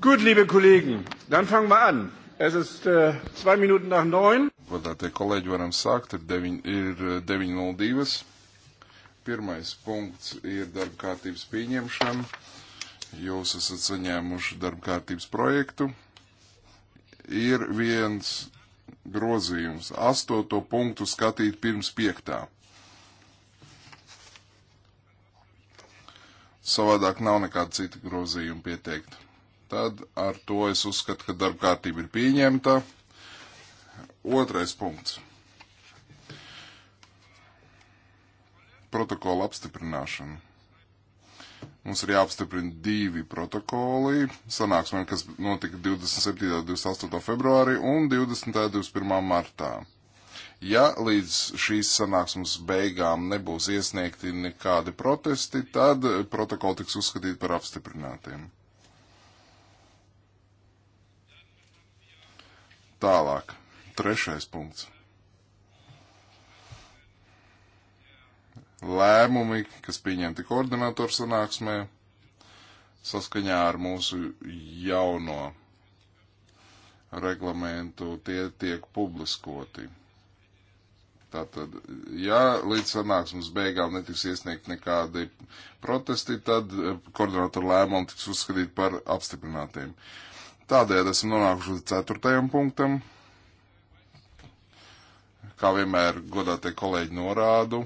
Gut, liebe Kollegen, dann fangen wir an. Es ist äh, zwei Minuten nach neun. Vadātie kolēģi varam sākt, ir, deviņ, ir 9.02. Äh, Pirmais punkts ir darba kārtības pieņemšana. Jūs esat saņēmuši darba kārtības projektu. Ir viens grozījums. Astoto punktu skatīt pirms piektā. Savādāk nav nekāda cita grozījuma pieteikta. Tad ar to es uzskatu, ka darba kārtība ir pieņemta. Otrais punkts. Protokola apstiprināšana. Mums ir jāapstiprina divi protokoli. Sanāksmē, kas notika 27. un 28. februārī un 20. un 21. martā. Ja līdz šīs sanāksmes beigām nebūs iesniegti nekādi protesti, tad protokoli tiks uzskatīti par apstiprinātiem. Tālāk, trešais punkts. Lēmumi, kas pieņemti koordinatoru sanāksmē, saskaņā ar mūsu jauno reglamentu, tie tiek publiskoti. Tātad, ja līdz sanāksmes beigām netiks iesniegt nekādi protesti, tad koordinatoru lēmumi tiks uzskatīt par apstiprinātiem. Uh, Tādēļ esam nonākuši līdz ceturtajam punktam. Kā vienmēr godātie kolēģi norādu,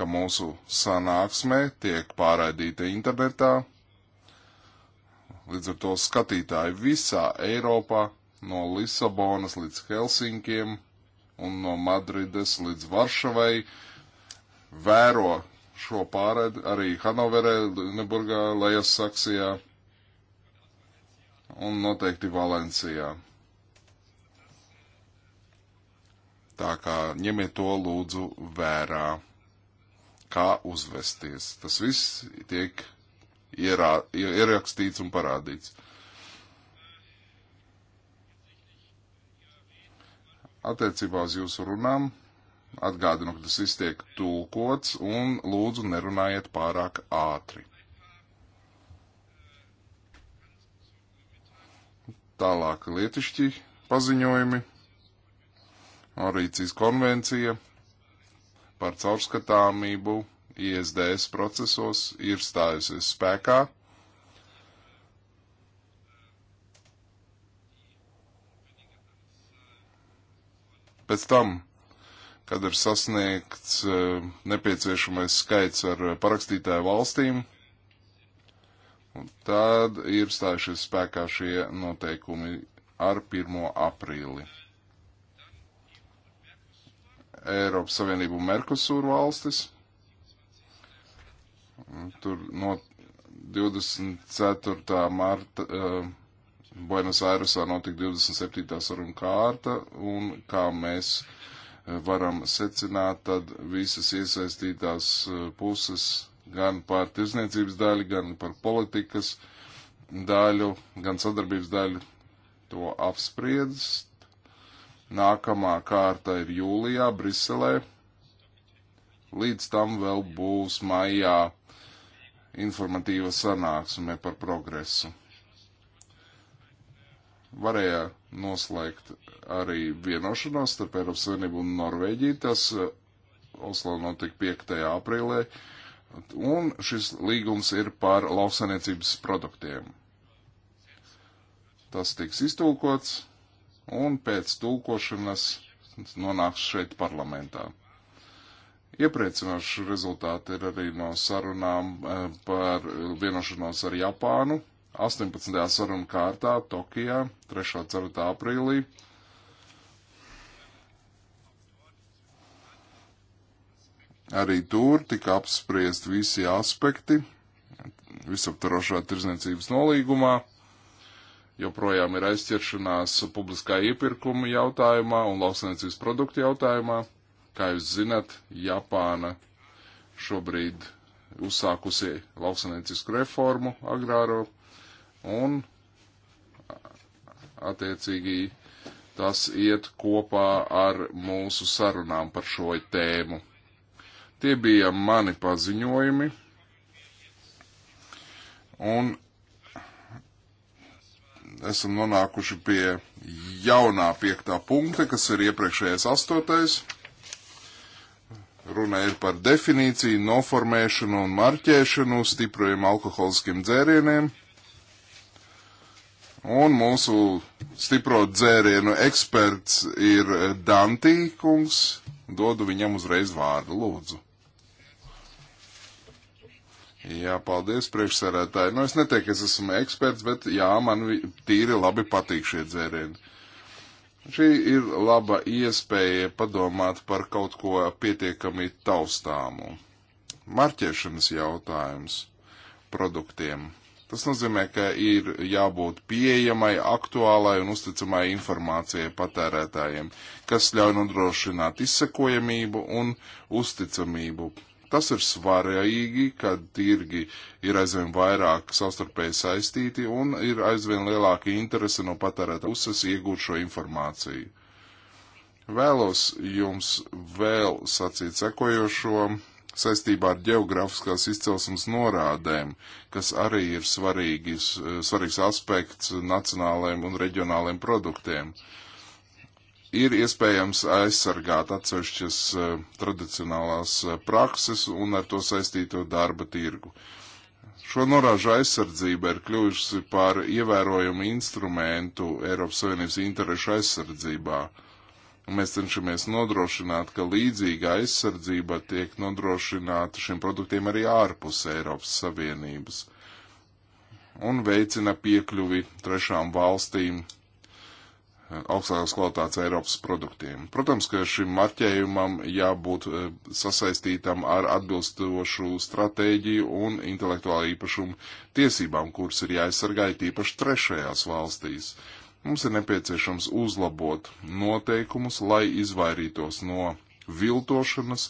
ka mūsu sanāksme tiek pārraidīta internetā. Līdz ar to skatītāji visā Eiropā, no Lisabonas līdz Helsinkiem un no Madrides līdz Varšavai, vēro šo pārraidi arī Hanoverē, Lineburgā, Lejas Saksijā un noteikti Valencijā. Tā kā ņemiet to lūdzu vērā, kā uzvesties. Tas viss tiek ierā, ierakstīts un parādīts. Attiecībā uz jūsu runām atgādinu, ka tas viss tiek tulkots un lūdzu nerunājiet pārāk ātri. Tālāk lietišķi paziņojumi, Maurīcijas konvencija par caurskatāmību ISDS procesos ir stājusies spēkā. Pēc tam, kad ir sasniegts eh, nepieciešamais skaits ar eh, parakstītāju valstīm, Un tad ir stājušies spēkā šie noteikumi ar 1. aprīli. Eiropas Savienību Merkusūru valstis. Tur no 24. marta uh, Buenos Airesā notika 27. saruna kārta, un kā mēs eh, varam secināt, tad visas iesaistītās eh, puses gan par tirzniecības daļu, gan par politikas daļu, gan sadarbības daļu to apspriedz. Nākamā kārta ir jūlijā Briselē. Līdz tam vēl būs maijā informatīva sanāksme par progresu. Varēja noslēgt arī vienošanos starp Eiropas Savienību un Norvēģiju. Tas eh, Oslo notika 5. aprīlē. Uh, un šis līgums ir par lauksaniecības produktiem. Tas tiks iztulkots, un pēc tulkošanas nonāks šeit parlamentā. Iepriecinoši rezultāti ir arī no sarunām eh, par vienošanos ar Japānu 18. sarunu kārtā Tokijā 3. un 4. aprīlī Arī tur tika apspriest visi aspekti visaptarošā tirdzniecības nolīgumā. Joprojām ir aizķeršanās publiskā iepirkuma jautājumā un lauksainicības produktu jautājumā. Kā jūs zinat, Japāna šobrīd uzsākusi lauksainicības reformu agrāro un attiecīgi tas iet kopā ar mūsu sarunām par šo tēmu. Tie bija mani paziņojumi. Un esam nonākuši pie jaunā piektā punkta, kas ir iepriekšējais astotais. Runa ir par definīciju, noformēšanu un marķēšanu stipriem alkoholiskiem dzērieniem. Un mūsu stipro dzērienu eksperts ir Dantī kungs. Dodu viņam uzreiz vārdu, lūdzu. Jā, paldies priekšsarētāji. Nu, es neteiktu, ka es esmu eksperts, bet jā, man tīri labi patīk šie dzērieni. Šī ir laba iespēja padomāt par kaut ko pietiekami taustāmu. Marķēšanas jautājums produktiem. Tas nozīmē, ka ir jābūt pieejamai, aktuālai un uzticamai informācijai patērētājiem, kas ļauj nodrošināt izsekojamību un uzticamību Tas ir svarīgi, kad tirgi ir aizvien vairāk savstarpēji saistīti un ir aizvien lielāka interese no patērēta puses iegūt šo informāciju. Vēlos jums vēl sacīt sekojošo saistībā ar geogrāfiskās izcelsmes norādēm, kas arī ir svarīgs, svarīgs aspekts nacionālajiem un reģionālajiem produktiem. Uh, ir iespējams aizsargāt atsevišķas uh, tradicionālās uh, prakses un ar to saistīto darba tirgu. Šo norāžu aizsardzība ir kļuvusi par ievērojumu instrumentu Eiropas Savienības interešu aizsardzībā. Un mēs cenšamies nodrošināt, ka līdzīga aizsardzība tiek nodrošināta šiem produktiem arī ārpus Eiropas Savienības un veicina piekļuvi trešām valstīm augstākās kvalitātes Eiropas produktiem. Protams, ka šim marķējumam jābūt e, sasaistītam ar atbilstošu stratēģiju un intelektuālā īpašuma tiesībām, kuras ir jāaizsargā tīpaši trešajās valstīs. Mums ir nepieciešams uzlabot noteikumus, lai izvairītos no viltošanas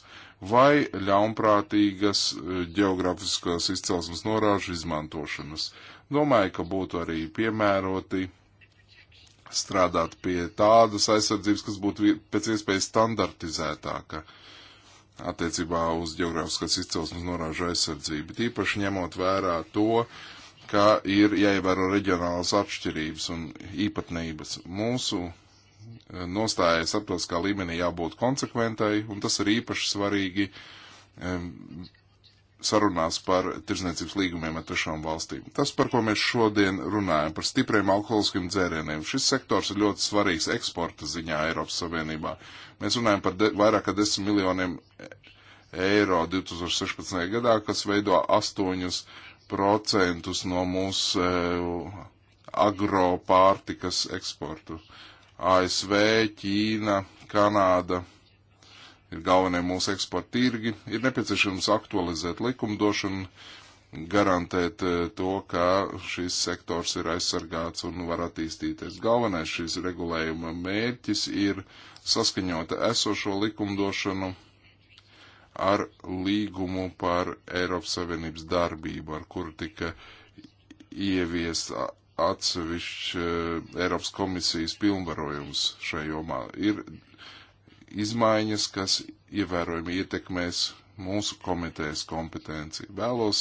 vai ļaunprātīgas e, geografiskās izcelsmes norāžu izmantošanas. Domāju, ka būtu arī piemēroti strādāt pie tādas aizsardzības, kas būtu pēc iespējas standartizētāka attiecībā uz geogrāfiskās izcelsmes norāžu aizsardzību. Tīpaši ņemot vērā to, ka ir jāievēro reģionālas atšķirības un īpatnības. Mūsu eh, nostāja starptautiskā līmenī jābūt konsekventai, un tas ir īpaši svarīgi sarunās par tirzniecības līgumiem ar trešām valstīm. Tas, par ko mēs šodien runājam, par stipriem alkoholiskiem dzērieniem, šis sektors ir ļoti svarīgs eksporta ziņā Eiropas Savienībā. Mēs runājam par de, vairāk kā 10 miljoniem eiro 2016. gadā, kas veido 8% no mūsu eh, agropārtikas eksportu. ASV, Ķīna, Kanāda ir galvenie mūsu eksporta tirgi, ir nepieciešams aktualizēt likumdošanu, garantēt e, to, ka šis sektors ir aizsargāts un var attīstīties. Galvenais šīs regulējuma mērķis ir saskaņot esošo likumdošanu ar līgumu par Eiropas Savienības darbību, ar kuru tika ieviest atsevišķi e, Eiropas komisijas pilnvarojums šajā jomā. Ir izmaiņas, kas ievērojami ietekmēs mūsu komitejas kompetenci. Vēlos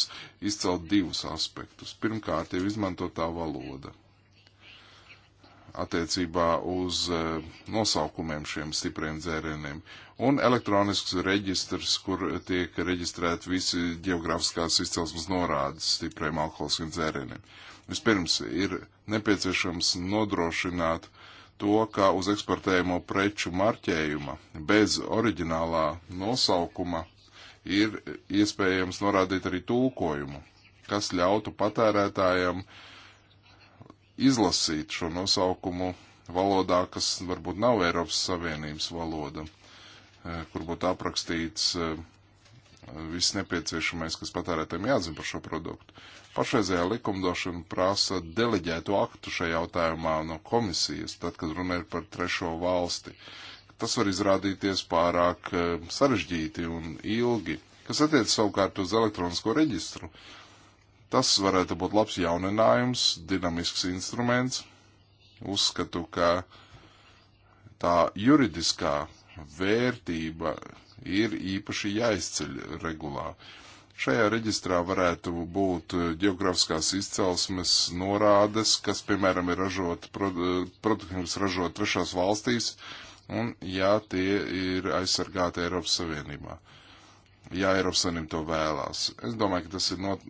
izcelt divus aspektus. Pirmkārt, jau izmantotā valoda attiecībā uz eh, nosaukumiem šiem stipriem dzērieniem. Un elektronisks reģistrs, kur tiek reģistrēt visi geogrāfiskās izcelsmes norādes stipriem alkoholiskiem dzērieniem. Vispirms ir nepieciešams nodrošināt to, ka uz eksportējamo preču marķējuma bez oriģinālā nosaukuma ir iespējams norādīt arī tulkojumu, kas ļautu patērētājiem izlasīt šo nosaukumu valodā, kas varbūt nav Eiropas Savienības valoda, eh, kur būtu aprakstīts eh, viss nepieciešamais, kas patērētājiem jāzina par šo produktu. Pašreizējā likumdošana prasa deleģētu aktu šajā jautājumā no komisijas, tad, kad runa ir par trešo valsti. Tas var izrādīties pārāk eh, sarežģīti un ilgi, kas attiec savukārt uz elektronisko reģistru. Tas varētu būt labs jauninājums, dinamisks instruments. Uzskatu, ka tā juridiskā vērtība ir īpaši jāizceļ regulā. Šajā reģistrā varētu būt geogrāfiskās izcelsmes norādes, kas, piemēram, ir ražot, produkti, kas ražot trešās valstīs, un ja tie ir aizsargāti Eiropas Savienībā. Ja Eiropas Savienība to vēlās. Es domāju, ka tas ir not,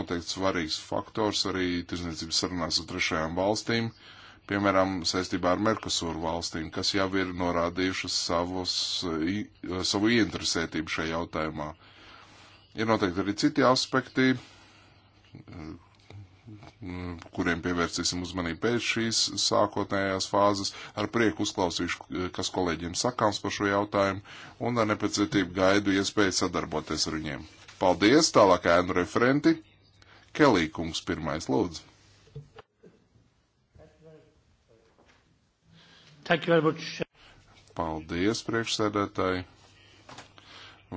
noteikti svarīgs faktors arī tirzniecības sarunās ar trešajām valstīm. Uh, piemēram, saistībā ar Merkusūru valstīm, kas jau ir norādījušas savus, savu ieinteresētību šajā jautājumā. Ir noteikti arī citi aspekti, kuriem pievērsīsim uzmanību pēc šīs sākotnējās fāzes. Ar prieku uzklausīšu, kas kolēģiem sakāms par šo jautājumu, un ar nepacietību gaidu iespēju sadarboties ar viņiem. Paldies, tālāk ēnu referenti. Kelīkungs pirmais lūdzu. Thank you very much. Paldies, priekšsēdētāji.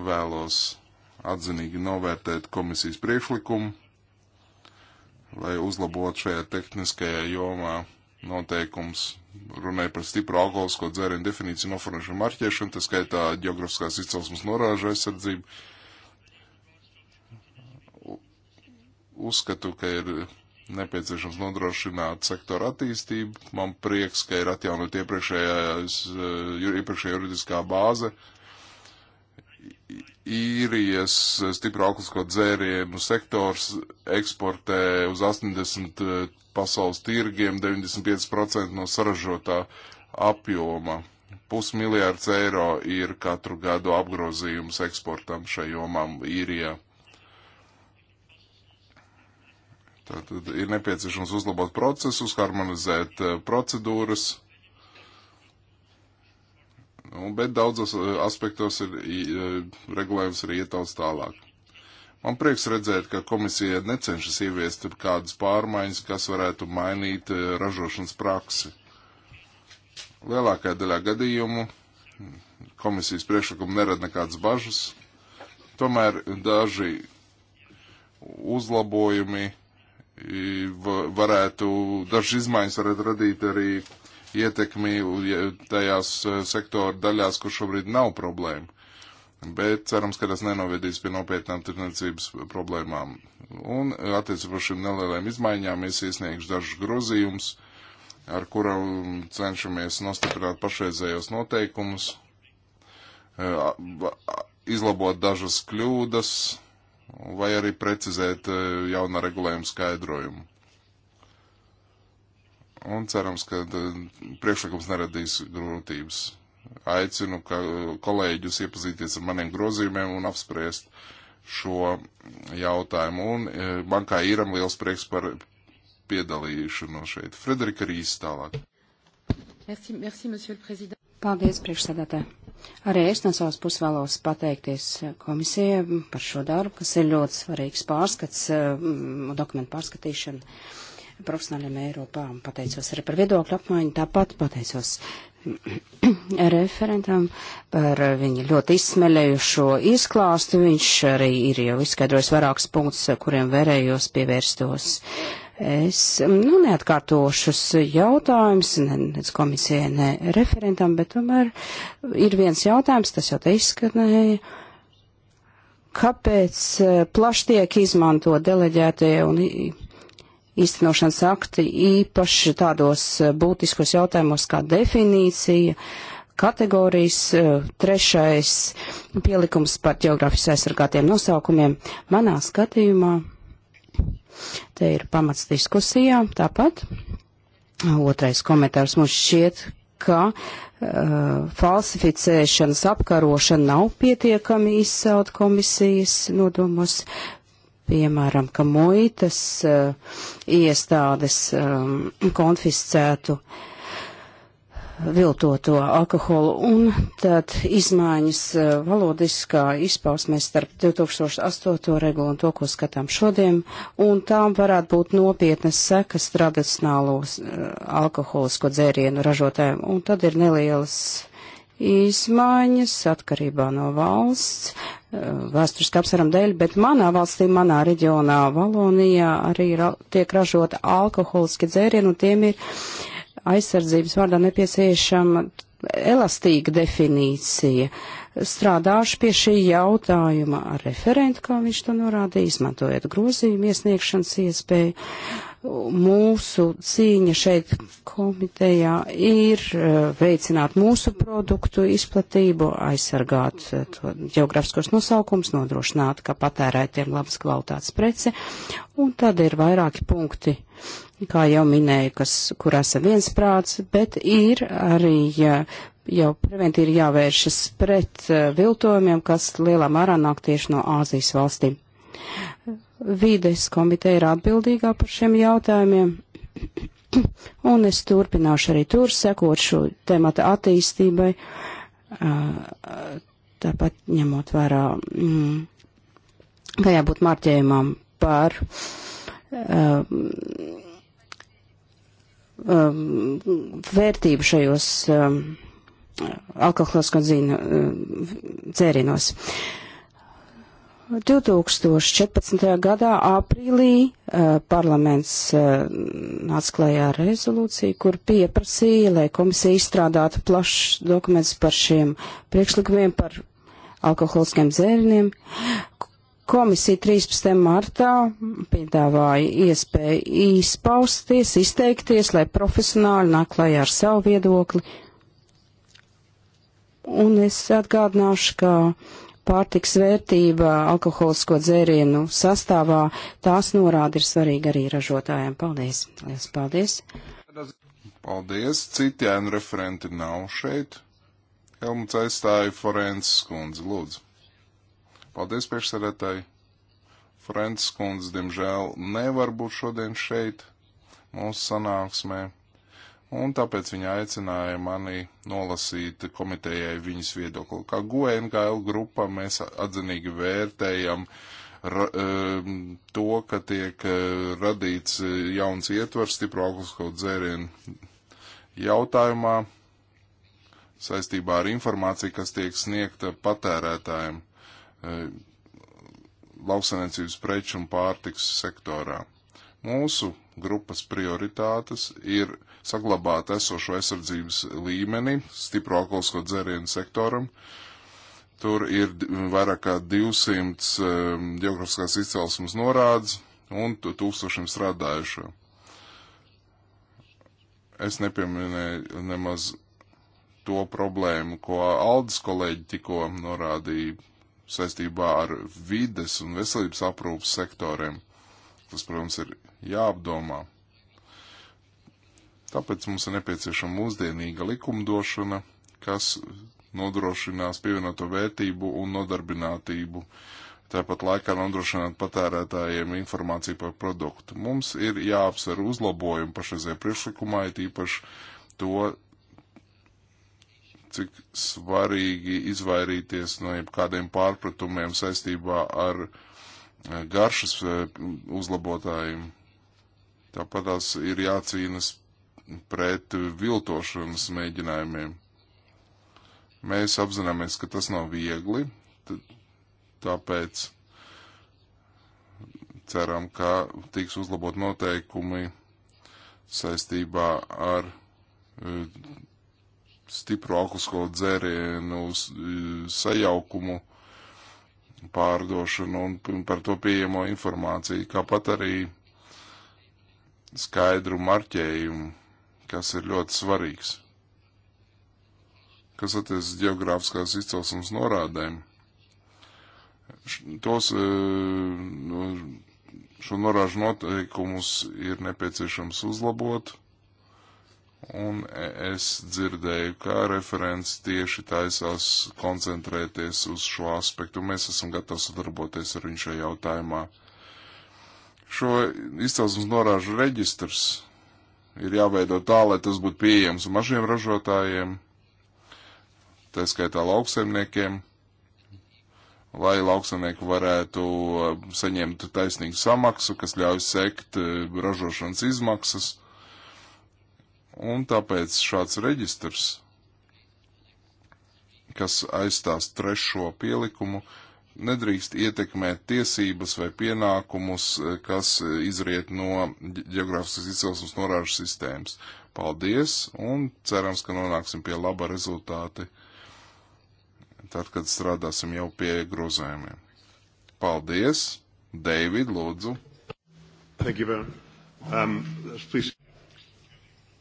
Vēlos atzinīgi novērtēt komisijas priekšlikumu, lai uzlabotu šajā tehniskajā jomā noteikums runāja par stipru alkoholisko dzērienu definīciju noformēšanu marķēšanu, tas skaitā geografiskās izcelsmes norāžu aizsardzību. Uzskatu, ka ir nepieciešams nodrošināt sektoru attīstību. Man prieks, ka ir atjaunot eh, iepriekšējā juridiskā bāze. Īrijas stipro alkoholisko dzērienu sektors eksportē uz 80 eh, pasaules tirgiem 95% no saražotā apjoma. Pusmiljārds eiro ir katru gadu apgrozījums eksportam šajomām Īrijā. Tātad ir nepieciešams uzlabot procesus, harmonizēt eh, procedūras, nu, bet daudzos eh, aspektos ir eh, regulējums arī ietaus tālāk. Man prieks redzēt, ka komisija necenšas ieviest kādas pārmaiņas, kas varētu mainīt ražošanas praksi. Lielākajā daļā gadījumu komisijas priekšlikumu nerada nekādas bažas, tomēr daži uzlabojumi varētu, dažas izmaiņas varētu radīt arī ietekmi tajās eh, sektora daļās, kur šobrīd nav problēma. Bet cerams, ka tas nenovedīs pie nopietnām tirdzniecības problēmām. Un eh, attiecībā šīm nelielām izmaiņām es iesniegšu dažus grozījumus, ar kurām cenšamies nostiprināt pašreizējos noteikumus, eh, izlabot dažas kļūdas, vai arī precizēt e, jaunā regulējuma skaidrojumu. Un cerams, ka e, priekšlikums neradīs grūtības. Aicinu kolēģus iepazīties ar maniem grozījumiem un apspriest šo jautājumu. Un bankā e, īram liels prieks par piedalīšanos šeit. Frederika Rīs tālāk. Merci, merci, Paldies, priekšsēdētāji. Arī es no savas puses vēlos pateikties eh, komisijai par šo darbu, kas ir ļoti svarīgs pārskats, eh, dokumentu pārskatīšana profesionāļiem Eiropā. Pateicos arī par viedokļu apmaiņu, tāpat pateicos referentam par viņa ļoti izsmeļējušo izklāstu. Viņš arī ir jau izskaidrojis vairākus punktus, kuriem vērējos pievērstos Es mm, nu, neatkārtošus jautājumus, ne komisijai, ne referentam, bet tomēr ir viens jautājums, tas jau te izskanēja. Kāpēc eh, plaši tiek izmanto deleģētie un īstenošanas akti īpaši tādos eh, būtiskos jautājumos kā definīcija, kategorijas, eh, trešais pielikums par ģeogrāfiski aizsargātiem nosaukumiem? Manā skatījumā Te ir pamats diskusijām tāpat. Otrais komentārs mums šķiet, ka uh, falsificēšanas apkarošana nav pietiekami izsaut komisijas nodomos, piemēram, ka muitas uh, iestādes um, konfiscētu uh, viltoto alkoholu, un tad izmaiņas eh, valodiskā izpausmē starp 2008. regulu un to, ko skatām šodien, un tām varētu būt nopietnas sekas tradicionālos eh, alkoholisko dzērienu ražotājiem, un tad ir nelielas izmaiņas atkarībā no valsts, eh, vēsturiski apsveram dēļ, bet manā valstī, manā reģionā, Valonijā arī ra tiek ražota alkoholiski dzērieni, un tiem ir aizsardzības vārdā nepieciešama elastīga definīcija. Strādāšu pie šī jautājuma ar referentu, kā viņš to norādīja, izmantojot grozījumu iesniegšanas iespēju. Mūsu cīņa šeit komitejā ir eh, veicināt mūsu produktu izplatību, aizsargāt eh, to geografiskos nosaukums, nodrošināt, ka patērētiem labas kvalitātes prece, un tad ir vairāki punkti. Uh, kā jau minēju, kas, kur esam viensprāts, bet ir arī jā, jau preventīvi jāvēršas pret uh, viltojumiem, kas lielā mērā nāk tieši no Āzijas valstīm. Vīdes komiteja ir atbildīgā par šiem jautājumiem, un es turpināšu arī tur sekot šo temata attīstībai, uh, tāpat ņemot vērā, mm, ka jābūt marķējumam par. Uh, um, vērtību šajos um, alkoholisko dzīnu um, dzērienos. 2014. gadā aprīlī uh, parlaments uh, atsklājā rezolūciju, kur pieprasīja, lai komisija izstrādātu plašs dokuments par šiem priekšlikumiem, par alkoholiskiem dzēriniem, Komisija 13. martā piedāvāja iespēju izpausties, izteikties, lai profesionāli nāk klajā ar savu viedokli. Un es atgādināšu, ka pārtiks vērtība alkoholisko dzērienu sastāvā, tās norāda ir svarīga arī ražotājiem. Paldies! Lielas paldies! Paldies! Citi ēnu referenti nav šeit. Helmuts aizstāja Forensas kundzi, lūdzu. Paldies, priekšsēdētāji. Frants Kundze, diemžēl, nevar būt šodien šeit mūsu sanāksmē, un tāpēc viņa aicināja mani nolasīt komitejai viņas viedokli. Kā GONKL e grupa mēs atzinīgi vērtējam ra, ehm, to, ka tiek eh, radīts eh, jauns ietvars stipru alkoholu dzērienu jautājumā saistībā ar informāciju, kas tiek sniegta patērētājiem. Eh, lauksainiecības preču un pārtiks sektorā. Mūsu grupas prioritātes ir saglabāt esošo aizsardzības līmeni stipro alkoholisko dzērienu sektoram. Tur ir vairāk kā 200 um, eh, geogrāfiskās izcelsmes norādes un tūkstošiem strādājušo. Es nepieminēju nemaz to problēmu, ko Aldis kolēģi tikko norādīja saistībā ar vides un veselības aprūpas sektoriem. Tas, protams, ir jāapdomā. Tāpēc mums ir nepieciešama mūsdienīga likumdošana, kas nodrošinās pievienoto vērtību un nodarbinātību. Tāpat laikā nodrošināt patērētājiem informāciju par produktu. Mums ir jāapsver uzlabojumi pašreizē priekšlikumā, it īpaši to cik svarīgi izvairīties no jebkādiem pārpratumiem saistībā ar e, garšas e, uzlabotājiem. Tāpat tās ir jācīnas pret viltošanas mēģinājumiem. Mēs apzināmies, ka tas nav viegli, tāpēc ceram, ka tiks uzlabot noteikumi saistībā ar e, stipru alkoholisko dzērienu e, sajaukumu pārdošanu un par to pieejamo informāciju, kāpat arī skaidru marķējumu, kas ir ļoti svarīgs. Kas attiecas geogrāfiskās izcelsmes norādēm? Tos e, nu, šo norāžu noteikumus ir nepieciešams uzlabot un es dzirdēju, kā referents tieši taisās koncentrēties uz šo aspektu. Mēs esam gatavi sadarboties ar viņu šajā jautājumā. Šo izcelsmes norāžu reģistrs ir jāveido tā, lai tas būtu pieejams mažiem ražotājiem, tā skaitā lauksaimniekiem, lai lauksaimnieku varētu saņemt taisnīgu samaksu, kas ļauj sekt eh, ražošanas izmaksas Un tāpēc šāds reģistrs, kas aizstās trešo pielikumu, nedrīkst ietekmēt tiesības vai pienākumus, kas izriet no geogrāfiskas izcelsmes norāžu sistēmas. Paldies un cerams, ka nonāksim pie laba rezultāti tad, kad strādāsim jau pie grozējumiem. Paldies! David, lūdzu! Thank you, Ben. Um, please.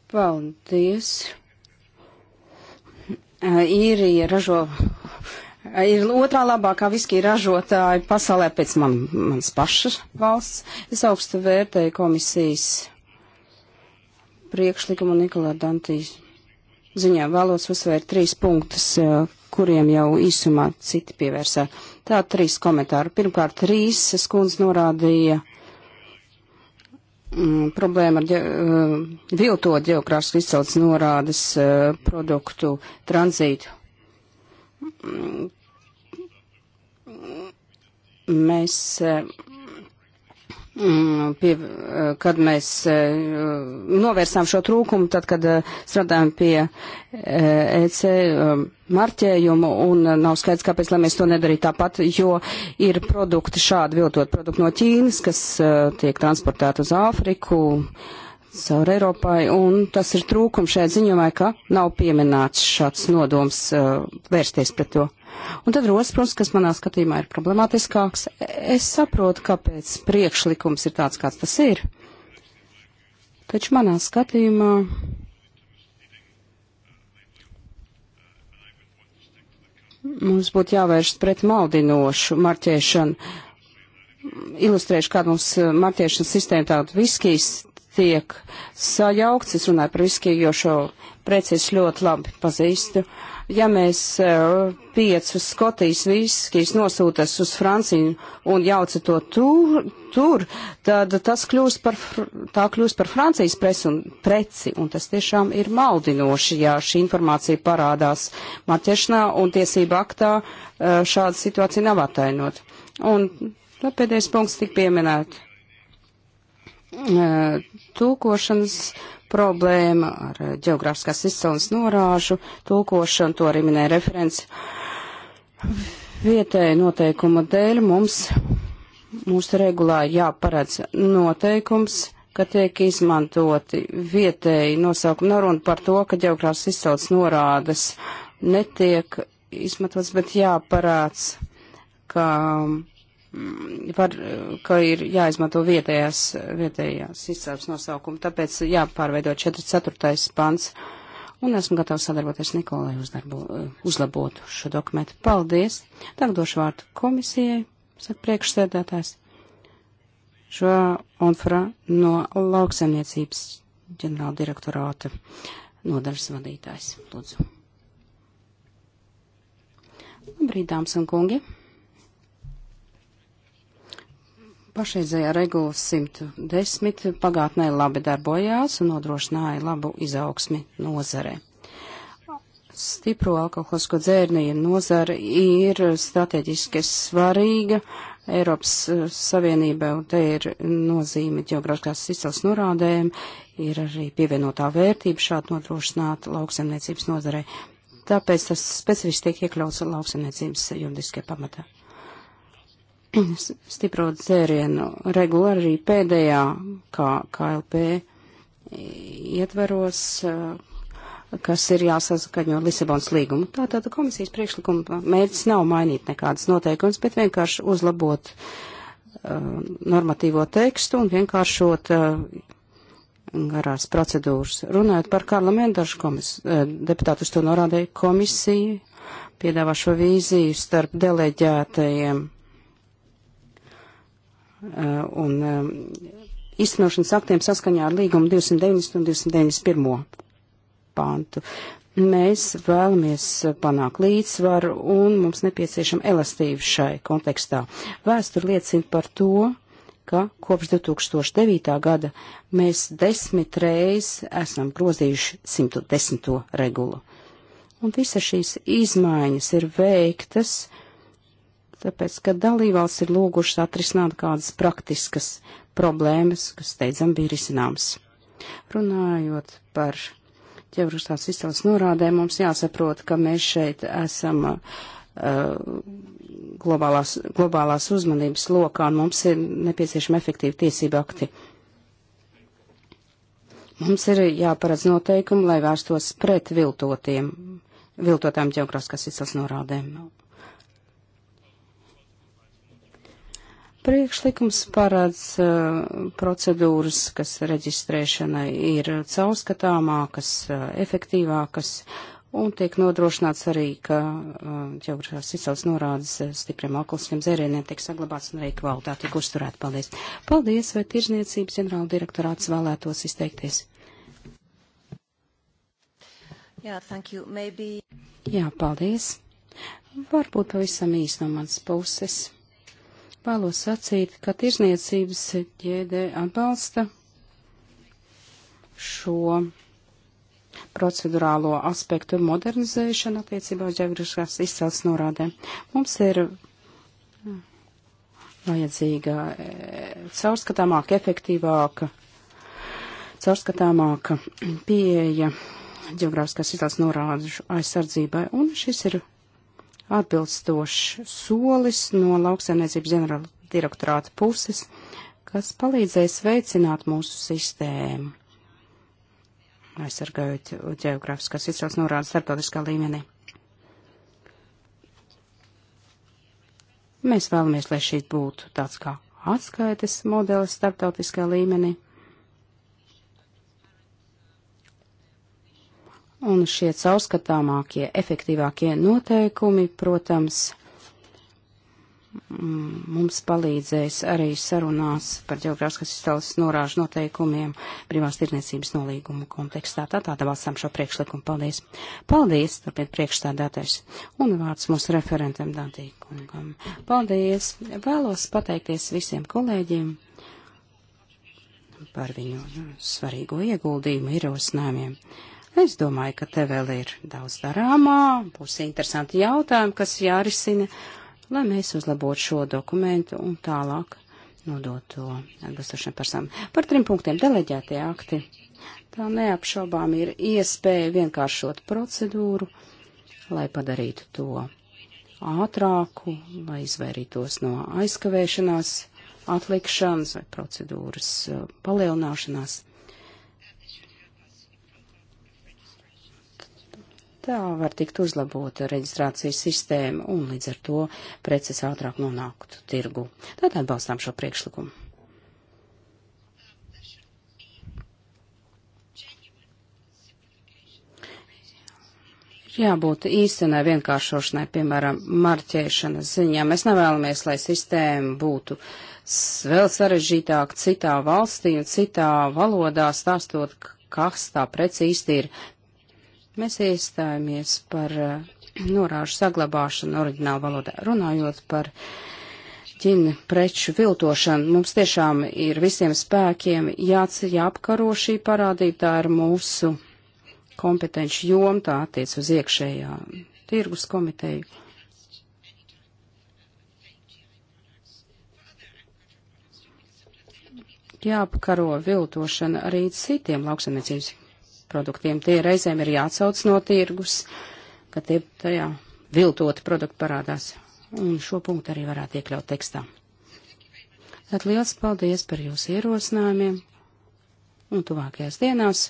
Paldies. Īrija ražo, ir otrā labākā viskija ražotāja pasaulē pēc man, manas pašas valsts. Es augstu vērtēju komisijas priekšlikumu Nikolā Dantīs ziņā. Vēlos uzsvērt trīs punktus, kuriem jau īsumā citi pievērsā. Tā trīs komentāri. Pirmkārt, trīs skundz norādīja Mm, problēma ar ģe, mm, viltot geogrāfisku izcelsmes norādes mm, produktu tranzītu. Mēs Mm, pie, eh, kad mēs eh, novērsām šo trūkumu, tad, kad eh, strādājam pie EC e marķējumu un nav skaidrs, kāpēc, lai mēs to nedarītu tāpat, jo ir produkti šādi viltot produkti no Ķīnas, kas tiek transportēti uz Āfriku, caur Eiropai, un tas ir trūkums šajā ziņojumā, ka nav pieminēts šāds nodoms uh, vērsties pret to. Un tad rodas, protams, kas manā skatījumā ir problemātiskāks. Es saprotu, kāpēc priekšlikums ir tāds, kāds tas ir. Taču manā skatījumā. Mums būtu jāvērst pret maldinošu marķēšanu. Ilustrēšu, kāda mums uh, marķēšanas sistēma tāda viskijas tiek sajaukts, es runāju par viskiju, jo šo preci es ļoti labi pazīstu. Ja mēs uh, piecus Skotijas viskijas nosūtas uz Franciju un jauca to tur, tur tad tas kļūst par, tā kļūst par Francijas presu un preci, un tas tiešām ir maldinoši, ja šī informācija parādās marķešanā un tiesība aktā uh, šāda situācija nav atainot. Un nu, pēdējais punkts tik pieminēt tulkošanas problēma ar geogrāfiskās izcelsmes norāžu tulkošanu, to arī minēja referents. Vietēja noteikuma dēļ mums mūsu regulā jāparedz noteikums, ka tiek izmantoti vietēji nosaukumi. Nav runa par to, ka geogrāfiskas izcelsmes norādes netiek izmantots, bet jāparāds, ka Mm, par, ka ir jāizmanto vietējās, vietējās izcelsmes nosaukumi. Tāpēc jāpārveido 44. pants. Un esmu gatavs sadarboties Nikolai uzdarbu, uzlabot šo dokumentu. Paldies! Tagad došu vārdu komisijai, saka priekšsēdētājs. Šo onfra no lauksaimniecības ģenerāla direktorāta nodaļas vadītājs. Lūdzu. Labrīt, dāmas un kungi! Pašreizējā regula 110 pagātnē labi darbojās un nodrošināja labu izaugsmi nozarē. Stipro alkoholisko dzērnīju nozara ir strateģiski svarīga Eiropas eh, Savienībai, un te ir nozīme ģeogrāfiskās izcels norādēm, ir arī pievienotā vērtība šādi nodrošināt lauksemniecības nozarē. Tāpēc tas specifiski tiek iekļauts lauksemniecības juridiskajā pamatā stipro dzērienu regula arī pēdējā kā KLP e, ietveros, e, kas ir jāsazakaņo Lisabons līgumu. Tātad komisijas priekšlikuma mērķis nav mainīt nekādas noteikumas, bet vienkārši uzlabot uh, normatīvo tekstu un vienkāršot uh, garās procedūras. Runājot par parlamentu, dažu komis, uh, deputātu uz to norādīja komisija, piedāvā šo vīziju starp deleģētajiem Uh, un um, īstenošanas aktiem saskaņā ar līgumu 290 un 291 pāntu. Mēs vēlamies panākt līdzsvaru un mums nepieciešama elastība šai kontekstā. Vēstur liecina par to, ka kopš 2009. gada mēs desmit reiz esam grozījuši 110. regulu. Un visas šīs izmaiņas ir veiktas uh, tāpēc, ka dalībvalsts ir lūgušas atrisināt kādas praktiskas problēmas, kas, teicam, bija risināmas. Runājot par ķevrus tās izcelsmes norādēm, mums jāsaprot, ka mēs šeit esam uh, globālās, globālās uzmanības lokā un mums ir nepieciešama efektīva tiesība akti. Mums ir jāparedz noteikumi, lai vērstos pret viltotiem, viltotām ģeogrāfiskās izcelsmes norādēm Priekšlikums parāds eh, procedūras, kas reģistrēšanai ir caurskatāmākas, eh, efektīvākas, un tiek nodrošināts arī, ka eh, ģeogrāfiskās izcelsmes norādes stipriem alkoholiskiem dzērieniem tiek saglabāts un arī kvalitāte tiek uzturēta. Paldies! Paldies, vai tirzniecības ģenerāla direktorāts vēlētos izteikties? Jā, thank you. Maybe... Jā, paldies. Varbūt pavisam īsi no manas puses. Vēlos sacīt, ka tirzniecības ķēdē atbalsta šo procedurālo aspektu modernizēšanu attiecībā uz ģeogrāfiskās izcelsmes norādēm. Mums ir mm, vajadzīga e, caurskatāmāka, efektīvāka, caurskatāmāka pieeja ģeogrāfiskās izcelsmes norāžu aizsardzībai, un šis ir atbilstošs solis no lauksaimniecības ģenerāla direktorāta puses, kas palīdzēs veicināt mūsu sistēmu, aizsargājot ģeogrāfiskās izcelsmes norādes starptautiskā līmenī. Mēs vēlamies, lai šī būtu tāds kā atskaites modelis starptautiskā līmenī Un šie caurskatāmākie, efektīvākie noteikumi, protams, mm, mums palīdzēs arī sarunās par ģeogrāfiskas izcelsmes norāžu noteikumiem privās tirniecības nolīgumu kontekstā. Tātad atbalstām šo priekšlikumu. Paldies! Paldies, turpiniet priekšstādātais! Un vārds mūsu referentam Dantī kungam. Paldies! Vēlos pateikties visiem kolēģiem par viņu svarīgo ieguldījumu ierosinājumiem. Es domāju, ka te vēl ir daudz darāmā, būs interesanti jautājumi, kas jārisina, lai mēs uzlabotu šo dokumentu un tālāk nodot to atbilstošiem personam. Par trim punktiem deleģētie akti. Tā neapšaubām ir iespēja vienkāršot procedūru, lai padarītu to ātrāku, lai izvairītos no aizkavēšanās, atlikšanas vai procedūras eh, palielināšanās. tā var tikt uzlabota reģistrācijas sistēma un līdz ar to preces ātrāk nonāktu tirgu. Tātad atbalstām šo priekšlikumu. jābūt īstenai vienkāršošanai, piemēram, marķēšanas ziņā. Mēs nevēlamies, lai sistēma būtu vēl sarežģītāka citā valstī un citā valodā stāstot, kas tā preci īsti ir. Mēs iestājāmies par eh, norāžu saglabāšanu oriģinālu valodā. Runājot par ķina preču viltošanu, mums tiešām ir visiem spēkiem jāc, jāapkaro šī parādība, tā ir mūsu kompetenci joma, tā attiec uz iekšējā tirgus komiteju. Jāapkaro viltošana arī citiem lauksaimniecības produktiem. Tie reizēm ir jāatsauc no tirgus, ka tie tajā viltoti produkti parādās. Un šo punktu arī varētu iekļaut tekstā. Tad liels paldies par jūsu ierosinājumiem. Un tuvākajās dienās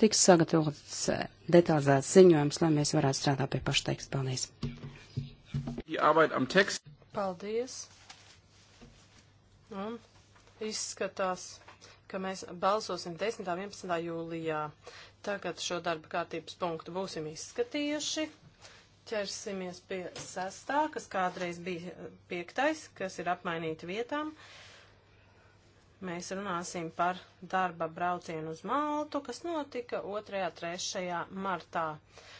tiks sagatavots eh, detalizēts ziņojums, lai mēs varētu strādāt pie paša teksta. Paldies! Paldies! Un izskatās ka mēs balsosim 10. un 11. jūlijā. Tagad šo darba kārtības punktu būsim izskatījuši. Ķersimies pie sestā, kas kādreiz bija piektais, kas ir apmainīti vietām. Mēs runāsim par darba braucienu uz Maltu, kas notika 2. 3. martā. Uh,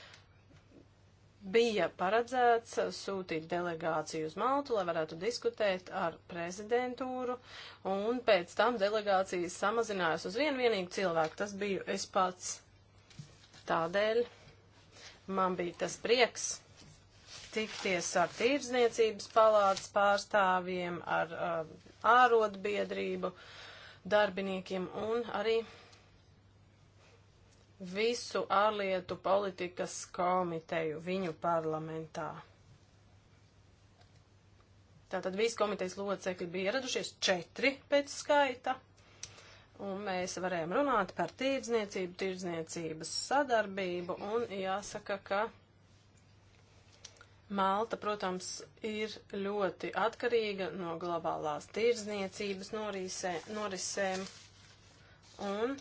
bija paredzēts sūtīt delegāciju uz Maltu, lai varētu diskutēt ar prezidentūru, un pēc tam delegācijas samazinājās uz vienu vienīgu cilvēku. Tas biju es pats. Tādēļ man bija tas prieks tikties ar tīrzniecības palātas pārstāvjiem, ar uh, ārotbiedrību darbiniekiem un arī visu ārlietu politikas komiteju viņu parlamentā. Tātad visi komitejas locekļi bija ieradušies četri pēc skaita, un mēs varējām runāt par tirdzniecību, tirdzniecības sadarbību, un jāsaka, ka Malta, protams, ir ļoti atkarīga no globālās tirdzniecības norisē, norisēm, un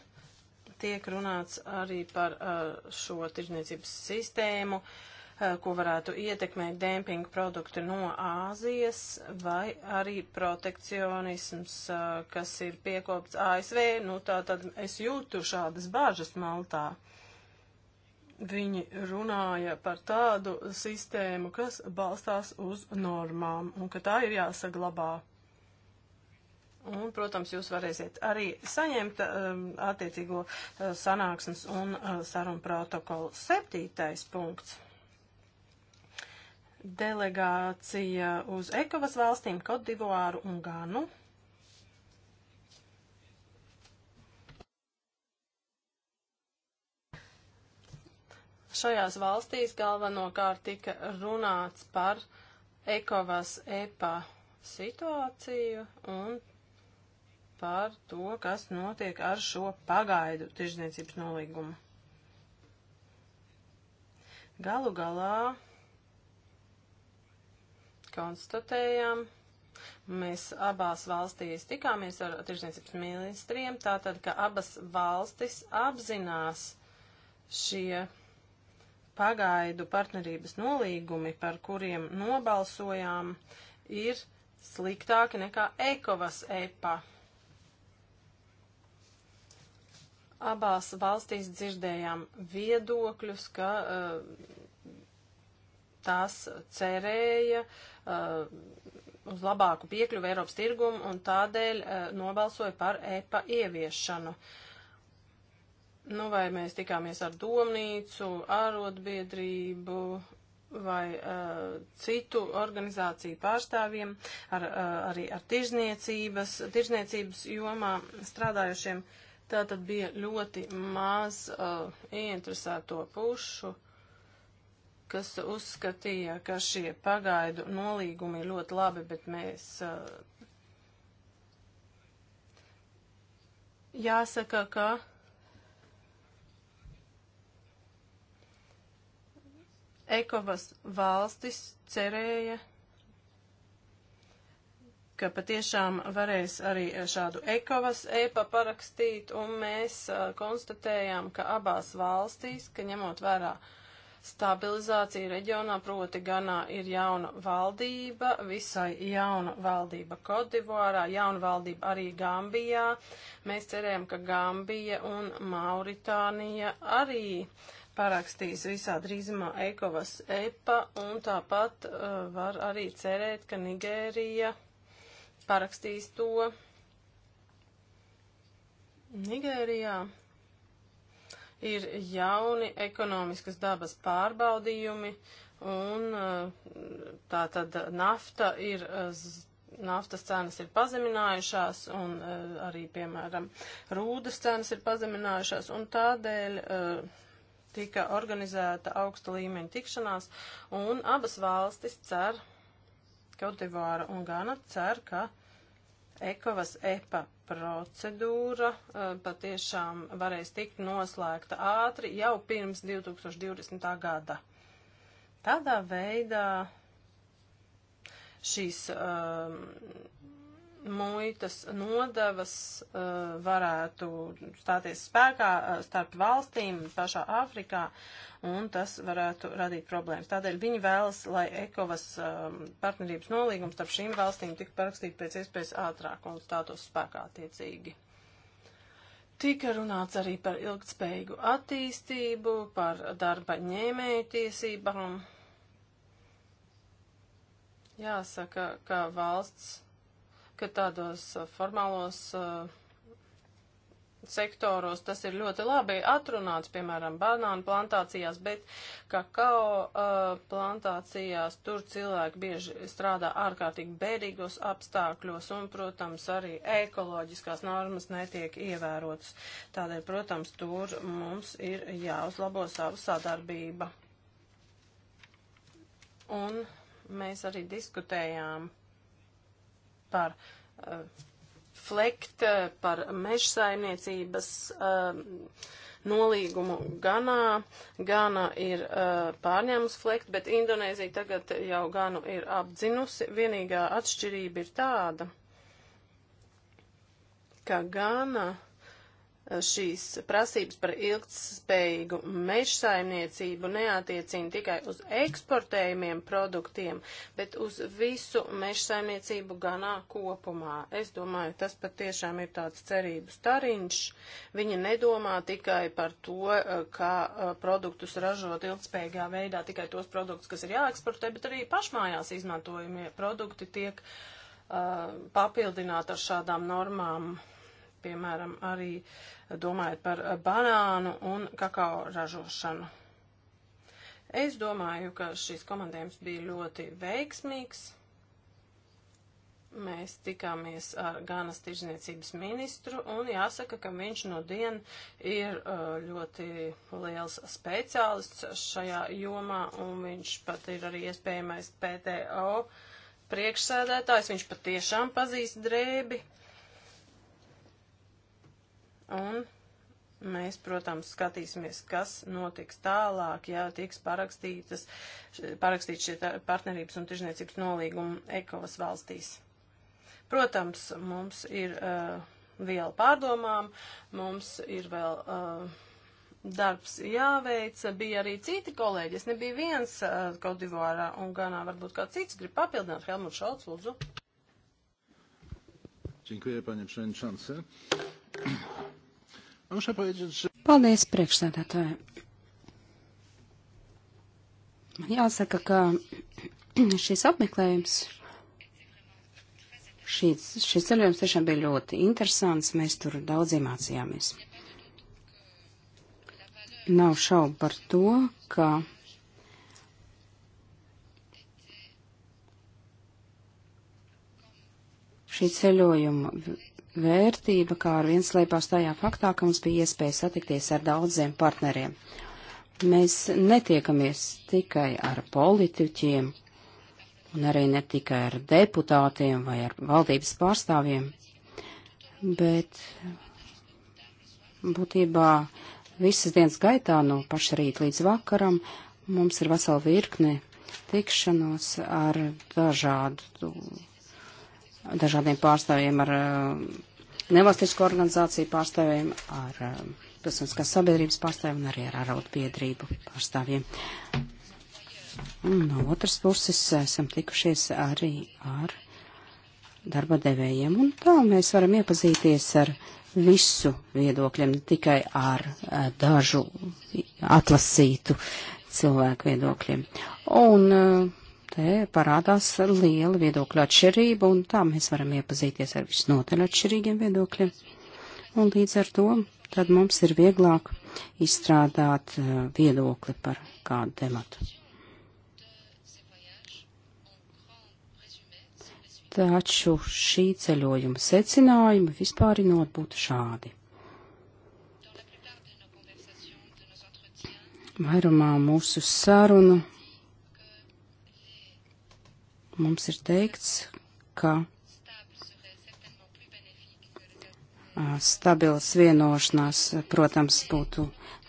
tiek runāts arī par uh, šo tirzniecības sistēmu, uh, ko varētu ietekmēt dempinga produkti no Āzijas vai arī protekcionisms, uh, kas ir piekopts ASV. Nu, tā tad es jūtu šādas bāžas Maltā. Viņi runāja par tādu sistēmu, kas balstās uz normām un ka tā ir jāsaglabā. Un, protams, jūs varēsiet arī saņemt um, attiecīgo uh, sanāksmes un uh, sarunu protokolu. Septītais punkts. Delegācija uz Ekovas valstīm, Kodivuāru un Ganu. Šajās valstīs galvenokārt tika runāts par Ekovas EPA situāciju un par to, kas notiek ar šo pagaidu tirzniecības nolīgumu. Galu galā konstatējām, Mēs abās valstīs tikāmies ar tirsniecības ministriem, tātad, ka abas valstis apzinās šie pagaidu partnerības nolīgumi, par kuriem nobalsojām, ir sliktāki nekā ekovas epa. Abās valstīs dzirdējām viedokļus, ka uh, tās cerēja uh, uz labāku piekļuvu Eiropas tirgumu un tādēļ uh, nobalsoja par EPA ieviešanu. Nu, vai mēs tikāmies ar domnīcu, ārotbiedrību, vai uh, citu organizāciju pārstāvjiem, ar, uh, arī ar tirzniecības, tirzniecības jomā strādājušiem. Uh, Tā tad bija ļoti maz uh, ieinteresēto pušu, kas uzskatīja, ka šie pagaidu nolīgumi ir ļoti labi, bet mēs. Uh, jāsaka, ka. Ekovas valstis cerēja, ka patiešām varēs arī šādu ekovas epa parakstīt, un mēs uh, konstatējām, ka abās valstīs, ka ņemot vērā stabilizāciju reģionā, proti ganā ir jauna valdība, visai jauna valdība Kodivārā, jauna valdība arī Gambijā. Mēs cerējam, ka Gambija un Mauritānija arī parakstīs visā drīzumā Ekovas EPA, un tāpat uh, var arī cerēt, ka Nigērija parakstījis to Nigērijā. Ir jauni ekonomiskas dabas pārbaudījumi, un eh, tā tad nafta ir eh, naftas cenas ir pazeminājušās un uh, arī, piemēram, rūdas cenas ir pazeminājušās un tādēļ uh, tika organizēta augsta līmeņa tikšanās un abas valstis cer, Kautivāra un Gana cer, ka Ekovas EPA procedūra e, patiešām varēs tikt noslēgta ātri jau pirms 2020. gada. Tādā veidā šīs um, muitas nodevas uh, varētu stāties spēkā uh, starp valstīm pašā Āfrikā, un tas varētu radīt problēmas. Tādēļ viņi vēlas, lai ECOVAS um, partnerības nolīgums starp šīm valstīm tik parakstīt pēc iespējas ātrāk un stātos spēkā attiecīgi. Tika runāts arī par ilgtspējīgu attīstību, par darba ņēmēju tiesībām. Jāsaka, ka valsts ka tādos uh, formālos uh, sektoros tas ir ļoti labi atrunāts, piemēram, banānu plantācijās, bet kakao uh, plantācijās tur cilvēki bieži strādā ārkārtīgi bērīgos apstākļos un, protams, arī ekoloģiskās normas netiek ievērotas. Tādēļ, protams, tur mums ir jāuzlabo savu sadarbība. Un mēs arī diskutējām par uh, flekt, eh, par mežsaimniecības uh, eh, nolīgumu Ganā. Gana ir uh, pārņēmus flekt, bet Indonēzija tagad jau Ganu ir apdzinusi. Vienīgā atšķirība ir tāda, ka Gana. Uh, šīs prasības par ilgtspējīgu mežsaimniecību neatiecina tikai uz eksportējumiem produktiem, bet uz visu mežsaimniecību ganā kopumā. Es domāju, tas patiešām ir tāds cerību stariņš. Viņi nedomā tikai par to, eh, kā eh, produktus ražot ilgtspējīgā veidā, tikai tos produktus, kas ir jāeksportē, bet arī pašmājās izmantojumie produkti tiek uh, papildināti ar šādām normām piemēram, arī domājot par banānu un kakao ražošanu. Es domāju, ka šis komandējums bija ļoti veiksmīgs. Mēs tikāmies ar Gānas tirzniecības ministru, un jāsaka, ka viņš no diena ir uh, ļoti liels speciālists šajā jomā, un viņš pat ir arī iespējamais PTO priekšsēdētājs. Viņš pat tiešām pazīst drēbi, Un mēs, protams, skatīsimies, kas notiks tālāk, ja tiks parakstītas, parakstīts šie partnerības un tirzniecības nolīgumi ekovas valstīs. Protams, mums ir uh, eh, viela pārdomām, mums ir vēl. Uh, darbs jāveic. Bija arī citi kolēģi. Es nebiju viens uh, eh, Kaudivārā un Ganā. Varbūt kāds cits grib papildināt. Helmut Šalts, lūdzu. Dziękuję, panie przewodniczący. Muszę powiedzieć, że... Paldies, priekšsēdētāji. Man jāsaka, ka šis apmeklējums, šis, šis ceļojums tiešām bija ļoti interesants. Mēs tur daudz iemācījāmies. Nav šaubu par to, ka šī ceļojuma vērtība, kā ar viens slēpās tajā faktā, ka mums bija iespēja satikties ar daudziem partneriem. Mēs netiekamies tikai ar politiķiem, un arī ne tikai ar deputātiem vai ar valdības pārstāvjiem, bet būtībā visas dienas gaitā no paša rīta līdz vakaram mums ir vesela virkne tikšanos ar dažādu, dažādiem pārstāvjiem, ar nevalstisko organizāciju pārstāvjiem, ar um, pilsoniskās sabiedrības pārstāvjiem un arī ar arautu biedrību pārstāvjiem. Un no otras puses eh, esam tikušies arī ar darba devējiem, un tā mēs varam iepazīties ar visu viedokļiem, ne tikai ar eh, dažu atlasītu cilvēku viedokļiem. Un uh, te parādās liela viedokļa atšķirība, un tā mēs varam iepazīties ar visnotaļ atšķirīgiem viedokļiem. Un līdz ar to tad mums ir vieglāk izstrādāt eh, viedokli par kādu tematu. Taču šī ceļojuma secinājumi vispārinot būtu šādi. Vairumā mūsu sarunu mums ir teikts, ka stabils vienošanās, protams, būtu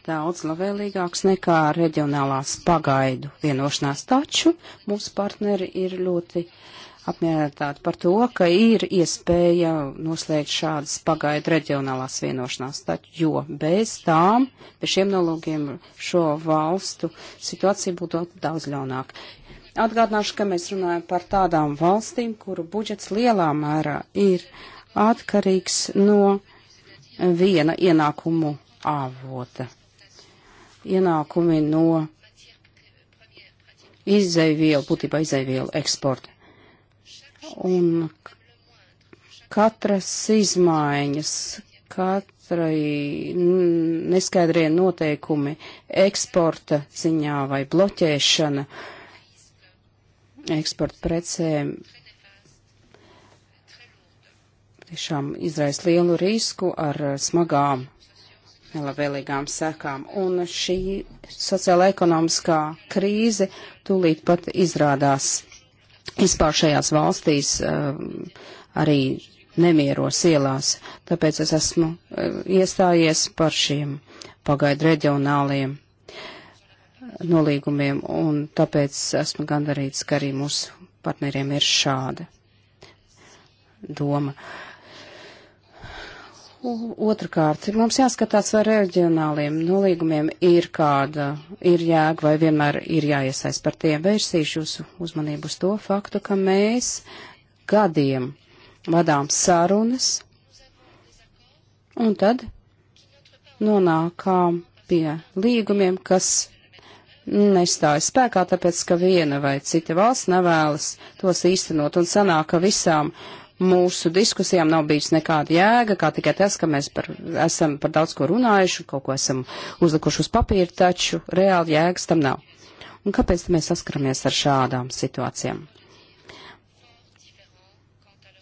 daudz labvēlīgāks nekā reģionālās pagaidu vienošanās, taču mūsu partneri ir ļoti apmierinātāti par to, ka ir iespēja noslēgt šādas pagaidu reģionālās vienošanās, taču, jo bez tām, bez šiem nolūgiem šo valstu situācija būtu daudz ļaunāka. Atgādināšu, ka mēs runājam par tādām valstīm, kuru budžets lielā mērā ir atkarīgs no viena ienākumu avota. Ienākumi no izaivielu, būtībā izaivielu eksporta. Un katras izmaiņas, katrai neskaidrie noteikumi eksporta ziņā vai bloķēšana uh, eksporta precēm tiešām izraisa lielu risku ar smagām nelabvēlīgām sekām. Un šī sociāla-ekonomiskā krīze tūlīt pat izrādās vispār šajās valstīs eh, arī nemieros ielās. Tāpēc es esmu eh, iestājies par šiem pagaidu reģionāliem nolīgumiem, un tāpēc esmu gandarīts, ka arī mūsu partneriem ir šāda doma. Otrakārt, mums jāskatās, vai reģionāliem nolīgumiem ir kāda, ir jēga vai vienmēr ir jāiesaist par tiem. Vērsīšu jūsu uzmanību uz to faktu, ka mēs gadiem vadām sarunas, un tad nonākām pie līgumiem, kas nestāja spēkā, tāpēc, ka viena vai cita valsts nevēlas tos īstenot un sanāk, ka visām mūsu diskusijām nav bijis nekāda jēga, kā tikai tas, ka mēs par, esam par daudz ko runājuši, kaut ko esam uzlikuši uz papīra, taču reāli jēgas tam nav. Un kāpēc mēs saskaramies ar šādām situācijām?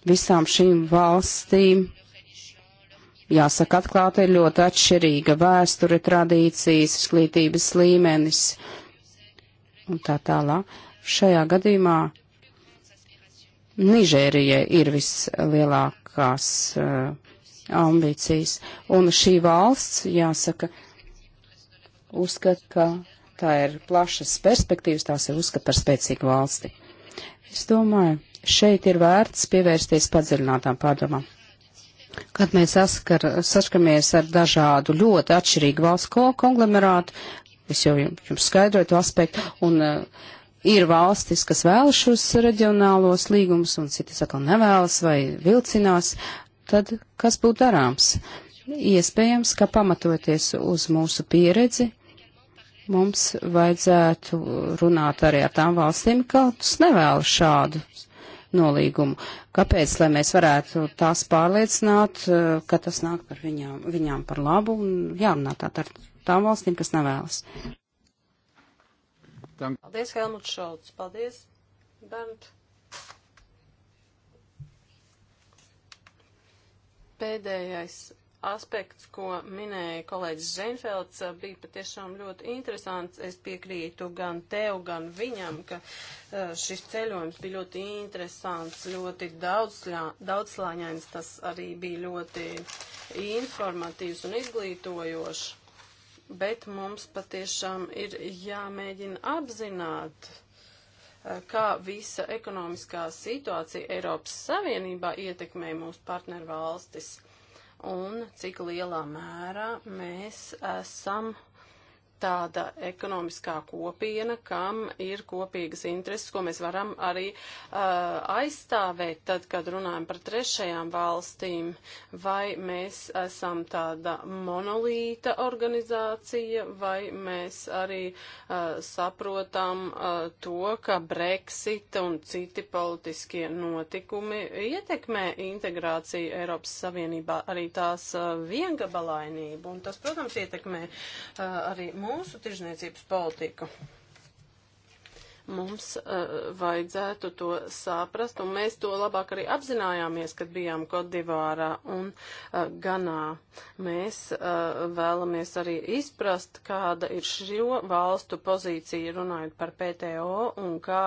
Visām šīm valstīm jāsaka atklāti, ir ļoti atšķirīga vēsture, tradīcijas, izglītības līmenis un tā tālāk. Šajā gadījumā Nižērijai ir vislielākās uh, ambīcijas, un šī valsts, jāsaka, uzskata, ka tā ir plašas perspektīvas, tās ir uzskata par spēcīgu valsti. Es domāju, šeit ir vērts pievērsties padziļinātām pārdomām. Kad mēs saskar, saskaramies ar dažādu ļoti atšķirīgu valsts konglomerātu, es jau jums skaidroju to aspektu, un uh, ir valstis, kas vēlas šos reģionālos līgumus, un citas atkal nevēlas vai vilcinās, tad kas būtu darāms? Iespējams, ka pamatoties uz mūsu pieredzi, mums vajadzētu runāt arī ar tām valstīm, kas nevēlas šādu nolīgumu. Kāpēc, lai mēs varētu tās pārliecināt, eh, ka tas nāk par viņām, viņām par labu un jārunā tā ar tām valstīm, kas nevēlas? Paldies, Helmut Šauts. Paldies, Bernt. Pēdējais aspekts, ko minēja kolēģis Zenfelds, bija patiešām ļoti interesants. Es piekrītu gan tev, gan viņam, ka šis ceļojums bija ļoti interesants, ļoti daudzslāņains. Tas arī bija ļoti informatīvs un izglītojošs. Bet mums patiešām ir jāmēģina apzināt kā visa ekonomiskā situācija Eiropas Savienībā ietekmē mūsu partnervalstis un cik lielā mērā mēs esam tāda ekonomiskā kopiena, kam ir kopīgas intereses, ko mēs varam arī uh, aizstāvēt, tad, kad runājam par trešajām valstīm, vai mēs esam tāda monolīta organizācija, vai mēs arī uh, saprotam uh, to, ka Brexit un citi politiskie notikumi ietekmē integrāciju Eiropas Savienībā, arī tās uh, viengabalainību, un tas, protams, ietekmē uh, arī mūsu mūsu tirzniecības politiku. Mums uh, vajadzētu to saprast, un mēs to labāk arī apzinājāmies, kad bijām Kodivārā un uh, Ganā. Mēs uh, vēlamies arī izprast, kāda ir šo valstu pozīcija runājot par PTO un kā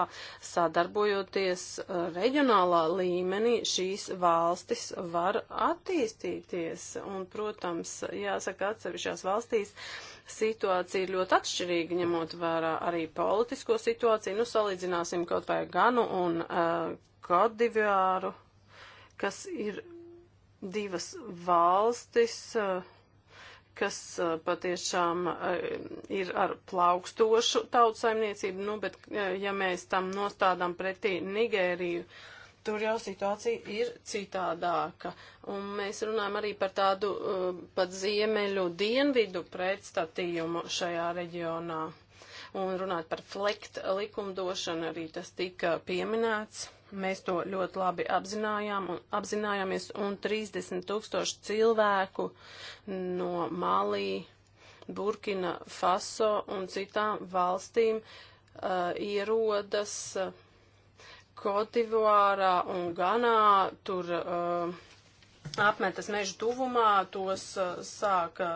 sadarbojoties uh, reģionālā līmenī šīs valstis var attīstīties. Un, protams, jāsaka, atsevišķās valstīs uh, situācija ir ļoti atšķirīga, ņemot vērā arī politisko situāciju. Nu, salīdzināsim kaut vai Ganu un uh, eh, Kodiviāru, kas ir divas valstis, uh, kas uh, patiešām uh, ir ar plaukstošu tautsaimniecību, nu, bet, uh, ja mēs tam nostādām pretī Nigēriju, uh, tur jau situācija ir citādāka. Un mēs runājam arī par tādu uh, pat ziemeļu dienvidu pretstatījumu šajā reģionā. Un runāt par flekt likumdošanu arī tas tika pieminēts. Mēs to ļoti labi apzinājām un apzinājāmies un 30 tūkstoši cilvēku no Malī, Burkina Faso un citām valstīm uh, ierodas uh, Kotivārā un Ganā tur uh, apmetas meža tuvumā, tos uh, sāka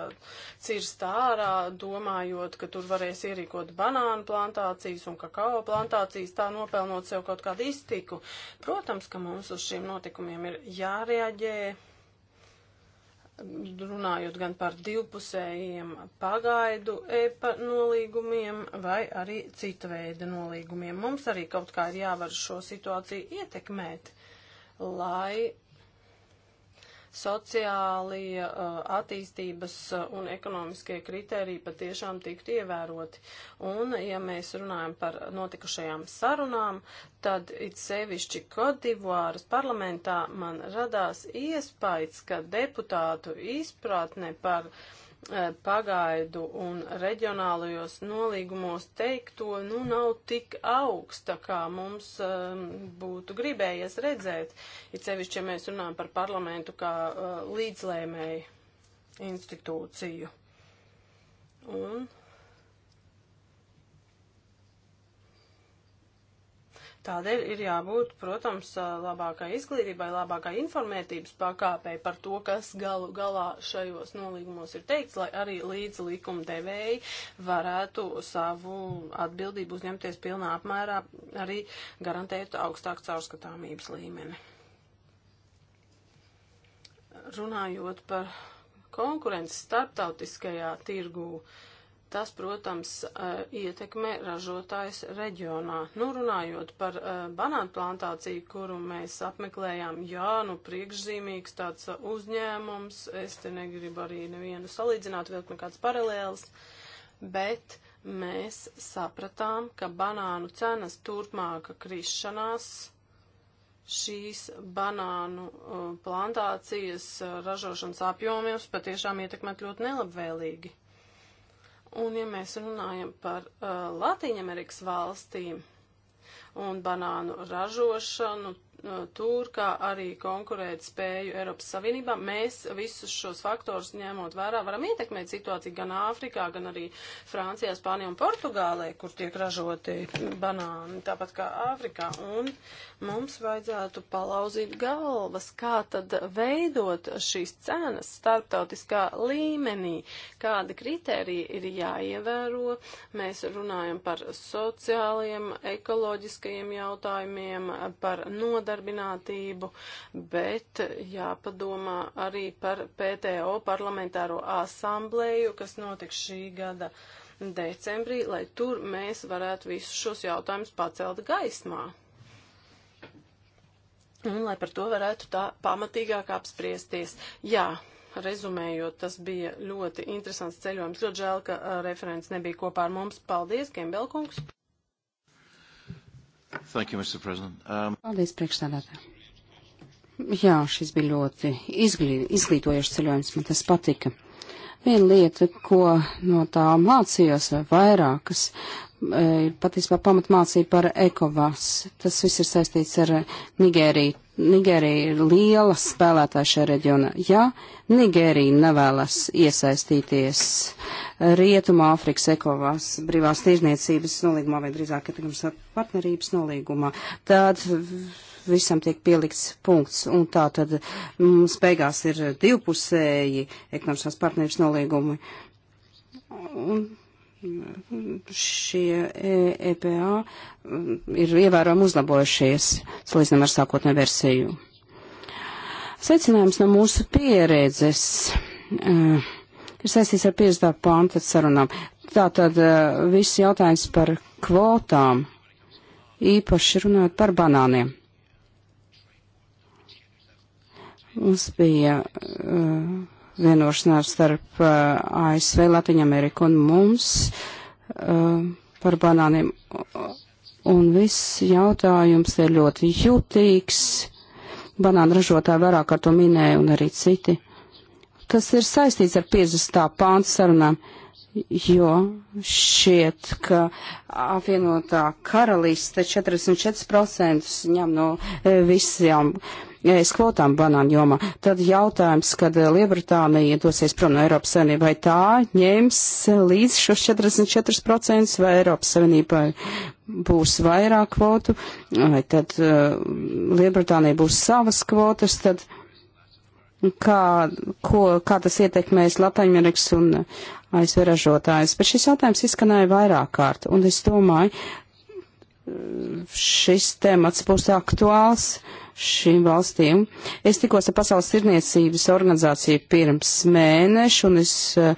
cirst ārā, domājot, ka tur varēs ierīkot banānu plantācijas un kakao plantācijas, tā nopelnot sev kaut kādu iztiku. Protams, ka mums uz šiem notikumiem ir jārēģē runājot gan par divpusējiem pagaidu EPA nolīgumiem vai arī cita veida nolīgumiem. Mums arī kaut kā ir jāvar šo situāciju ietekmēt, lai sociālie uh, attīstības uh, un ekonomiskie kriteriji patiešām tiktu ievēroti. Un, ja mēs runājam par notikušajām sarunām, tad it sevišķi Kodivāras parlamentā man radās iespējas, ka deputātu izpratne par uh, E, pagaidu un reģionālajos nolīgumos teikto nu nav tik augsta, kā mums um, būtu gribējies redzēt, ir sevišķi, ja mēs runājam par parlamentu kā uh, līdzlēmēju institūciju. Un Tādēļ ir jābūt, protams, labākai izglītībai, labākai informētības pakāpei par to, kas galu galā šajos nolīgumos ir teikts, lai arī līdz likumdevēji varētu savu atbildību uzņemties pilnā apmērā, arī garantēt augstāku caurskatāmības līmeni. Runājot par konkurences starptautiskajā tirgū. Uh, Tas, protams, eh, ietekmē ražotājs reģionā. Nu, runājot par eh, banānu plantāciju, kuru mēs apmeklējām, jā, nu, priekšzīmīgs tāds eh, uzņēmums, es te negribu arī nevienu salīdzināt, vilkt nekāds paralēls, bet mēs sapratām, ka banānu cenas turpmāka krišanās šīs banānu plantācijas ražošanas apjomiem patiešām ietekmēt ļoti nelabvēlīgi. Un ja mēs runājam par uh, Latīņamerikas valstīm un banānu ražošanu, uh, tur kā arī konkurēt spēju Eiropas Savienībā, mēs visus šos faktorus ņemot vērā varam ietekmēt situāciju gan Āfrikā, gan arī Francijā, Spānijā un Portugālē, kur tiek ražoti banāni, tāpat kā Āfrikā. Un mums vajadzētu palauzīt galvas, kā tad veidot šīs cenas starptautiskā līmenī, kādi kriteriji ir jāievēro. Mēs runājam par sociālajiem, ekoloģiskajiem jautājumiem, par nodarbinātību, bet jāpadomā arī par PTO parlamentāro asamblēju, kas notiks šī gada decembrī, lai tur mēs varētu visus šos jautājumus pacelt gaismā un lai par to varētu tā pamatīgāk apspriesties. Jā, rezumējot, tas bija ļoti interesants ceļojums. Ļoti žēl, ka uh, referents nebija kopā ar mums. Paldies, Gembelkungs. Thank you, Mr. President. Um... Paldies, priekšstādātāji. Jā, šis bija ļoti izglī, izglītojošs ceļojums, man tas patika. Viena lieta, ko no tā mācījos, vai vairākas, ir e, patiesībā pamatmācība par ekovas. Tas viss ir saistīts ar Nigēriju. Nigērija ir liela spēlētāja šajā reģionā. Ja Nigērija nevēlas iesaistīties Rietumā Afrikas ekovās brīvās tīrzniecības nolīgumā vai drīzāk, ka tagad partnerības nolīgumā, tad visam tiek pielikts punkts. Un tā tad mums beigās ir divpusēji ekonomiskās partnerības nolīgumi. Un šie EPA e mm, ir ievērojami uzlabojušies, salīdzinām ar sākotnē versiju. Secinājums no mūsu pieredzes uh, ir saistīts ar 50. pānta sarunām. Tātad uh, viss jautājums par kvotām, īpaši runājot par banāniem. Mums bija uh, vienošanās starp uh, ASV, Latviņameriku un mums uh, par banāniem. Un viss jautājums ir ļoti jutīgs. Banāna ražotāji vairāk ar to minēja un arī citi. Tas ir saistīts ar 50. pāns sarunām, jo šiet, ka apvienotā karaliste 44% ņem no eh, visiem. Uh, es kvotām banānu jomā. Tad jautājums, kad eh, Liebritānija dosies prom no Eiropas Savienības, vai tā ņems eh, līdz šos 44% vai Eiropas Savienībai būs vairāk kvotu, vai tad uh, eh, Liebritānija būs savas kvotas, tad kā, ko, kā tas ietekmēs Latvijas un ASV ražotājus. Bet šis jautājums izskanēja vairāk kārt, un es domāju, šis temats būs aktuāls. Uh, šīm valstīm. Es tikos ar Pasaules tirniecības organizāciju pirms mēneša, un es eh,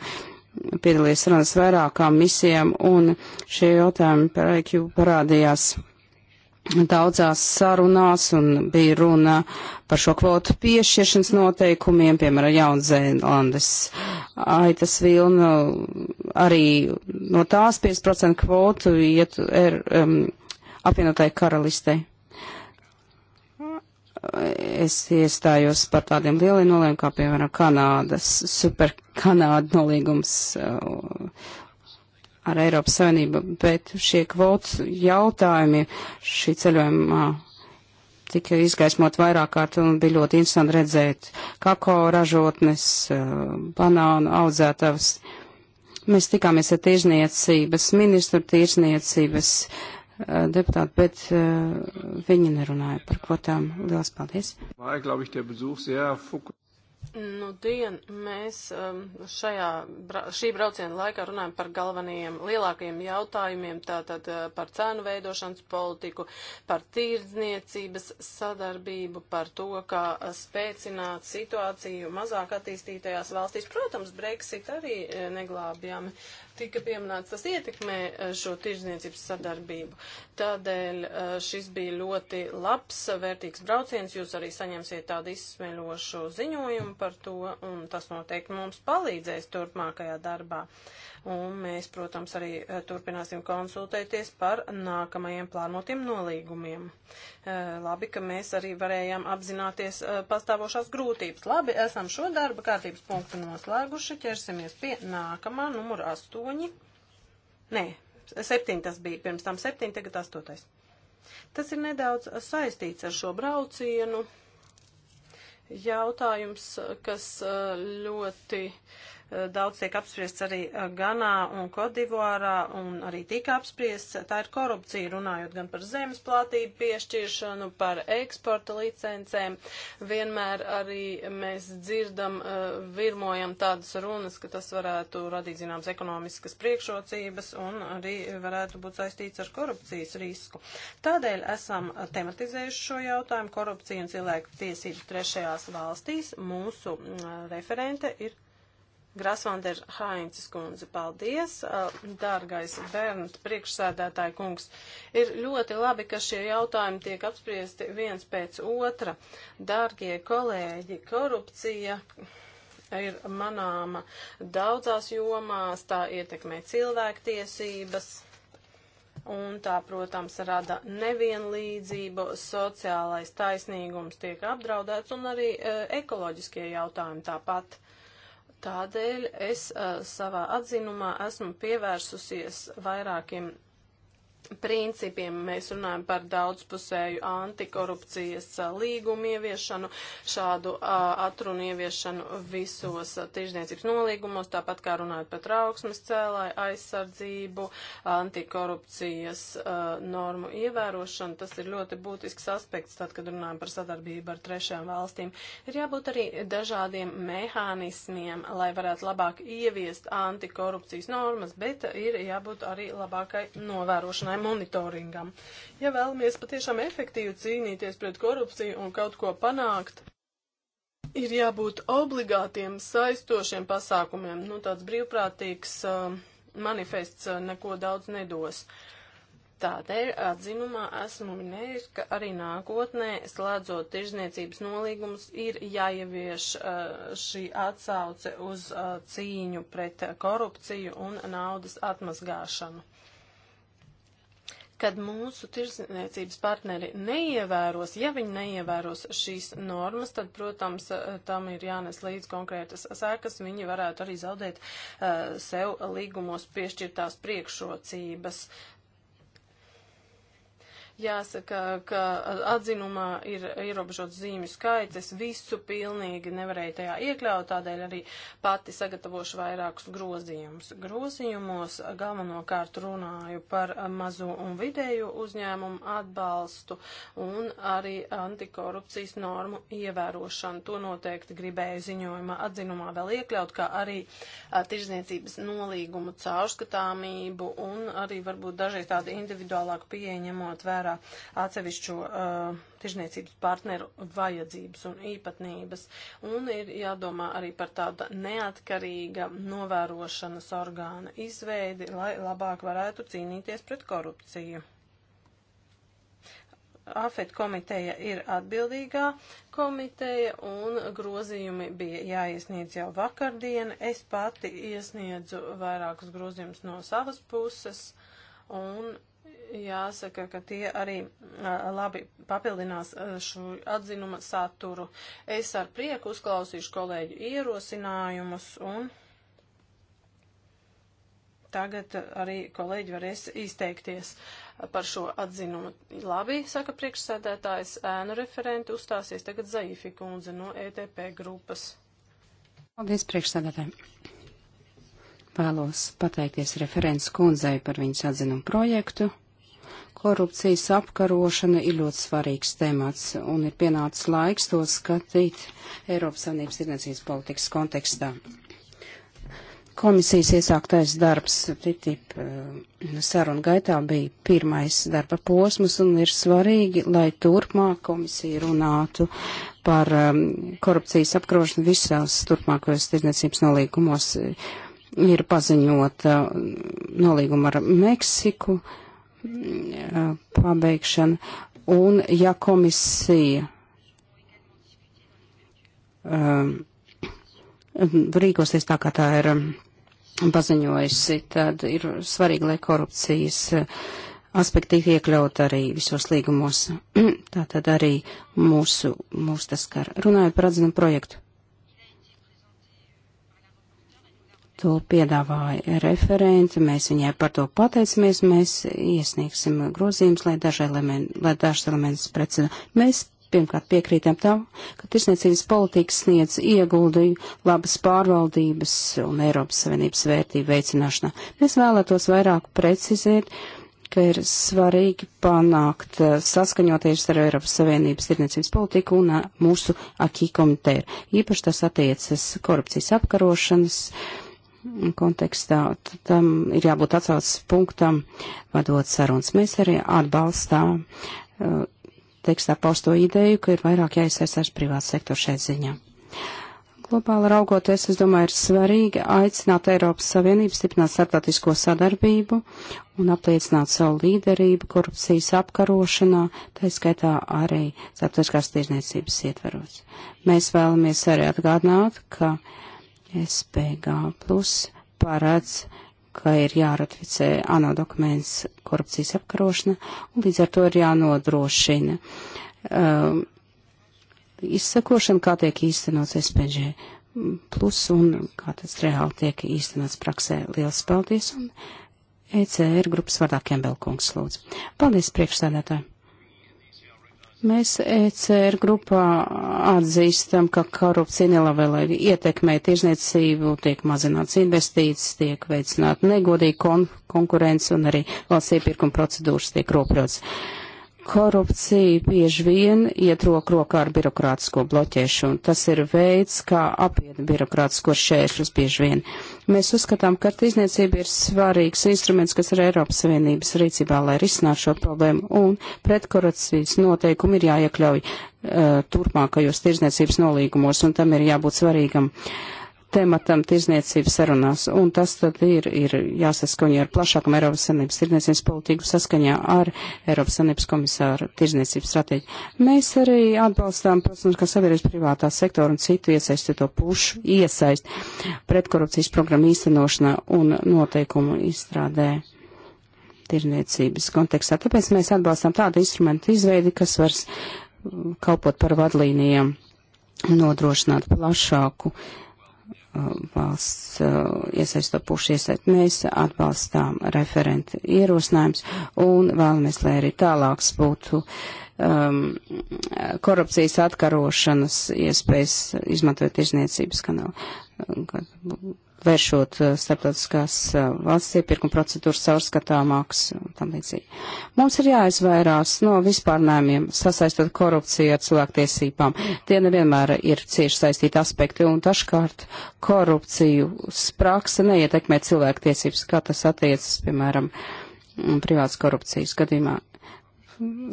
piedalījos sarunās vairākām misijām, un šie jautājumi par IQ parādījās daudzās sarunās, un bija runa par šo kvotu piešķiršanas noteikumiem, piemēram, Jaunzēlandes aitas vilnu, arī no tās 5% kvotu iet er, um, apvienotāju karalistei es iestājos par tādiem lieliem nolēmumiem, kā piemēram Kanādas, super Kanāda nolīgums uh, ar Eiropas Savienību, bet šie kvotu jautājumi šī ceļojumā tika izgaismot vairāk kārt un bija ļoti interesanti redzēt kakao ražotnes, uh, banānu audzētavas. Mēs tikāmies ar tirzniecības ministru, tirzniecības uh, deputāti, bet uh, viņi nerunāja par kvotām. Lielas paldies! Nu, dien, mēs um, šajā, šī brauciena laikā runājam par galvenajiem lielākajiem jautājumiem, tātad uh, par cenu veidošanas politiku, par tīrdzniecības sadarbību, par to, kā uh, spēcināt situāciju mazāk attīstītajās valstīs. Protams, Brexit arī uh, neglābjami. Uh, tika pieminēts, tas ietekmē eh, šo tirdzniecības sadarbību. Tādēļ šis bija ļoti labs, vērtīgs brauciens. Jūs arī saņemsiet tādu izsmeļošu ziņojumu par to, un tas noteikti mums palīdzēs turpmākajā darbā. Un mēs, protams, arī turpināsim konsultēties par nākamajiem plānotiem nolīgumiem. Labi, ka mēs arī varējām apzināties pastāvošās grūtības. Labi, esam šo darba kārtības punktu noslēguši. Ķersimies pie nākamā, numur 8. Nē, Septiņi tas bija pirms tam septiņi, tagad astotais. Tas ir nedaudz saistīts ar šo braucienu. Jautājums, kas eh, ļoti uh, Eh, daudz tiek apspriests arī eh, Ganā un Kodivārā un arī tika apspriests. Tā ir korupcija, runājot gan par zemes platību piešķiršanu, par eksporta licencēm. Vienmēr arī mēs dzirdam, eh, virmojam tādas runas, ka tas varētu radīt zināmas ekonomiskas priekšrocības un arī varētu būt saistīts ar korupcijas risku. Tādēļ esam tematizējuši šo jautājumu korupciju un cilvēku tiesību trešajās valstīs. Mūsu mm, referente ir Grasvander Hainces kundze, paldies. Uh, dārgais Bernt, priekšsēdētāji kungs, ir ļoti labi, ka šie jautājumi tiek apspriesti viens pēc otra. Dārgie kolēģi, korupcija ir manāma daudzās jomās, tā ietekmē cilvēktiesības. Un tā, protams, rada nevienlīdzību, sociālais taisnīgums tiek apdraudēts un arī e, ekoloģiskie jautājumi tāpat. Uh, Tādēļ es uh, savā atzinumā esmu pievērsusies vairākiem principiem. Mēs runājam par daudzpusēju antikorupcijas līgumu ieviešanu, šādu a, atrunu ieviešanu visos tirzniecības nolīgumos, tāpat kā runājot par trauksmes cēlāju aizsardzību, antikorupcijas a, normu ievērošanu. Tas ir ļoti būtisks aspekts, tad, kad runājam par sadarbību ar trešajām valstīm. Ir jābūt arī dažādiem mehānismiem, lai varētu labāk ieviest antikorupcijas normas, bet ir jābūt arī labākai novērošanai vai monitoringam. Ja vēlamies patiešām efektīvi cīnīties pret korupciju un kaut ko panākt, ir jābūt obligātiem saistošiem pasākumiem. Nu, tāds brīvprātīgs uh, manifests uh, neko daudz nedos. Tādēļ atzinumā esmu minējusi, ka arī nākotnē, slēdzot tirzniecības nolīgumus, ir jāievieš uh, šī atsauce uz uh, cīņu pret uh, korupciju un naudas atmazgāšanu kad mūsu tirsniecības partneri neievēros, ja viņi neievēros šīs normas, tad, protams, eh, tam ir jānes līdz konkrētas sēkas, viņi varētu arī zaudēt uh, sev līgumos piešķirtās priekšrocības. Jāsaka, ka atzinumā ir ierobežots zīmju skaits, es visu pilnīgi nevarēju tajā iekļaut, tādēļ arī pati sagatavošu vairākus grozījumus. Grozījumos galvenokārt runāju par mazo un vidēju uzņēmumu atbalstu un arī antikorupcijas normu ievērošanu. To noteikti gribēju ziņojumā atzinumā vēl iekļaut, kā arī tirzniecības nolīgumu caurskatāmību un arī varbūt dažreiz tādu individuālāku pieņemot vērā vērā atsevišķo uh, tirzniecības partneru vajadzības un īpatnības. Un ir jādomā arī par tādu neatkarīga novērošanas orgāna izveidi, lai labāk varētu cīnīties pret korupciju. AFET komiteja ir atbildīgā komiteja un grozījumi bija jāiesniedz jau vakardien. Es pati iesniedzu vairākus grozījumus no savas puses un Jāsaka, ka tie arī labi papildinās šo atzinuma saturu. Es ar prieku uzklausīšu kolēģu ierosinājumus un tagad arī kolēģi varēs izteikties par šo atzinumu. Labi, saka priekšsēdētājs, ēnu referenti uzstāsies tagad Zaifi kundze no ETP grupas. Paldies priekšsēdētājiem. Vēlos pateikties referents kundzei par viņas atzinumu projektu. Korupcijas apkarošana ir ļoti svarīgs temats un ir pienācis laiks to skatīt Eiropas Savienības tirdzniecības politikas kontekstā. Komisijas iesāktais darbs TTIP eh, sarunu gaitā bija pirmais darba posms un ir svarīgi, lai turpmāk komisija runātu par eh, korupcijas apkarošanu visās turpmākajos tirdzniecības nolīgumos ir paziņota uh, nolīguma ar Meksiku uh, pabeigšana, un ja komisija um, rīkosies tā, kā tā ir um, paziņojusi, tad ir svarīgi, lai korupcijas uh, aspekti tiek iekļaut arī visos līgumos. tā tad arī mūsu, mūsu tas skar. Runājot par atzinu projektu. To piedāvāja referenti, mēs viņai par to pateicamies, mēs iesniegsim grozījumus, lai, element, lai dažs elements precizē. Mēs pirmkārt piekrītam tam, ka tirsniecības politika sniedz ieguldīju labas pārvaldības un Eiropas Savienības vērtību veicināšanā. Mēs vēlētos vairāk precizēt ka ir svarīgi panākt eh, saskaņoties ar Eiropas Savienības tirdzniecības politiku un eh, mūsu akī komitēru. Īpaši tas attiecas korupcijas apkarošanas, uh, kontekstā. Tam ir jābūt atsaucas punktam, vadot sarunas. Mēs arī atbalstām uh, tekstā pausto ideju, ka ir vairāk jāiesaistās privāts sektors šeit ziņā. Globāli raugoties, es domāju, ir svarīgi aicināt Eiropas Savienību stiprināt starptautisko sadarbību un apliecināt savu līderību korupcijas apkarošanā, tā skaitā arī starptautiskās tirzniecības ietveros. Mēs vēlamies arī atgādināt, ka uh, SPG plus parāds, ka ir jāratificē ANO dokuments korupcijas apkarošana, un līdz ar to ir jānodrošina um, izsakošana, kā tiek īstenots SPG plus un kā tas reāli tiek īstenots praksē. Liels paldies! Un ECR grupas vārdā Kembelkungs lūdzu. Paldies priekšstādātāji! Mēs ECR grupā atzīstam, ka korupcija nelabvēlīgi ietekmē tirzniecību, tiek mazināts investīcijas, tiek veicināta negodīga kon konkurence un arī valsts iepirkuma procedūras tiek roprots. Korupcija bieži vien iet roku rokā ar birokrātisko bloķēšanu. Tas ir veids, kā apiet birokrātisko šķēršļus bieži vien. Mēs uzskatām, ka tirzniecība ir svarīgs instruments, kas ir Eiropas Savienības rīcībā, lai risinātu šo problēmu, un pretkorupcijas noteikumi ir jāiekļauj uh, turpmākajos tirzniecības nolīgumos, un tam ir jābūt svarīgam. Uh, tematam tirzniecības sarunās, un tas tad ir, ir jāsaskaņo ar plašākam Eiropas Sanības tirzniecības politiku saskaņā ar Eiropas Sanības komisāru tirzniecības stratēģiju. Mēs arī atbalstām, protams, ka sabiedrības privātā sektora un citu iesaistīto pušu iesaist pretkorupcijas programmu īstenošanā un noteikumu izstrādē tirzniecības kontekstā. Tāpēc mēs atbalstām tādu instrumentu izveidi, kas var kalpot par vadlīnijām nodrošināt plašāku uh, valsts eh, iesaisto pušu iesaist. Mēs atbalstām referentu ierosinājums un vēlamies, lai arī tālāks būtu um, korupcijas atkarošanas iespējas izmantojot izniecības kanālu. Kad vēršot eh, starptautiskās eh, valsts iepirkuma procedūras caurskatāmāks un tam līdzīgi. Mums ir jāizvairās no vispārnēmiem, sasaistot korupciju ar cilvēktiesībām. Tie nevienmēr ir cieši saistīti aspekti, un dažkārt korupciju spraksa neietekmē cilvēktiesības, kā tas attiecas, piemēram, mm, privāts korupcijas gadījumā.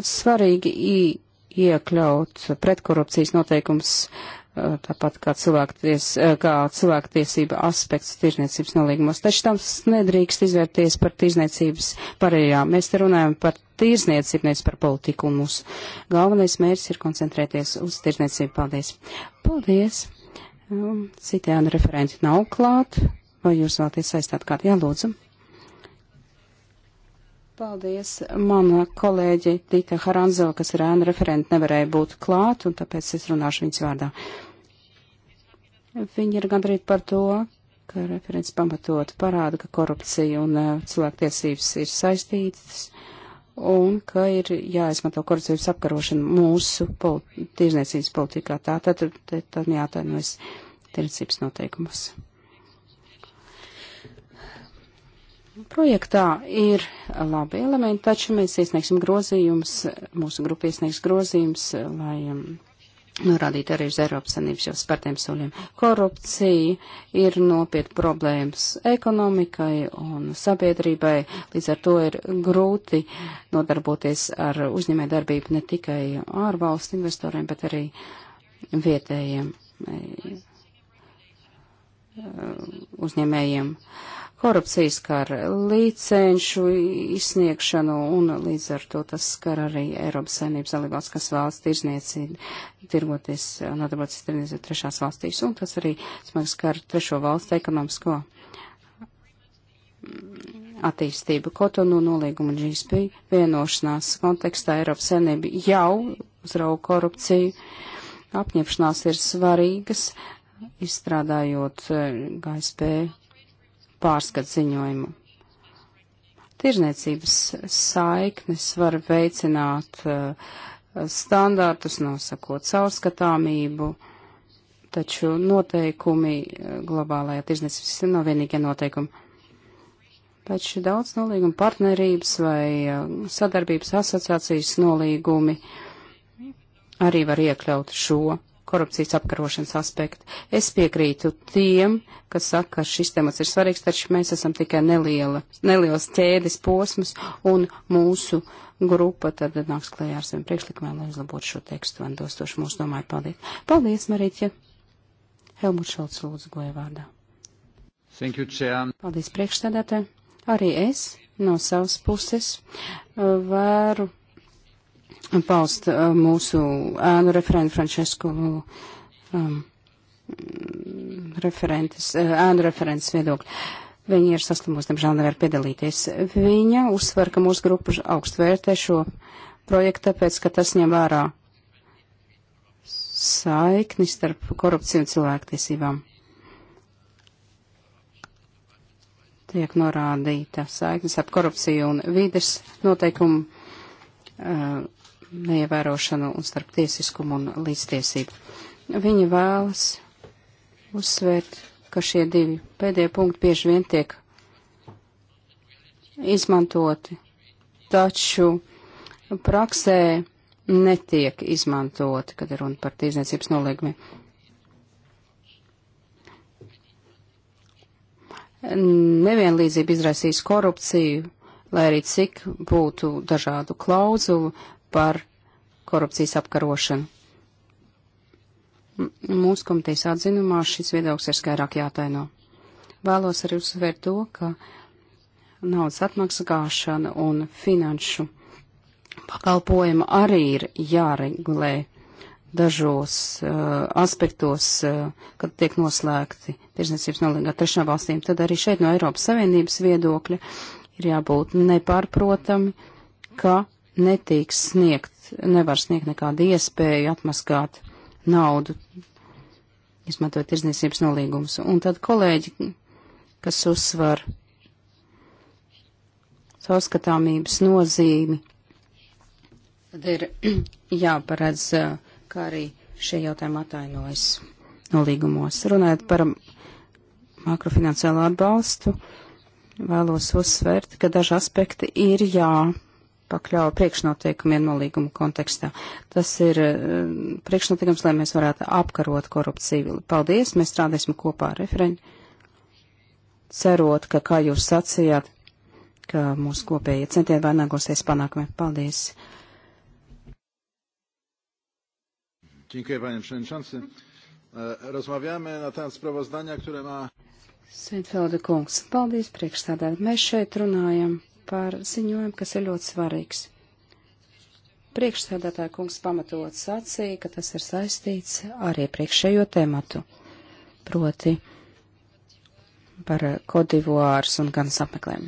Svarīgi iekļaut pretkorupcijas noteikums Eh, tāpat kā cilvēkties, eh, kā cilvēktiesība aspekts tirzniecības nolīgumos. Taču tam nedrīkst izvērties par tirzniecības pareijām. Mēs te runājam par tirzniecību, nevis par politiku, un mūsu galvenais mērķis ir koncentrēties uz tirzniecību. Paldies! Paldies! Um, Citādi referenti nav klāt. Vai jūs vēlaties saistāt kādu? Jā, lūdzu. Paldies. Mana kolēģe Dita Haranzova, kas ir ēna referenta, nevarēja būt klāt, un tāpēc es runāšu viņas vārdā. Uh, Viņi ir gandrīz par to, ka referents pamatot parāda, ka korupcija un uh, cilvēktiesības ir saistītas un ka ir jāizmanto korupcijas apkarošana mūsu politi tirzniecības politikā. Tā tad, tad, tad jātainojas tirzniecības noteikumus. Projektā ir labi elementi, taču mēs iesniegsim grozījumus, mūsu grupa iesniegs grozījumus, lai um, norādīt arī uz Eiropas Sanības jau spartiem soļiem. Korupcija ir nopietna problēmas ekonomikai un sabiedrībai, līdz ar to ir grūti nodarboties ar uzņēmē darbību ne tikai ārvalstu investoriem, bet arī vietējiem eh, uzņēmējiem. Uh, korupcijas skar līdzcenšu izsniegšanu un līdz ar to tas skar arī Eiropas saimnības dalībās, kas valsts tirzniecību, tirgoties, nodarboties tirzniecību trešās valstīs, un tas arī smagi skar trešo valstu ekonomisko attīstību. Kotonu nolīguma GSP vienošanās kontekstā Eiropas saimnība jau uzrauga korupciju. Apņemšanās ir svarīgas, izstrādājot eh, GSP pārskat ziņojumu. Tirzniecības saiknes var veicināt eh, standārtus, nosakot caurskatāmību, taču noteikumi eh, globālajā tirzniecības ir nav vienīgie noteikumi. Taču daudz nolīguma partnerības vai eh, sadarbības asociācijas nolīgumi arī var iekļaut šo korupcijas apkarošanas aspektu. Es piekrītu tiem, kas saka, ka šis temats ir svarīgs, taču mēs esam tikai neliela, neliels ķēdes posms, un mūsu grupa tad nāks klējā ar saviem priekšlikumiem, lai uzlabotu šo tekstu, un dostoši mūsu domāju paldies. Paldies, Marīķa! Helmut Šalts lūdzu goja vārdā. Thank you, Chair. Paldies priekšstādātē. Arī es no savas puses uh, varu paust uh, mūsu ēnu referentu Francesku um, referentes, uh, ēnu referents viedokļu. Viņa ir saslimusi, diemžēl nevar piedalīties. Viņa uzsver, ka mūsu grupa augstu vērtē šo projektu, tāpēc, ka tas ņem vērā saikni starp korupciju un cilvēktiesībām. Tiek norādīta saiknes ap korupciju un vides noteikumu uh, neievērošanu un starp tiesiskumu un līdztiesību. Viņi vēlas uzsvērt, ka šie divi pēdējie punkti bieži vien tiek izmantoti, taču praksē netiek izmantoti, kad ir runa par tīzniecības noliegumiem. Nevienlīdzība izraisīs korupciju, lai arī cik būtu dažādu klauzulu, par korupcijas apkarošanu. M mūsu komitejas atzinumā šis viedoklis ir skaidrāk jātaino. Vēlos arī uzsvērt to, ka naudas atmaksāšana un finanšu pakalpojuma arī ir jāregulē dažos uh, aspektos, uh, kad tiek noslēgti tirsniecības nolīgumi ar trešām valstīm, tad arī šeit no Eiropas Savienības viedokļa ir jābūt nepārprotami, ka netiks sniegt, nevar sniegt nekādu iespēju atmaskāt naudu, izmantojot tirzniecības nolīgumus. Un tad kolēģi, kas uzsver caurskatāmības nozīmi, tad ir jāparedz, kā arī šie jautājumi atainojas nolīgumos. Runājot par makrofinanciālo atbalstu, vēlos uzsvērt, ka daži aspekti ir jā pakļauja priekšnoteikumiem nolīguma kontekstā. Tas ir eh, priekšnoteikums, lai mēs varētu apkarot korupciju. Paldies, mēs strādāsim kopā ar refereņu, cerot, ka, kā jūs sacījāt, ka mūsu kopējie centieni vainagosies panākumiem. Paldies! Dziękuję panie przewodniczący. E, rozmawiamy na temat sprawozdania, które ma. Sēdfelda kungs, paldies priekšstādāt. Mēs šeit runājam par ziņojumu, kas ir ļoti svarīgs. Priekšsēdētāja kungs pamatot sacīja, ka tas ir saistīts ar iepriekšējo tematu, proti par kodivārs un gan sameklēm.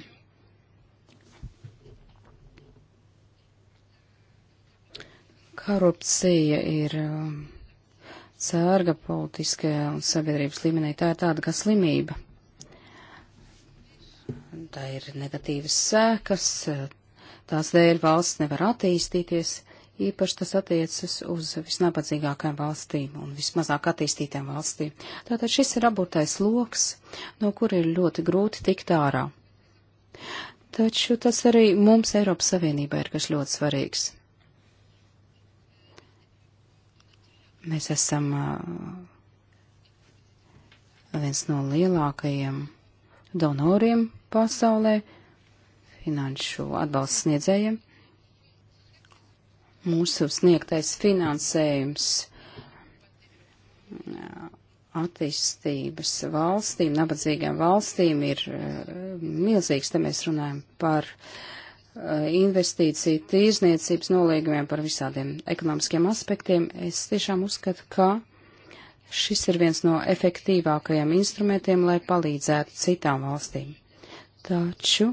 Korupcija ir um, sērga politiskajā un sabiedrības līmenī. Tā ir tāda kā slimība. Tā ir negatīvas sēkas, tās dēļ valsts nevar attīstīties, īpaši tas attiecas uz visnabadzīgākajām valstīm un vismazāk attīstītām valstīm. Tātad šis ir aburtais loks, no kura ir ļoti grūti tikt ārā. Taču tas arī mums Eiropas Savienībā ir kas ļoti svarīgs. Mēs esam uh, viens no lielākajiem donoriem pasaulē, finanšu atbalsts sniedzējiem. Mūsu sniegtais finansējums attīstības valstīm, nabadzīgām valstīm ir e, milzīgs. Te mēs runājam par e, investīciju tīrzniecības nolīgumiem, par visādiem ekonomiskiem aspektiem. Es tiešām uzskatu, ka šis ir viens no efektīvākajiem instrumentiem, lai palīdzētu citām valstīm. Taču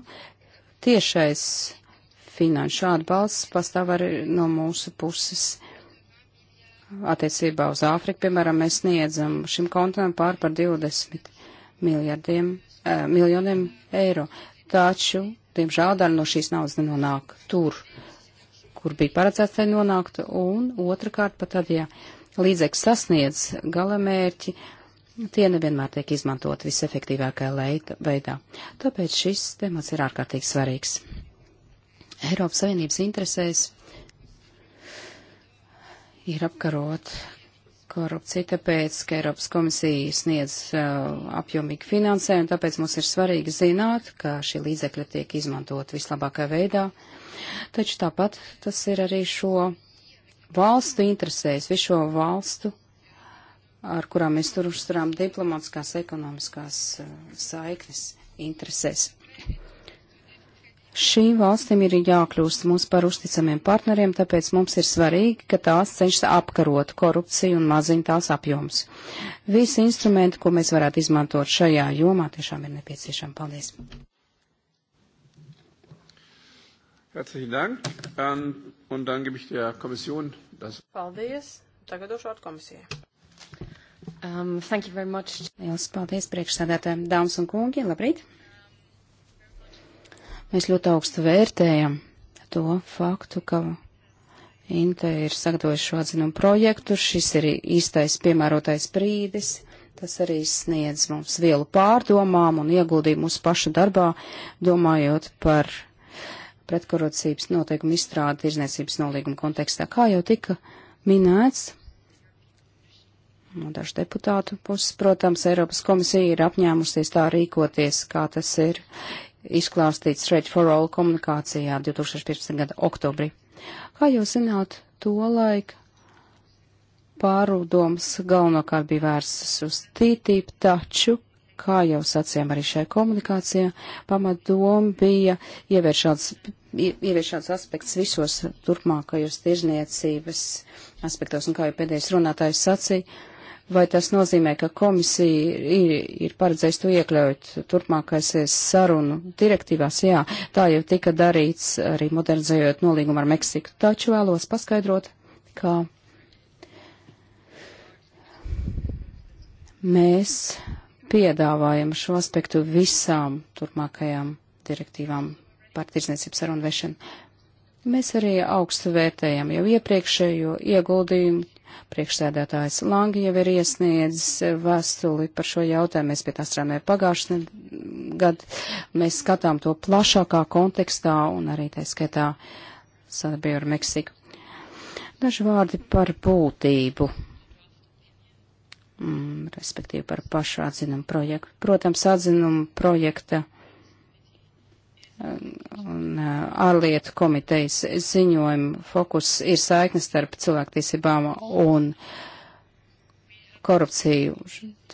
tiešais finanšu atbalsts pastāv arī no mūsu puses. Attiecībā uz Āfriku, piemēram, mēs sniedzam šim kontinentam pār par 20 miljardiem, eh, miljoniem eiro. Taču, diemžēl, daļa no šīs naudas nenonāk tur, kur bija paredzēts, lai nonāktu, un otrkārt pat tad, ja līdzekļi sasniedz galamērķi, eh, tie nevienmēr tiek izmantot visefektīvākajā veidā. Tāpēc šis temats ir ārkārtīgi svarīgs. Eiropas Savienības interesēs ir apkarot korupciju, tāpēc, ka Eiropas komisija sniedz uh, apjomīgu finansējumu, tāpēc mums ir svarīgi zināt, ka šī līdzekļa tiek izmantot vislabākajā veidā. Taču tāpat tas ir arī šo valstu interesēs, visu šo valstu ar kurām mēs tur uzturām diplomatiskās ekonomiskās eh, saiknes interesēs. Šīm valstīm ir jākļūst mums par uzticamiem partneriem, tāpēc mums ir svarīgi, ka tās cenšas apkarot korupciju un maziņ tās apjoms. Visi instrumenti, ko mēs varētu izmantot šajā jomā, tiešām ir nepieciešami. Paldies! Herzlichen Dank. Um, und dann gebe ich der Kommission das. Paldies. Tagad došu vārdu komisijai. Um, thank you very much. Lielas paldies priekšsādātājiem, dāmas un kungi, labrīt. Mēs ļoti augstu vērtējam to faktu, ka Inte ir sagatavojuši šo atzinumu projektu, šis ir īstais piemērotais brīdis, tas arī sniedz mums vielu pārdomām un ieguldījumu mūsu pašu darbā, domājot par pretkorocības noteikumu izstrādi tirzniecības nolīguma kontekstā, kā jau tika minēts no dažu deputātu puses. Protams, Eiropas komisija ir apņēmusies tā rīkoties, kā tas ir izklāstīts Straight for All komunikācijā 2015. gada oktobrī. Kā jūs zināt, to laiku pārdomas galvenokārt bija vērstas uz TTIP, taču, kā jau sacījām arī šajā komunikācijā, pamatdoma bija ievieš šāds, ievieš šāds aspekts visos turpmākajos tirzniecības aspektos, un kā jau pēdējais runātājs sacīja, Vai tas nozīmē, ka komisija ir, ir paredzējusi to iekļaut turpmākaisies sarunu direktīvās? Jā, tā jau tika darīts arī modernizējot nolīgumu ar Meksiku. Taču vēlos paskaidrot, ka mēs piedāvājam šo aspektu visām turpmākajām direktīvām par tirsniecības sarunu vešanu. Mēs arī augstu vērtējam jau iepriekšējo ieguldījumu. Priekšsēdētājs Langi jau ir iesniedzis vēstuli par šo jautājumu. Mēs pie tā strādājām pagājušajā gadā. Mēs skatām to plašākā kontekstā un arī tā skaitā sadarbību ar Meksiku. Daži vārdi par būtību, mm, respektīvi par pašu atzinumu projektu. Protams, atzinumu projekta un uh, ārlietu komitejas ziņojuma fokus ir saiknes starp cilvēktiesībām un korupciju.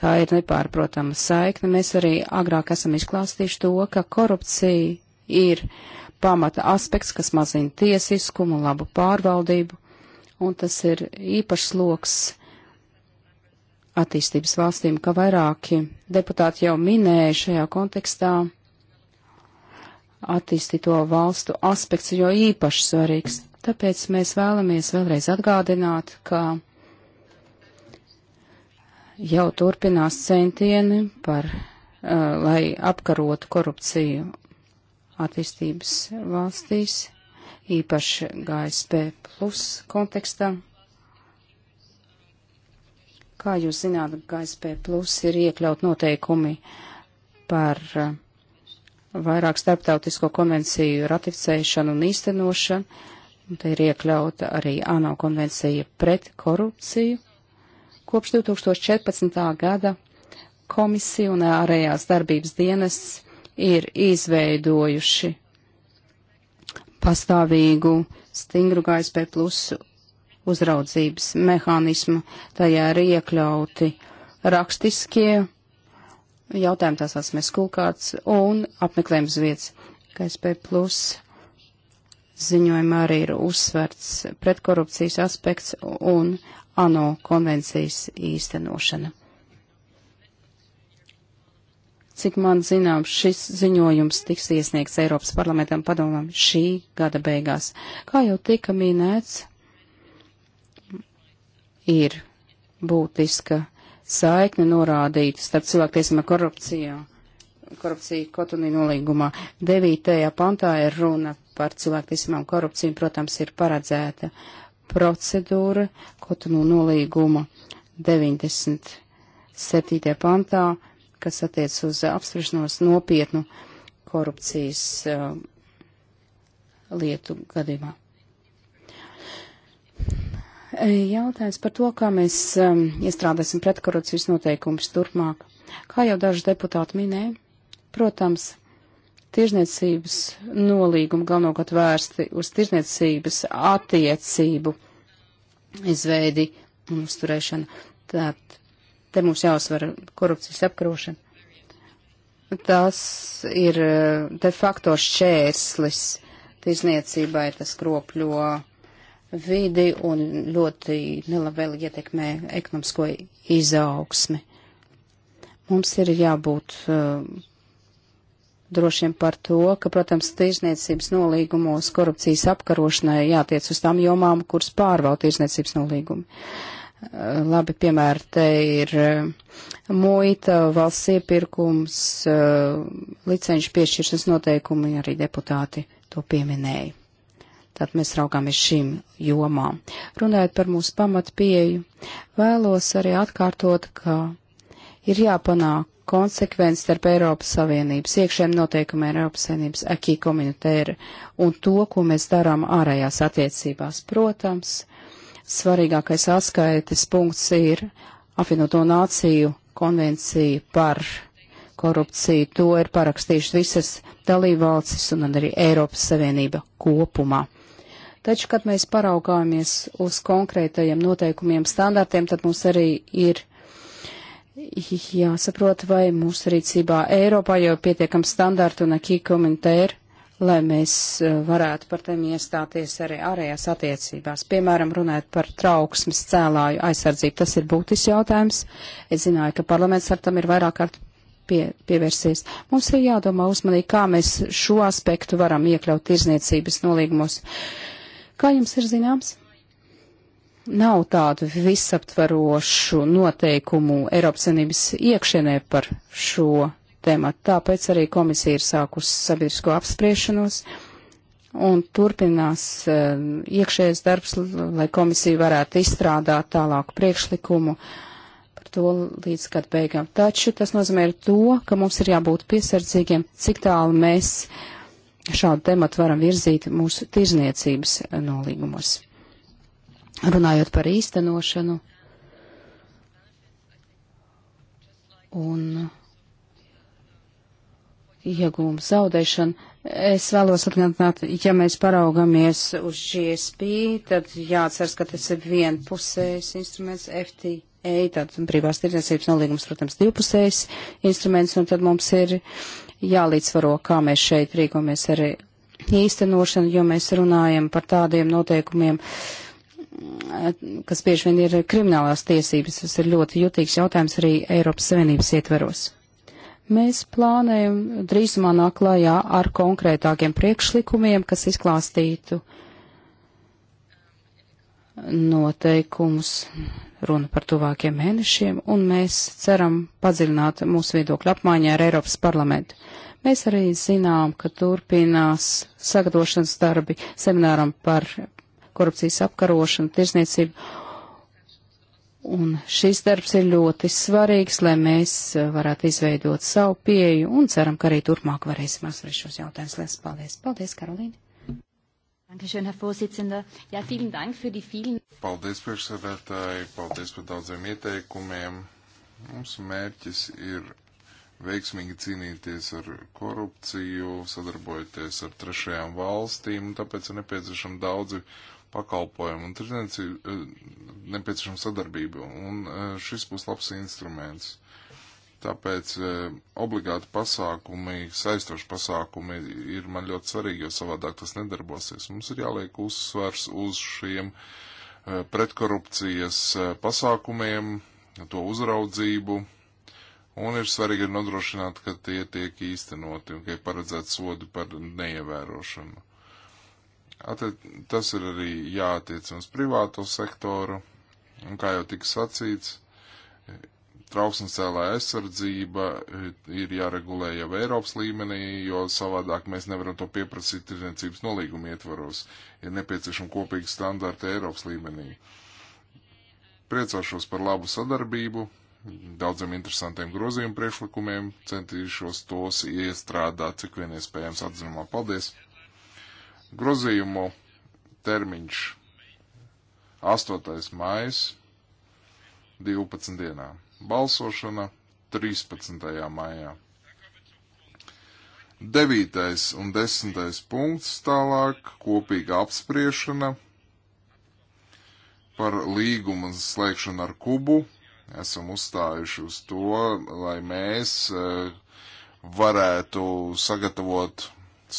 Tā ir nepārprotama saikne. Mēs arī agrāk esam izklāstījuši to, ka korupcija ir pamata aspekts, kas mazina tiesiskumu un labu pārvaldību, un tas ir īpašs loks attīstības valstīm, ka vairāki deputāti jau minēja šajā kontekstā attīstīto valstu aspekts ir jo īpaši svarīgs. Tāpēc mēs vēlamies vēlreiz atgādināt, ka jau turpinās centieni par, uh, lai apkarotu korupciju attīstības valstīs, īpaši GSP plus kontekstā. Kā jūs zināt, GSP plus ir iekļaut noteikumi par uh, vairāk starptautisko konvenciju ratificēšanu un īstenošanu. Un te ir iekļauta arī ANO konvencija pret korupciju. Kopš 2014. gada komisija un ārējās darbības dienas ir izveidojuši pastāvīgu stingru GSP plus uzraudzības mehānismu. Tajā ir iekļauti rakstiskie jautājumu tās esmu skulkārts un apmeklējums vietas. KSP plus ziņojumā arī ir uzsverts pretkorupcijas aspekts un ANO konvencijas īstenošana. Cik man zinām, šis ziņojums tiks iesniegts Eiropas parlamentam padomam šī gada beigās. Kā jau tika minēts, ir būtiska saikne norādīta starp cilvēktiesībām korupcijā. Korupcija Kotunī nolīgumā 9. pantā ir runa par cilvēktiesībām korupciju, protams, ir paredzēta procedūra Kotunū nolīguma 97. pantā, kas attiec uz apspriešanos nopietnu korupcijas uh, lietu gadījumā. Jautājums par to, kā mēs um, iestrādāsim pretkorupcijas noteikumus turpmāk. Kā jau daži deputāti minēja, protams, tirzniecības nolīgumi galvenokārt vērsti uz tirzniecības attiecību izveidi un uzturēšanu. Tātad te mums jāuzsver korupcijas apkarošana. Tas ir uh, de facto šķērslis tirzniecībai, tas kropļo vidi un ļoti nelabvēli ietekmē ekonomisko izaugsmi. Mums ir jābūt uh, drošiem par to, ka, protams, tirzniecības nolīgumos korupcijas apkarošanai jātiec uz tām jomām, kuras pārvalda tirzniecības nolīgumi. Uh, labi, piemēram, te ir uh, muita, valsts iepirkums, licenšu piešķiršanas noteikumi, arī deputāti to pieminēja. Tad mēs raugāmies šīm jomām. Runājot par mūsu pamatu pieeju, vēlos arī atkārtot, ka ir jāpanāk konsekvence starp Eiropas Savienības iekšējiem noteikumiem Eiropas Savienības akī komunitēra un to, ko mēs darām ārējās attiecībās. Protams, svarīgākais atskaites punkts ir apvienoto nāciju konvencija par korupciju. To ir parakstījušas visas dalībvalstis un arī Eiropas Savienība kopumā. Taču, kad mēs paraugāmies uz konkrētajiem noteikumiem, standartiem, tad mums arī ir jāsaprot, vai mūsu rīcībā Eiropā jau pietiekam standartu un akī komentēri, lai mēs eh, varētu par tiem iestāties arī ārējās attiecībās. Piemēram, runājot par trauksmes cēlāju aizsardzību, tas ir būtisks jautājums. Es zināju, ka parlaments ar tam ir vairāk kārt pie, pievērsies. Mums ir jādomā uzmanīgi, kā mēs šo aspektu varam iekļaut tirzniecības nolīgumos. Uh, Kā jums ir zināms? Nav tādu visaptvarošu noteikumu Eiropas Savienības iekšienē par šo tēmatu. Tāpēc arī komisija ir sākusi sabiedrisko apspriešanos un turpinās um, iekšējais darbs, lai komisija varētu izstrādāt tālāku priekšlikumu par to līdz gada beigām. Taču tas nozīmē to, ka mums ir jābūt piesardzīgiem, cik tālu mēs šādu tematu varam virzīt mūsu tirzniecības eh, nolīgumos. Runājot par īstenošanu un iegūmu zaudēšanu, es vēlos atgādināt, ja mēs paraugamies uz GSP, tad jāatceras, ka tas ir vienpusējs instruments FT ej, tad brīvās tirdzniecības nolīgums, protams, divpusējs instruments, un tad mums ir jālīdzvaro, kā mēs šeit rīkojamies ar īstenošanu, jo mēs runājam par tādiem noteikumiem, kas bieži vien ir kriminālās tiesības. Tas ir ļoti jutīgs jautājums arī Eiropas Savienības ietveros. Mēs plānējam drīzumā nāk klājā ar konkrētākiem priekšlikumiem, kas izklāstītu noteikumus runa par tuvākiem mēnešiem, un mēs ceram padziļināt mūsu viedokļu apmaiņā ar Eiropas parlamentu. Mēs arī zinām, ka turpinās sagatavošanas darbi semināram par korupcijas apkarošanu, tirsniecību, un šis darbs ir ļoti svarīgs, lai mēs varētu izveidot savu pieju, un ceram, ka arī turpmāk varēsim atrast šos jautājumus. Lielas paldies! Paldies, Karolīna! Paldies, priekšsēdētāji, paldies par daudziem ieteikumiem. Mūsu mērķis ir veiksmīgi cīnīties ar korupciju, sadarbojoties ar trešajām valstīm, tāpēc ir nepieciešami daudzi pakalpojumi un tirdzniecība, eh, nepieciešama sadarbība, un eh, šis būs labs instruments. Tāpēc e, obligāti pasākumi, saistoši pasākumi ir man ļoti svarīgi, jo savādāk tas nedarbosies. Mums ir jāliek uzsvers uz šiem e, pretkorupcijas e, pasākumiem, to uzraudzību, un ir svarīgi ir nodrošināt, ka tie tiek īstenoti un ka ir paredzēts sodi par neievērošanu. Atiet, tas ir arī jāatiec uz privāto sektoru, un kā jau tika sacīts, trauksmes cēlā aizsardzība ir jāregulē jau Eiropas līmenī, jo savādāk mēs nevaram to pieprasīt tirdzniecības nolīguma ietvaros. Ir nepieciešama kopīga standarta Eiropas līmenī. Priecāšos par labu sadarbību, daudziem interesantiem grozījumu priekšlikumiem, centīšos tos iestrādāt, cik vien iespējams atzinumā. Paldies! Grozījumu termiņš 8. mājas 12 dienām. Balsošana 13. maijā. 9. un 10. punkts tālāk - kopīga apspriešana par līgumu slēgšanu ar Kubu. Esam uzstājuši uz to, lai mēs e, varētu sagatavot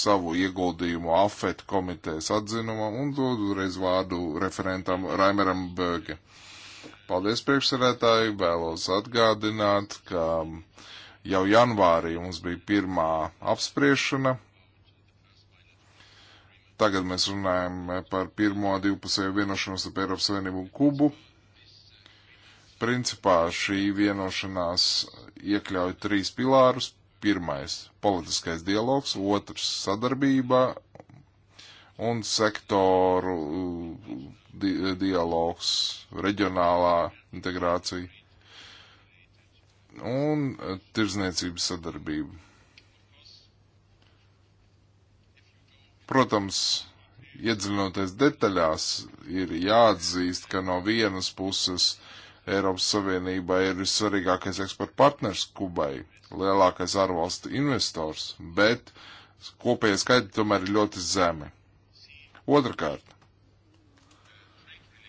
savu ieguldījumu AFET komitejas atzinumam un dodu reiz vārdu referentam Raimeram Böge. Paldies priekšsarētāji, vēlos atgādināt, ka jau janvārī mums bija pirmā apspriešana. Tagad mēs runājam par pirmo divpusēju vienošanos ar Eiropas Savienību un Kubu. Principā šī vienošanās iekļauj trīs pilārus. Pirmais - politiskais dialogs, otrs - sadarbība un sektoru di dialogs, reģionālā integrācija un tirzniecības sadarbība. Protams, iedzinoties detaļās, ir jāatzīst, ka no vienas puses Eiropas Savienībā ir vissvarīgākais eksporta partners Kubai, lielākais ārvalstu investors, bet kopējais skaidri tomēr ir ļoti zemi. Otrakārt,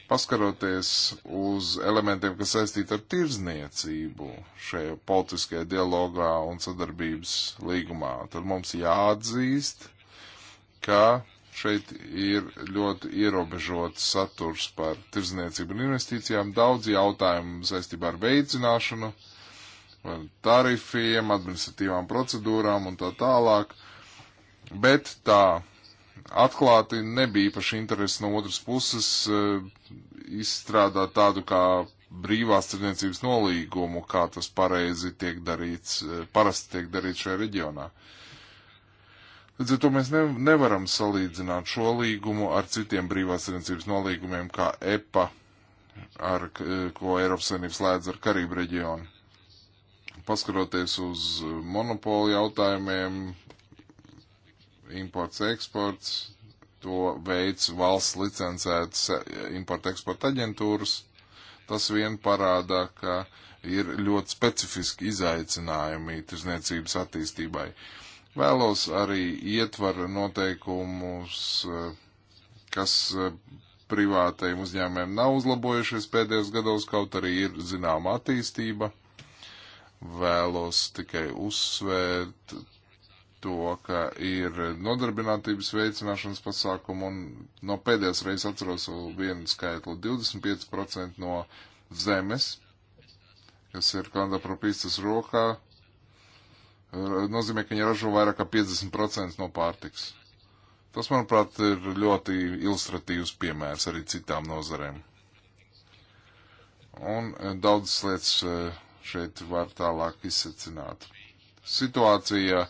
paskaroties uz elementiem, kas saistīti ar tirzniecību šajā politiskajā dialogā un sadarbības līgumā, tad mums jāatzīst, ka šeit ir ļoti ierobežots saturs par tirzniecību un investīcijām, daudz jautājumu saistībā ar veicināšanu, tarifiem, administratīvām procedūrām un tā tālāk. Bet tā atklāti nebija paši interesi no otras puses eh, izstrādāt tādu kā brīvās tirdzniecības nolīgumu, kā tas pareizi tiek darīts, eh, parasti tiek darīts šajā reģionā. Līdz ar to mēs ne, nevaram salīdzināt šo līgumu ar citiem brīvās tirdzniecības nolīgumiem, kā EPA, ar, eh, ko Eiropas Savienības slēdz ar Karību reģionu. Paskaroties uz monopolu jautājumiem, imports, eksports, to veids valsts licencētas eh, importa eksporta aģentūras. Tas vien parāda, ka ir ļoti specifiski izaicinājumi tirzniecības attīstībai. Vēlos arī ietvaru noteikumus, eh, kas eh, privātajiem uzņēmumiem nav uzlabojušies pēdējos gados, kaut arī ir zināma attīstība. Vēlos tikai uzsvērt to, ka ir nodarbinātības veicināšanas pasākumu, un no pēdējās reizes atceros vienu skaitli - 25% no zemes, kas ir Kanada propīstas rokā, eh, nozīmē, ka viņi ražo vairāk kā 50% no pārtiks. Tas, manuprāt, ir ļoti ilustratīvs piemērs arī citām nozarēm. Un eh, daudzas lietas eh, šeit var tālāk izsacināt. Situācija uh,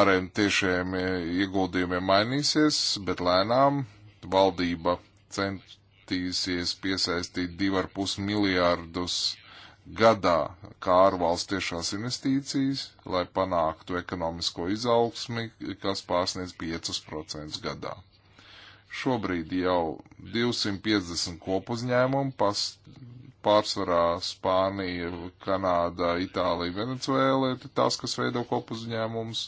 ārējiem tiešiem e, ieguldījumiem mainīsies, bet lēnām valdība centīsies piesaistīt 2,5 miljārdus gadā kā ārvalstu tiešās investīcijas, lai panāktu ekonomisko izaugsmi, kas pārsniedz 5% gadā. Šobrīd jau 250 kopuzņēmumu pas, pārsvarā Spānija, Kanāda, Itālija, Venecuēla ir tās, kas veido kopuzņēmumus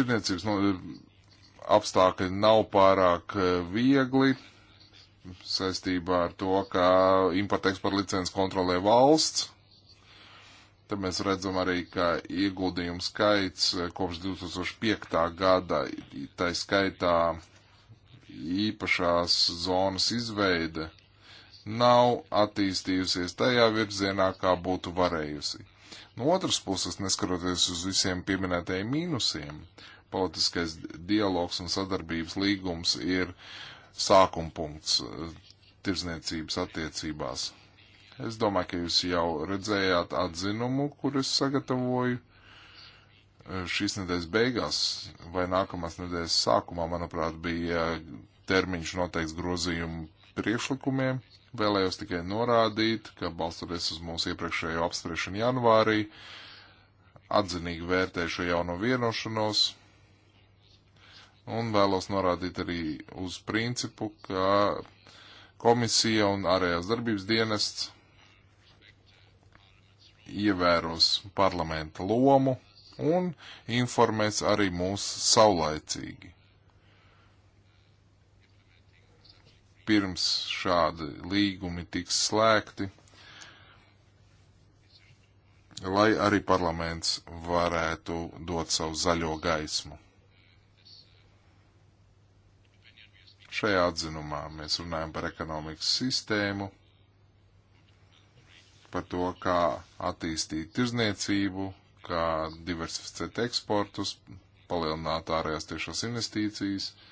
tirniecības no, apstākļi nav pārāk eh, viegli saistībā ar to, ka importa-eksporta licences kontrolē valsts. Te mēs redzam arī, ka ieguldījumu skaits eh, kopš 2005. gada, tā skaitā īpašās zonas izveide, nav attīstījusies tajā virzienā, kā būtu varējusi. No otras puses, neskaroties uz visiem pieminētajiem mīnusiem, politiskais dialogs un sadarbības līgums ir sākuma punkts eh, tirzniecības attiecībās. Es domāju, ka jūs jau redzējāt atzinumu, kur es sagatavoju eh, šīs nedēļas beigās vai nākamās nedēļas sākumā, manuprāt, bija eh, termiņš noteikts grozījumu priekšlikumiem. Vēlējos tikai norādīt, ka balstoties uz mūsu iepriekšējo apspriešanu janvārī, atzinīgi vērtēju šo jauno vienošanos un vēlos norādīt arī uz principu, ka komisija un ārējās darbības dienests ievēros parlamenta lomu un informēs arī mūs saulaicīgi. pirms šādi līgumi tiks slēgti, lai arī parlaments varētu dot savu zaļo gaismu. Šajā atzinumā mēs runājam par ekonomikas sistēmu, par to, kā attīstīt tirzniecību, kā diversificēt eksportus, palielināt ārējās tiešās investīcijas, uh,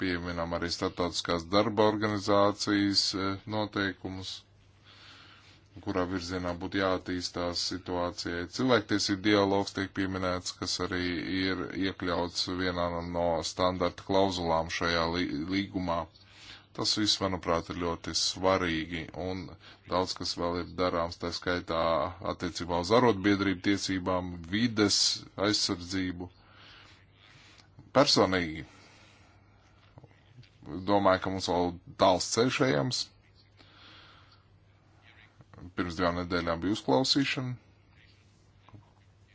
pieminam arī starptautiskās darba organizācijas e, noteikumus, kurā virzienā būtu jātīstās situācijai. Cilvēktiesību dialogs tiek pieminēts, kas arī ir iekļauts vienā no standarta klauzulām šajā līgumā. Tas viss, manuprāt, ir ļoti svarīgi un daudz, kas vēl ir darāms, tā skaitā attiecībā uz arotbiedrību tiesībām, vides aizsardzību. Personīgi Domāju, ka mums vēl tāls ceļš ejams. Pirms divām nedēļām bija uzklausīšana,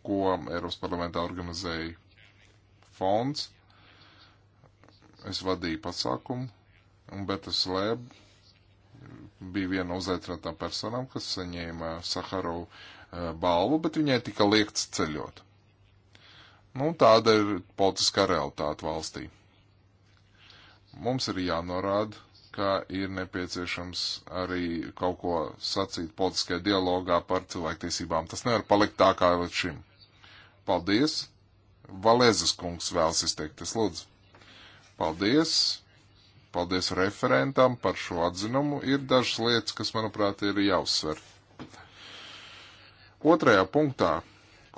ko Eiropas parlamentā organizēja fonds. Es vadīju pasākumu, un Betas Lēb bija viena no uzaicinātām personām, kas saņēma Saharovu eh, balvu, bet viņai tika liekts ceļot. Nu, tāda ir politiskā realitāte valstī. Mums ir jānorāda, ka ir nepieciešams arī kaut ko sacīt politiskajā dialogā par cilvēktiesībām. Tas nevar palikt tā kā līdz šim. Paldies! Valēzes kungs vēlas izteikties, lūdzu. Paldies! Paldies referentam par šo atzinumu. Ir dažas lietas, kas, manuprāt, ir jāuzsver. Otrajā punktā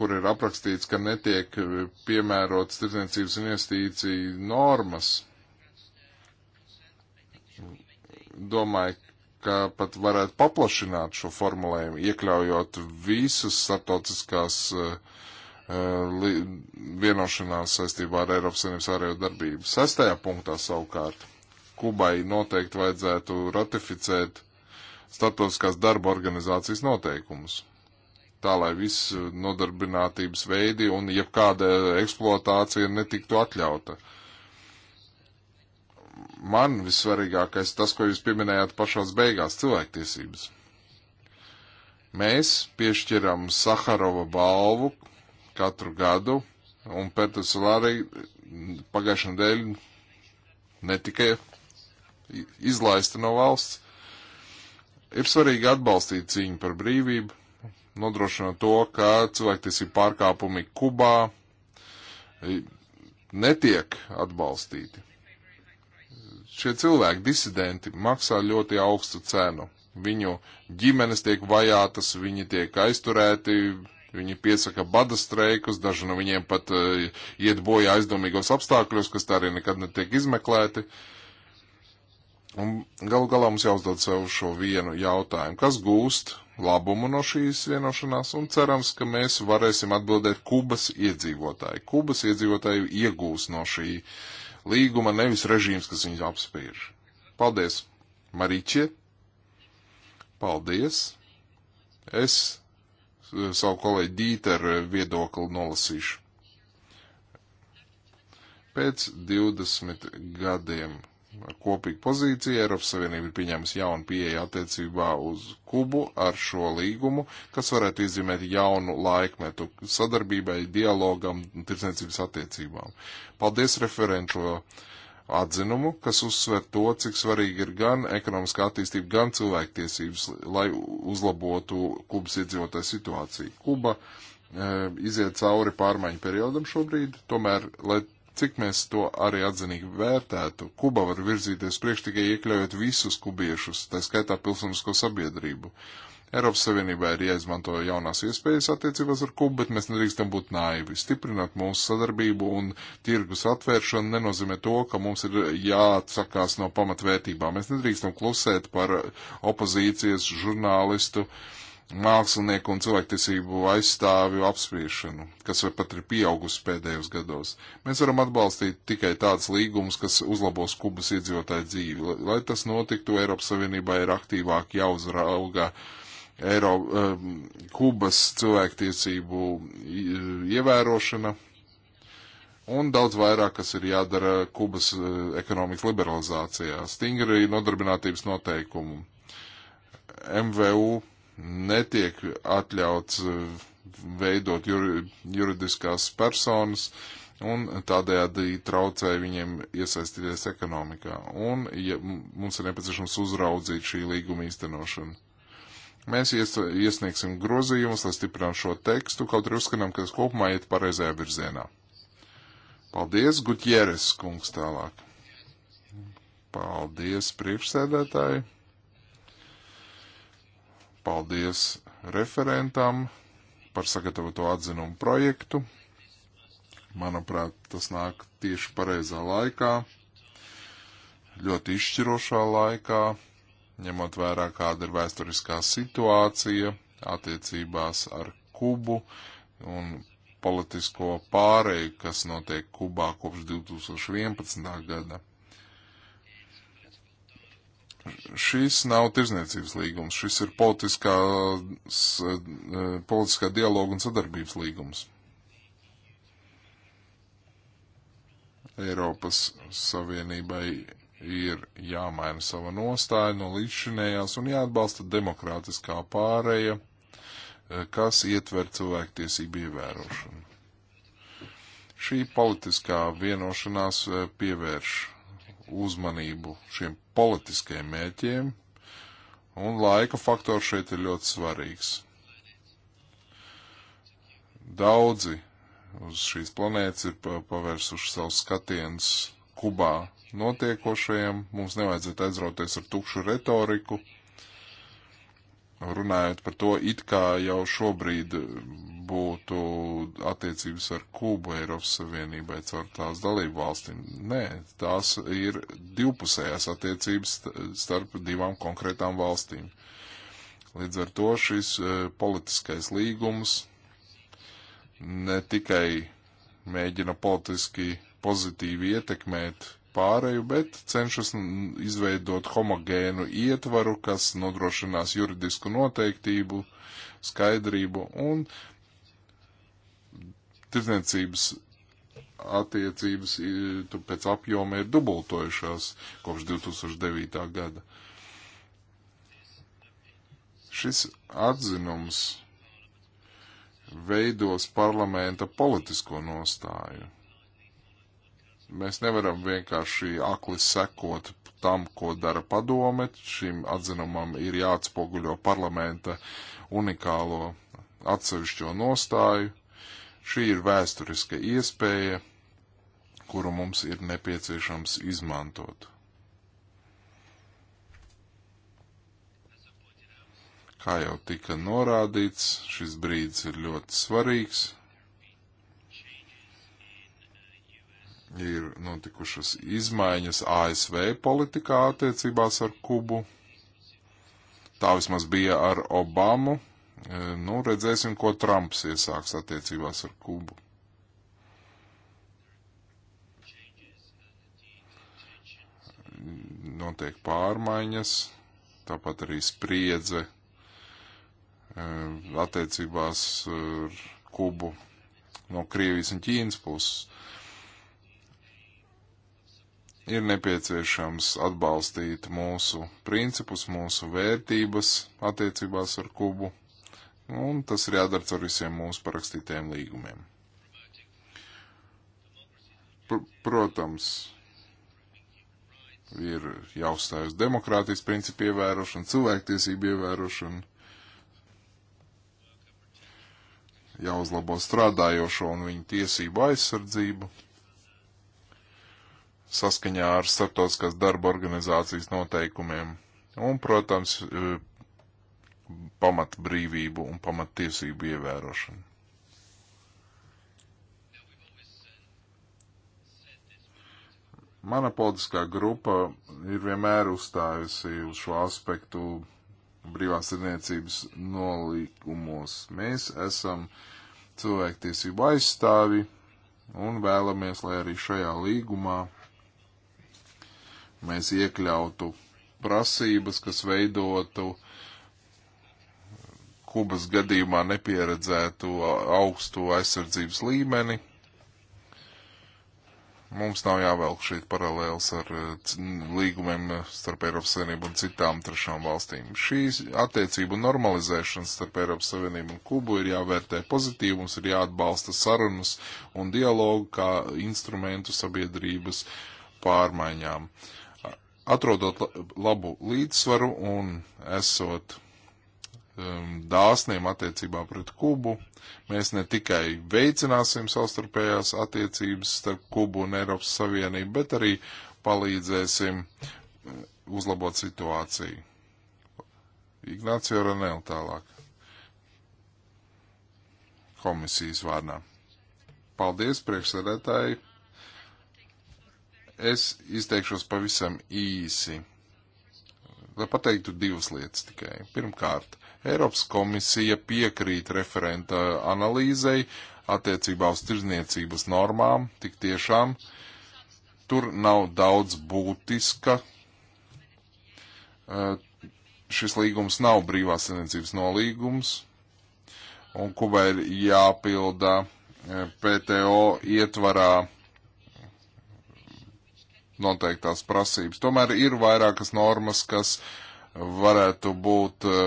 kur ir aprakstīts, ka netiek piemērots tirdzniecības investīciju normas, domāju, ka pat varētu paplašināt šo formulējumu, iekļaujot visus startautiskās uh, eh, vienošanās saistībā ar Eiropas Savienības ārējo darbību. Sestajā punktā savukārt Kubai noteikti vajadzētu ratificēt startautiskās darba organizācijas noteikumus tā lai viss nodarbinātības veidi un jebkāda eksploatācija netiktu atļauta man vissvarīgākais tas, ko jūs pieminējāt pašās beigās - cilvēktiesības. Mēs piešķiram Saharova balvu katru gadu, un Pēters Lārī pagājušajā dēļ netika izlaista no valsts. Ir svarīgi atbalstīt cīņu par brīvību, nodrošinot to, ka cilvēktiesību pārkāpumi Kubā netiek atbalstīti. Šie cilvēki, disidenti, maksā ļoti augstu cenu. Viņu ģimenes tiek vajātas, viņi tiek aizturēti, viņi piesaka bada streikus, daži no viņiem pat uh, iet bojā aizdomīgos apstākļos, kas tā arī nekad netiek izmeklēti. Un galu galā mums jāuzdod sev šo vienu jautājumu. Kas gūst labumu no šīs vienošanās un cerams, ka mēs varēsim atbildēt Kubas iedzīvotāji. Kubas iedzīvotāji iegūs no šī uh, līguma, nevis režīms, kas viņus apspiež. Paldies, Mariķie! Paldies! Es eh, savu kolēģi Dīteru eh, viedokli nolasīšu. Pēc 20 gadiem ar kopīgu pozīciju. Eiropas Savienība ir pieņēmusi jaunu pieeju attiecībā uz Kubu ar šo līgumu, kas varētu izzīmēt jaunu laikmetu sadarbībai, dialogam un tirdzniecības attiecībām. Paldies referenčo atzinumu, kas uzsver to, cik svarīgi ir gan ekonomiskā attīstība, gan cilvēktiesības, lai uzlabotu Kubas iedzīvotāju situāciju. Kuba eh, iziet cauri pārmaiņu periodam šobrīd, tomēr, lai cik mēs to arī atzinīgi vērtētu, Kuba var virzīties priekš tikai iekļaujot visus kubiešus, tā skaitā pilsonisko sabiedrību. Eiropas Savienībā ir jāizmanto jaunās iespējas attiecībās ar Kubu, bet mēs nedrīkstam būt naivi. Stiprināt mūsu sadarbību un tirgus atvēršanu nenozīmē to, ka mums ir jāatsakās no pamatvērtībām. Mēs nedrīkstam klusēt par opozīcijas, žurnālistu uh, mākslinieku un cilvēktiesību aizstāvju apspriešanu, kas vai pat ir pieaugusi pēdējos gados. Mēs varam atbalstīt tikai tāds līgums, kas uzlabos Kubas iedzīvotāju dzīvi. Lai tas notiktu, Eiropas Savienībā ir aktīvāk jāuzrauga Eiro, um, Kubas cilvēktiesību uh, ievērošana. Un daudz vairāk, kas ir jādara Kubas uh, ekonomikas liberalizācijā, stingri nodarbinātības noteikumu, MVU netiek atļauts eh, veidot juridiskās personas un tādējādi traucē viņiem iesaistīties ekonomikā. Un ja, mums ir nepieciešams uzraudzīt šī līguma īstenošanu. Mēs ies, iesniegsim grozījumus, lai stiprinātu šo tekstu, kaut arī uzskatām, ka tas kopumā iet pareizajā virzienā. Paldies, Gutjeres kungs tālāk. Paldies, priekšsēdētāji. Paldies referentam par sagatavoto atzinumu projektu. Manuprāt, tas nāk tieši pareizā laikā, ļoti izšķirošā laikā, ņemot vērā, kāda ir vēsturiskā situācija attiecībās ar Kubu un politisko pāreju, kas notiek Kubā kopš 2011. gada. Šis nav tirzniecības līgums, šis ir politiskās, e, politiskā dialoga un sadarbības līgums. Eiropas Savienībai ir jāmaina sava nostāja no līdzšinējās un jāatbalsta demokrātiskā pāreja, e, kas ietver cilvēktiesību ievērošanu. Šī politiskā vienošanās e, pievērš uzmanību šiem politiskiem mēķiem, un laika faktors šeit ir ļoti svarīgs. Daudzi uz šīs planētas ir pavērsuši savus skatienus Kubā notiekošajam. Mums nevajadzētu aizrauties ar tukšu retoriku runājot par to, it kā jau šobrīd būtu attiecības ar Kūbu Eiropas Savienībai caur tās dalību valstīm. Nē, tās ir divpusējās attiecības starp divām konkrētām valstīm. Līdz ar to šis e, politiskais līgums ne tikai mēģina politiski pozitīvi ietekmēt pāreju, bet cenšas izveidot homogēnu ietvaru, kas nodrošinās juridisku noteiktību, skaidrību un tirdzniecības attiecības pēc apjoma ir dubultojušās kopš 2009. gada. Šis atzinums veidos parlamenta politisko nostāju Mēs nevaram vienkārši akli sekot tam, ko dara padome. Šim atzinumam ir jāatspoguļo parlamenta unikālo atsevišķo nostāju. Šī ir vēsturiska iespēja, kuru mums ir nepieciešams izmantot. Kā jau tika norādīts, šis brīdis ir ļoti svarīgs. ir notikušas izmaiņas ASV politikā attiecībās ar Kubu. Tā vismaz bija ar Obamu. E, nu, redzēsim, ko Trumps iesāks attiecībās ar Kubu. Notiek pārmaiņas, tāpat arī spriedze e, attiecībās ar Kubu no Krievijas un Ķīnas puses ir nepieciešams atbalstīt mūsu principus, mūsu vērtības attiecībās ar Kubu, un tas ir jādara ar visiem mūsu parakstītajiem līgumiem. Pr protams, ir jāuzstāj uz demokrātijas principu ievērošanu, cilvēktiesību ievērošanu, jāuzlabo strādājošo un viņu tiesību aizsardzību saskaņā ar starptautiskās darba organizācijas noteikumiem un, protams, e, pamat brīvību un pamat tiesību ievērošanu. Mana politiskā grupa ir vienmēr uzstājusi uz šo aspektu brīvās tirniecības nolīgumos. Mēs esam cilvēktiesību aizstāvi un vēlamies, lai arī šajā līgumā mēs iekļautu prasības, kas veidotu Kubas gadījumā nepieredzētu augstu aizsardzības līmeni. Mums nav jāvelk šeit paralēls ar eh, līgumiem starp Eiropas Savienību un citām trešām valstīm. Šīs attiecību normalizēšanas starp Eiropas Savienību un Kubu ir jāvērtē pozitīvi, mums ir jāatbalsta sarunas un dialogu kā instrumentu sabiedrības pārmaiņām. Uh, atrodot labu līdzsvaru un esot um, dāsniem attiecībā pret Kubu, mēs ne tikai veicināsim savstarpējās attiecības starp Kubu un Eiropas Savienību, bet arī palīdzēsim uh, uzlabot situāciju. Ignācio Ranel tālāk. Komisijas vārdā. Paldies, priekšsēdētāji. Es izteikšos pavisam īsi, lai pateiktu divas lietas tikai. Pirmkārt, Eiropas komisija piekrīt referenta analīzei attiecībā uz tirzniecības normām, tik tiešām tur nav daudz būtiska. Eh, šis līgums nav brīvās saimniecības nolīgums, un Kubai ir jāpilda eh, PTO ietvarā noteiktās prasības. Tomēr ir vairākas normas, kas varētu būt eh,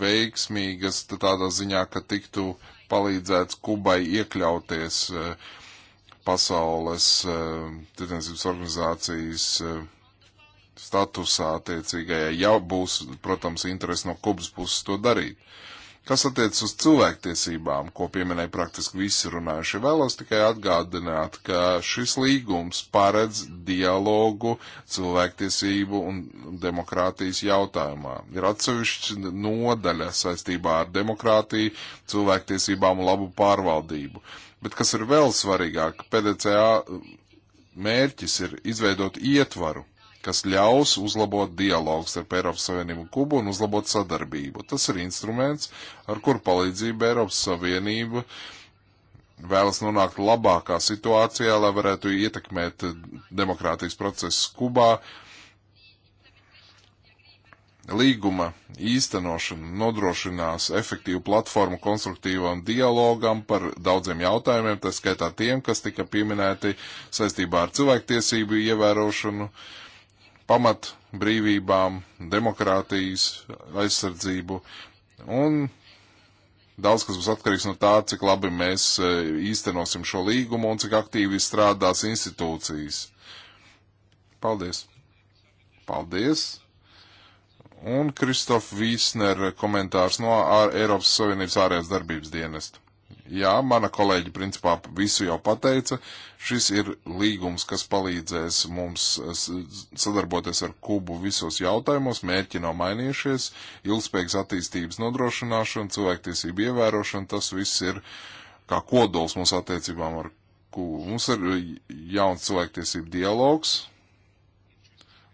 veiksmīgas tādā ziņā, ka tiktu palīdzēts Kubai iekļauties eh, pasaules eh, tirdzniecības organizācijas statusā attiecīgajā, ja būs, protams, interesi no Kubas puses to darīt. Uh, Kas attiec uz cilvēktiesībām, ko pieminēja praktiski visi runājušie, vēlos tikai atgādināt, ka šis līgums paredz dialogu cilvēktiesību un demokrātijas jautājumā. Ir atsevišķa nodaļa saistībā ar demokrātiju, cilvēktiesībām un labu pārvaldību. Bet kas ir vēl svarīgāk, PDCA mērķis ir izveidot ietvaru kas ļaus uzlabot dialogu starp Eiropas Savienību un Kubu un uzlabot sadarbību. Tas ir instruments, ar kur palīdzību Eiropas Savienība vēlas nonākt labākā situācijā, lai varētu ietekmēt demokrātijas procesus Kubā. Līguma īstenošana nodrošinās efektīvu platformu konstruktīvam dialogam par daudziem jautājumiem, tā skaitā tiem, kas tika pieminēti saistībā ar cilvēktiesību ievērošanu, uh, pamat brīvībām, demokrātijas aizsardzību un daudz kas būs atkarīgs no tā, cik labi mēs e, īstenosim šo līgumu un cik aktīvi strādās institūcijas. Paldies! Paldies! Un Kristof Vīsner komentārs no Eiropas Savienības ārējās darbības dienesta. Jā, mana kolēģi principā visu jau pateica. Šis ir līgums, kas palīdzēs mums sadarboties ar Kubu visos jautājumos. Mērķi nav mainījušies. Ilgspējīgas attīstības nodrošināšana, cilvēktiesība ievērošana, tas viss ir kā kodols mūsu attiecībām ar Kubu. Mums ir jauns cilvēktiesība dialogs,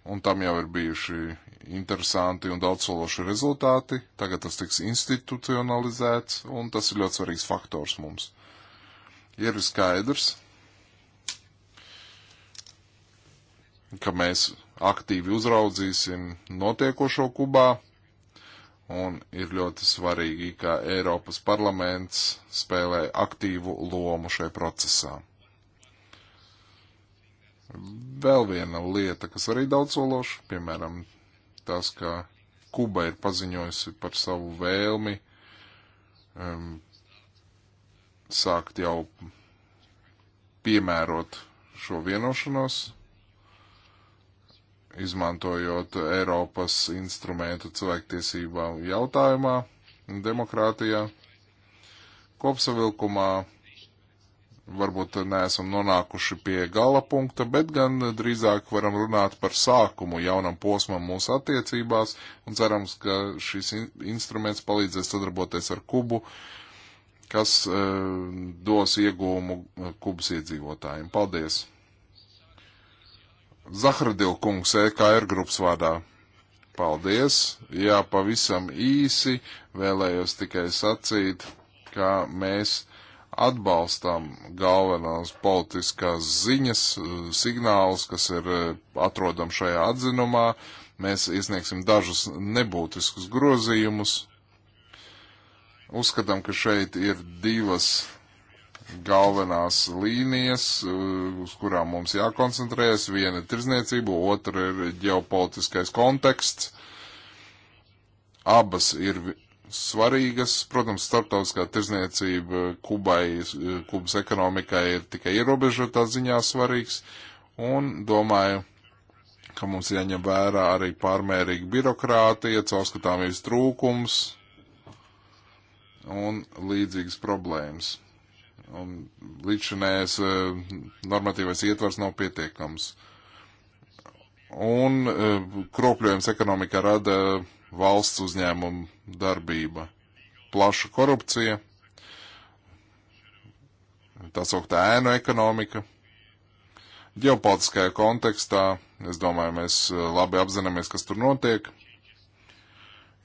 un tam jau ir bijuši interesanti un daudzsološi rezultāti. Tagad tas tiks institucionalizēts, un tas ir ļoti svarīgs faktors mums. Ir skaidrs, ka mēs aktīvi uzraudzīsim notiekošo Kubā, un ir ļoti svarīgi, ka Eiropas parlaments spēlē aktīvu lomu šajā procesā. Vēl viena lieta, kas arī daudz sološa, piemēram, tas, ka Kuba ir paziņojusi par savu vēlmi um, sākt jau piemērot šo vienošanos, izmantojot Eiropas instrumentu cilvēktiesībām jautājumā, demokrātijā. Kopsavilkumā varbūt neesam nonākuši pie gala punkta, bet gan drīzāk varam runāt par sākumu jaunam posmam mūsu attiecībās, un cerams, ka šis instruments palīdzēs sadarboties ar Kubu, kas uh, dos iegūmu e, Kubas iedzīvotājiem. Paldies! Zahradil kungs, EKR grupas vārdā. Paldies! Jā, pavisam īsi vēlējos tikai sacīt, ka mēs atbalstam galvenās politiskās ziņas, eh, signālus, kas ir eh, atrodam šajā atzinumā. Mēs iesniegsim dažus nebūtiskus grozījumus. Uzskatām, ka šeit ir divas galvenās līnijas, eh, uz kurām mums jākoncentrējas. Viena ir tirzniecība, otra ir ģeopolitiskais konteksts. Abas ir svarīgas. Protams, starptautiskā tirzniecība Kubai, Kubas ekonomikai ir tikai ierobežotā ziņā svarīgs. Un domāju, ka mums jāņem vērā arī pārmērīga birokrātija, caurskatāmības trūkums un līdzīgas problēmas. Un līdzinējais e, normatīvais ietvars nav pietiekams. Un e, kropļojums ekonomikā rada uh, valsts uzņēmumu darbība, plaša korupcija, tā sauktā ēnu ekonomika. Ģeopolitiskajā kontekstā, es domāju, mēs eh, labi apzināmies, kas tur notiek.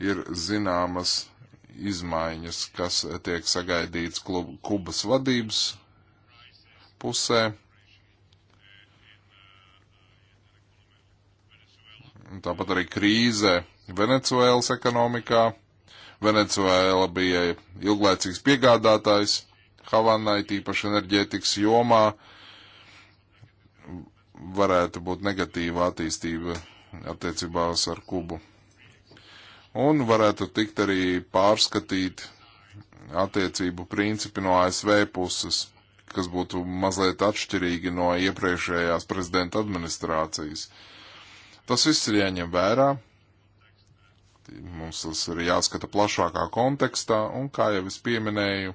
Ir zināmas izmaiņas, kas tiek sagaidīts klub, Kubas vadības pusē. Tāpat arī krīze Venecuēlas ekonomikā. Venecuēla bija ilglaicīgs piegādātājs Havanai, tīpaši enerģētikas jomā. Varētu būt negatīva attīstība attiecībās ar Kubu. Un varētu tikt arī pārskatīt attiecību principi no ASV puses, kas būtu mazliet atšķirīgi no iepriekšējās prezidenta administrācijas. Tas viss ir jāņem vērā, Mums tas ir jāskata plašākā kontekstā, un kā jau es pieminēju,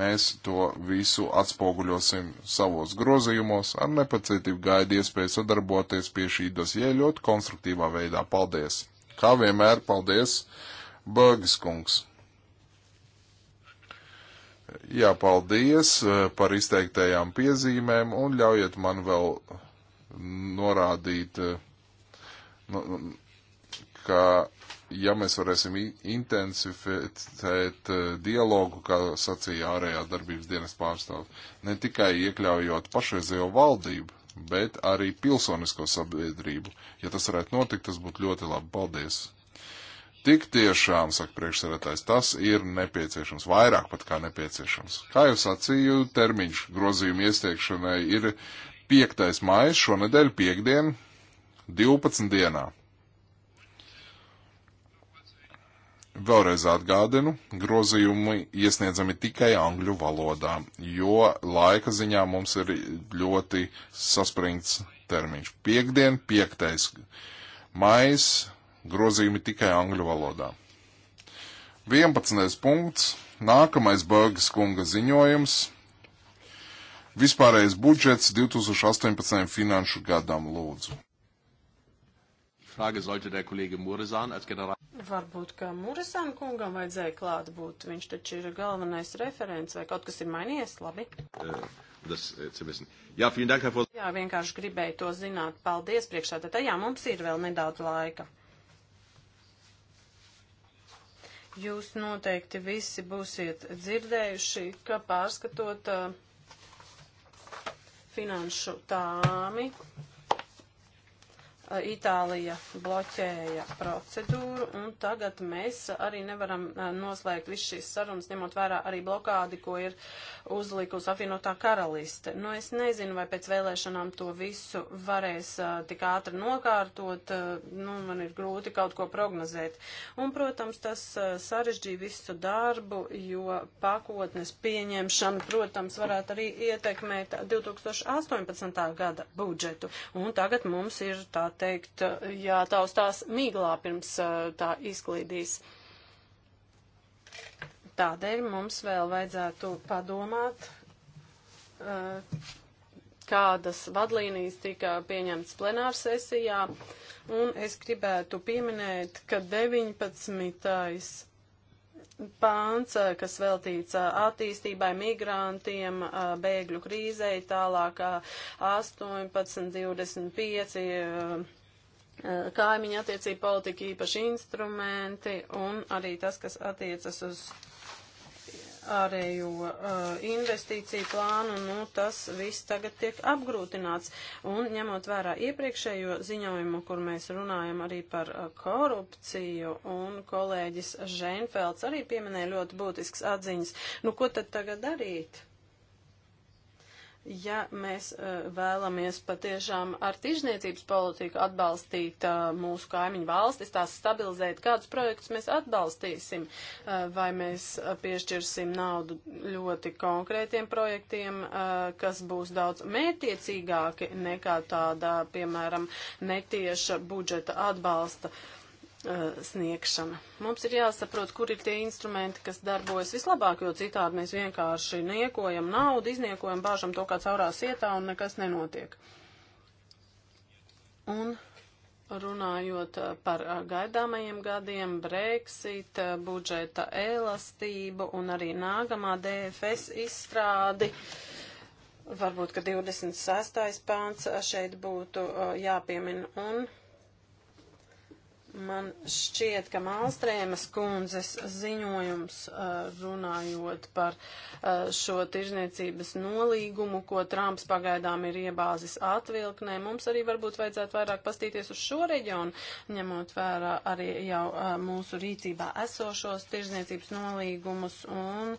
mēs to visu atspoguļosim savos grozījumos, ar nepacietību gaidu iespēju sadarboties pie šī dosie ļoti konstruktīvā veidā. Paldies! Kā vienmēr, paldies, Bērgis kungs! Jā, paldies eh, par izteiktajām piezīmēm un ļaujiet man vēl norādīt, eh, ka ja mēs varēsim intensificēt eh, dialogu, kā sacīja ārējās darbības dienas pārstāvs, ne tikai iekļaujot pašreizējo valdību, bet arī pilsonisko sabiedrību. Ja tas varētu notikt, tas būtu ļoti labi. Paldies! Tik tiešām, saka priekšsēdētājs, tas ir nepieciešams, vairāk pat kā nepieciešams. Kā jau sacīju, termiņš grozījuma iestiekšanai ir 5. maija šonadēļ piekdien 12 dienā. Vēlreiz atgādinu, grozījumi iesniedzami tikai angļu valodā, jo laika ziņā mums ir ļoti saspringts termiņš. Piektdien, 5. mais, grozījumi tikai angļu valodā. 11. punkts, nākamais Bērgas kunga ziņojums. Vispārējais budžets 2018. finanšu gadam lūdzu. Frage sollte der Kollege Muresan als General. Varbūt, ka Muresan kungam vajadzēja klāt būt. Viņš taču ir galvenais referents, vai kaut kas ir mainījies? Labi. Eh, eh, jā, dank, for... Jā, vienkārši gribēju to zināt. Paldies priekšā. Tad jā, mums ir vēl nedaudz laika. Jūs noteikti visi būsiet dzirdējuši, ka pārskatot uh, finanšu tāmi Eh, Itālija bloķēja procedūru, un tagad mēs arī nevaram eh, noslēgt visu šīs sarunas, ņemot vērā arī blokādi, ko ir uzlikusi apvienotā karaliste. Nu, es nezinu, vai pēc vēlēšanām to visu varēs eh, tik ātri nokārtot, nu, man ir grūti kaut ko prognozēt. Un, protams, tas sarežģīja visu darbu, jo pakotnes pieņemšana, protams, varētu arī ietekmēt 2018. gada budžetu. Un tagad mums ir tā teikt, jātaustās mīglā pirms tā izklīdīs. Tādēļ mums vēl vajadzētu padomāt, kādas vadlīnijas tika pieņemtas plenārsesijā, un es gribētu pieminēt, ka 19 pāns, eh, kas veltīts eh, attīstībai, migrantiem, eh, bēgļu krīzei, tālāk 18, 25 kaimiņa attiecība politika īpaši instrumenti un arī tas, kas attiecas uz ārējo uh, investīciju plānu, nu tas viss tagad tiek apgrūtināts. Un ņemot vērā iepriekšējo ziņojumu, kur mēs runājam arī par uh, korupciju, un kolēģis Ženfelds arī pieminēja ļoti būtisks atziņas, nu ko tad tagad darīt? Ja mēs e, vēlamies patiešām ar tirzniecības politiku atbalstīt e, mūsu kaimiņu valstis, tās stabilizēt, kādus projektus mēs atbalstīsim, e, vai mēs piešķirsim naudu ļoti konkrētiem projektiem, kas būs daudz mērtiecīgāki nekā tādā, piemēram, netieša budžeta atbalsta. Uh, Uh, sniegšana. Mums ir jāsaprot, kur ir tie instrumenti, kas darbojas vislabāk, jo citādi mēs vienkārši niekojam naudu, izniekojam, bāžam to kā caurā sietā un nekas nenotiek. Un runājot uh, par uh, gaidāmajiem gadiem, Brexit, budžeta elastību un arī nākamā DFS izstrādi. Varbūt, ka 26. pāns šeit būtu jāpiemina un Man šķiet, ka Mālstrēmas kundzes ziņojums uh, runājot par uh, šo tirzniecības nolīgumu, ko Trumps pagaidām ir iebāzis atvilknē, mums arī varbūt vajadzētu vairāk pastīties uz šo reģionu, ņemot vērā arī jau uh, mūsu rīcībā esošos tirzniecības nolīgumus un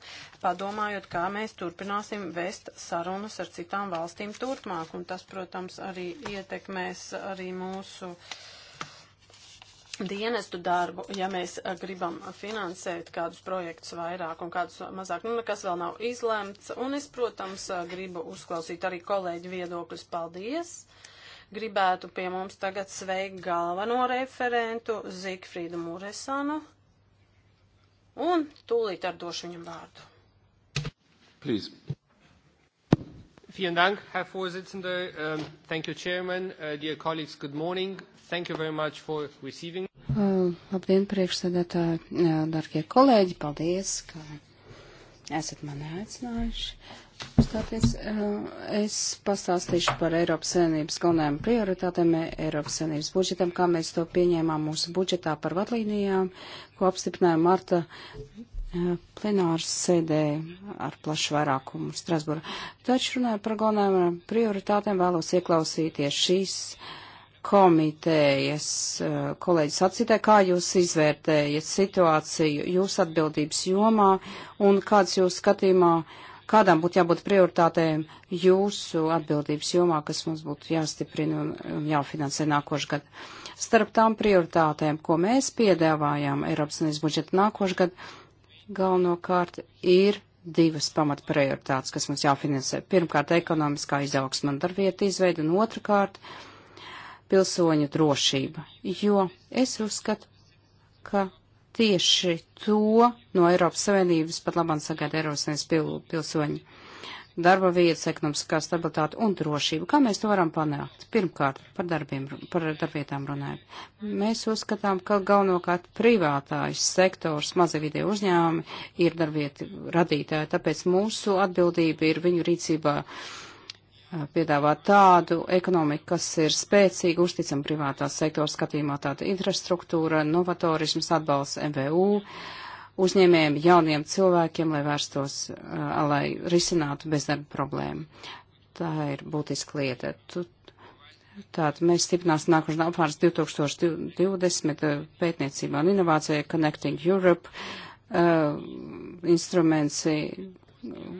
padomājot, kā mēs turpināsim vest sarunas ar citām valstīm turpmāk. Un tas, protams, arī ietekmēs arī mūsu. Uh, dienestu darbu, ja mēs eh, gribam finansēt kādus projektus vairāk un kādus mazāk, nu nekas vēl nav izlemts. Un es, protams, eh, gribu uzklausīt arī kolēģi viedokļus. Paldies! Gribētu pie mums tagad sveikt galveno referentu Zigfrīdu Muresanu. Un tūlīt ar došu viņam vārdu. Please. Vielen Dank, Herr Vorsitzender. Um, thank you, Chairman. Uh, dear colleagues, good morning. Thank you very much for receiving. Uh, labdien, priekšsēdētāji, uh, darbie kolēģi, paldies, ka esat mani aicinājuši. Uzstāties, uh, es pastāstīšu par Eiropas Savienības galvenajām prioritātēm, Eiropas Savienības budžetam, kā mēs to pieņēmām mūsu budžetā par vadlīnijām, ko apstiprināja Marta uh, plenārs sēdē ar plašu vairākumu Strasbūrā. Taču runāju par galvenajām prioritātēm, vēlos ieklausīties šīs. Uh, komitejas eh, kolēģis atcitē, kā jūs izvērtējat situāciju jūsu atbildības jomā un kāds jūs skatījumā, kādām būtu jābūt prioritātēm jūsu atbildības jomā, kas mums būtu jāstiprina un, un jāfinansē nākošgad. Starp tām prioritātēm, ko mēs piedāvājām Eiropas Savienības budžeta nākošgad, galvenokārt ir divas pamatprioritātes, kas mums jāfinansē. Pirmkārt, ekonomiskā izaugsma un darbvieta izveida, un otrkārt, uh, pilsoņu drošība, jo es uzskatu, ka tieši to no Eiropas Savienības pat labāk sagaida Eiropas Savienības pil, pilsoņi. Darba vietas, ekonomiskā stabilitāte un drošība. Kā mēs to varam panākt? Pirmkārt, par, darbiem, par darbietām runājot. Mēs uzskatām, ka galvenokārt privātājs sektors, mazie vidē uzņēmumi ir darbieti radītāji, tāpēc mūsu atbildība ir viņu rīcībā uh, Eh, piedāvā tādu ekonomiku, kas ir spēcīga, uzticama privātā sektora skatījumā, tāda infrastruktūra, novatorisms, atbalsts MVU, uzņēmējiem, jauniem cilvēkiem, lai vērstos, eh, lai risinātu bezdarba problēmu. Tā ir būtiska lieta. Tātad mēs stiprināsim nākošais apvārs 2020 eh, pētniecībā un inovācijai Connecting Europe. Uh, instruments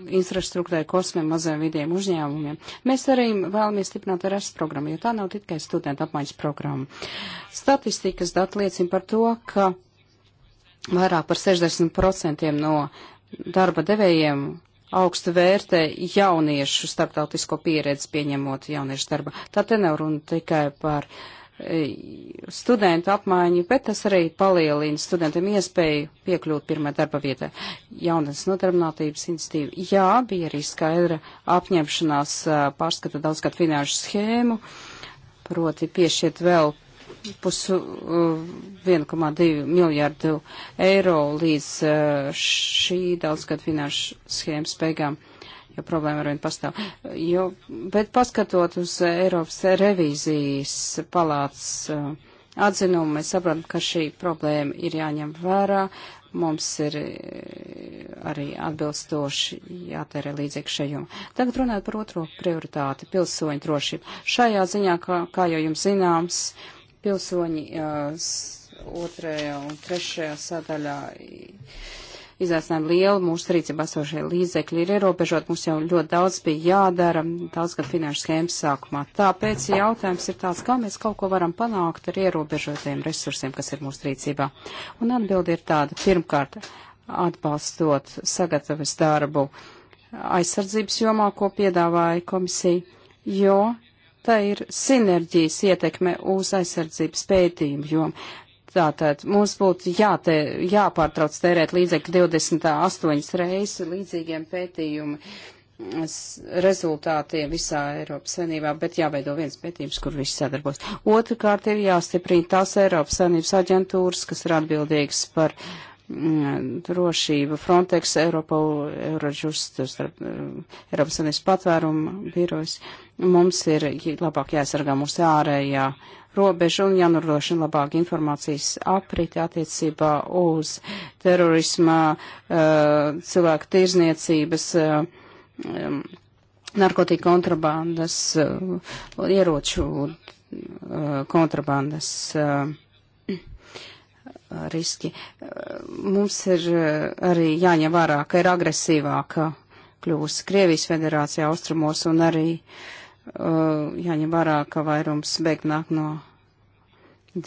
infrastruktūrai, kosmē, maziem vidiem uzņēmumiem. Mēs arī vēlamies stiprināt RS programmu, jo tā nav tikai studenta apmaiņas programma. Statistikas dati liecina par to, ka vairāk par 60% no darba devējiem augstu vērtē jauniešu starptautisko pieredzi pieņemot jauniešu darba. Tā te nav runa tikai par uh, studentu apmaiņu, bet tas arī palielina studentiem iespēju piekļūt pirmā darba vietā. Jaunas nodarbinātības institīva. Jā, bija arī skaidra apņemšanās pārskata daudzgad finanšu schēmu, proti piešķirt vēl pusu 1,2 miljārdu eiro līdz šī daudzgad finanšu schēmas beigām ja problēma arvien pastāv. Jo, bet paskatot uz Eiropas revīzijas palāts uh, atzinumu, mēs saprotam, ka šī problēma ir jāņem vērā. Mums ir uh, arī atbilstoši jātērē līdzekļu šajam. Tagad runājot par otro prioritāti - pilsoņu drošību. Šajā ziņā, kā, kā jau jums zināms, pilsoņi uh, otrajā un trešajā sadaļā izaicinājumi lieli, mūsu rīcībā sošie līdzekļi ir ierobežot, mums jau ļoti daudz bija jādara, daudz gadu finanšu schēmas sākumā. Tāpēc jautājums ir tāds, kā mēs kaut ko varam panākt ar ierobežotiem resursiem, kas ir mūsu rīcībā. Un atbildi ir tāda, pirmkārt, atbalstot sagatavas darbu aizsardzības jomā, ko piedāvāja komisija, jo tā ir sinerģijas ietekme uz aizsardzības pētījumu jomu. Tātad mums būtu jāte, jāpārtrauc tērēt līdzekļu 28 reizes līdzīgiem pētījumu rezultātiem visā Eiropas Savienībā, bet jāveido viens pētījums, kur viss sadarbos. Otrakārt ir jāstiprina tās Eiropas Savienības aģentūras, kas ir atbildīgas par mm, drošību Frontex, Eiropa, Eurojust, mm, Eiropas Savienības patvērumu birojas. Mums ir labāk jāsargā mūsu ārējā. Ja robežu un jānodrošina labāk informācijas apriti attiecībā uz terorisma, eh, cilvēku tirzniecības, eh, um, narkotika kontrabandas, eh, ieroču kontrabandas riski. Mums ir arī jāņem vērā, ka ir agresīvāka kļūst Krievijas federācija austrumos un arī uh, Uh, jāņem vērā, ka vairums bēgt nāk no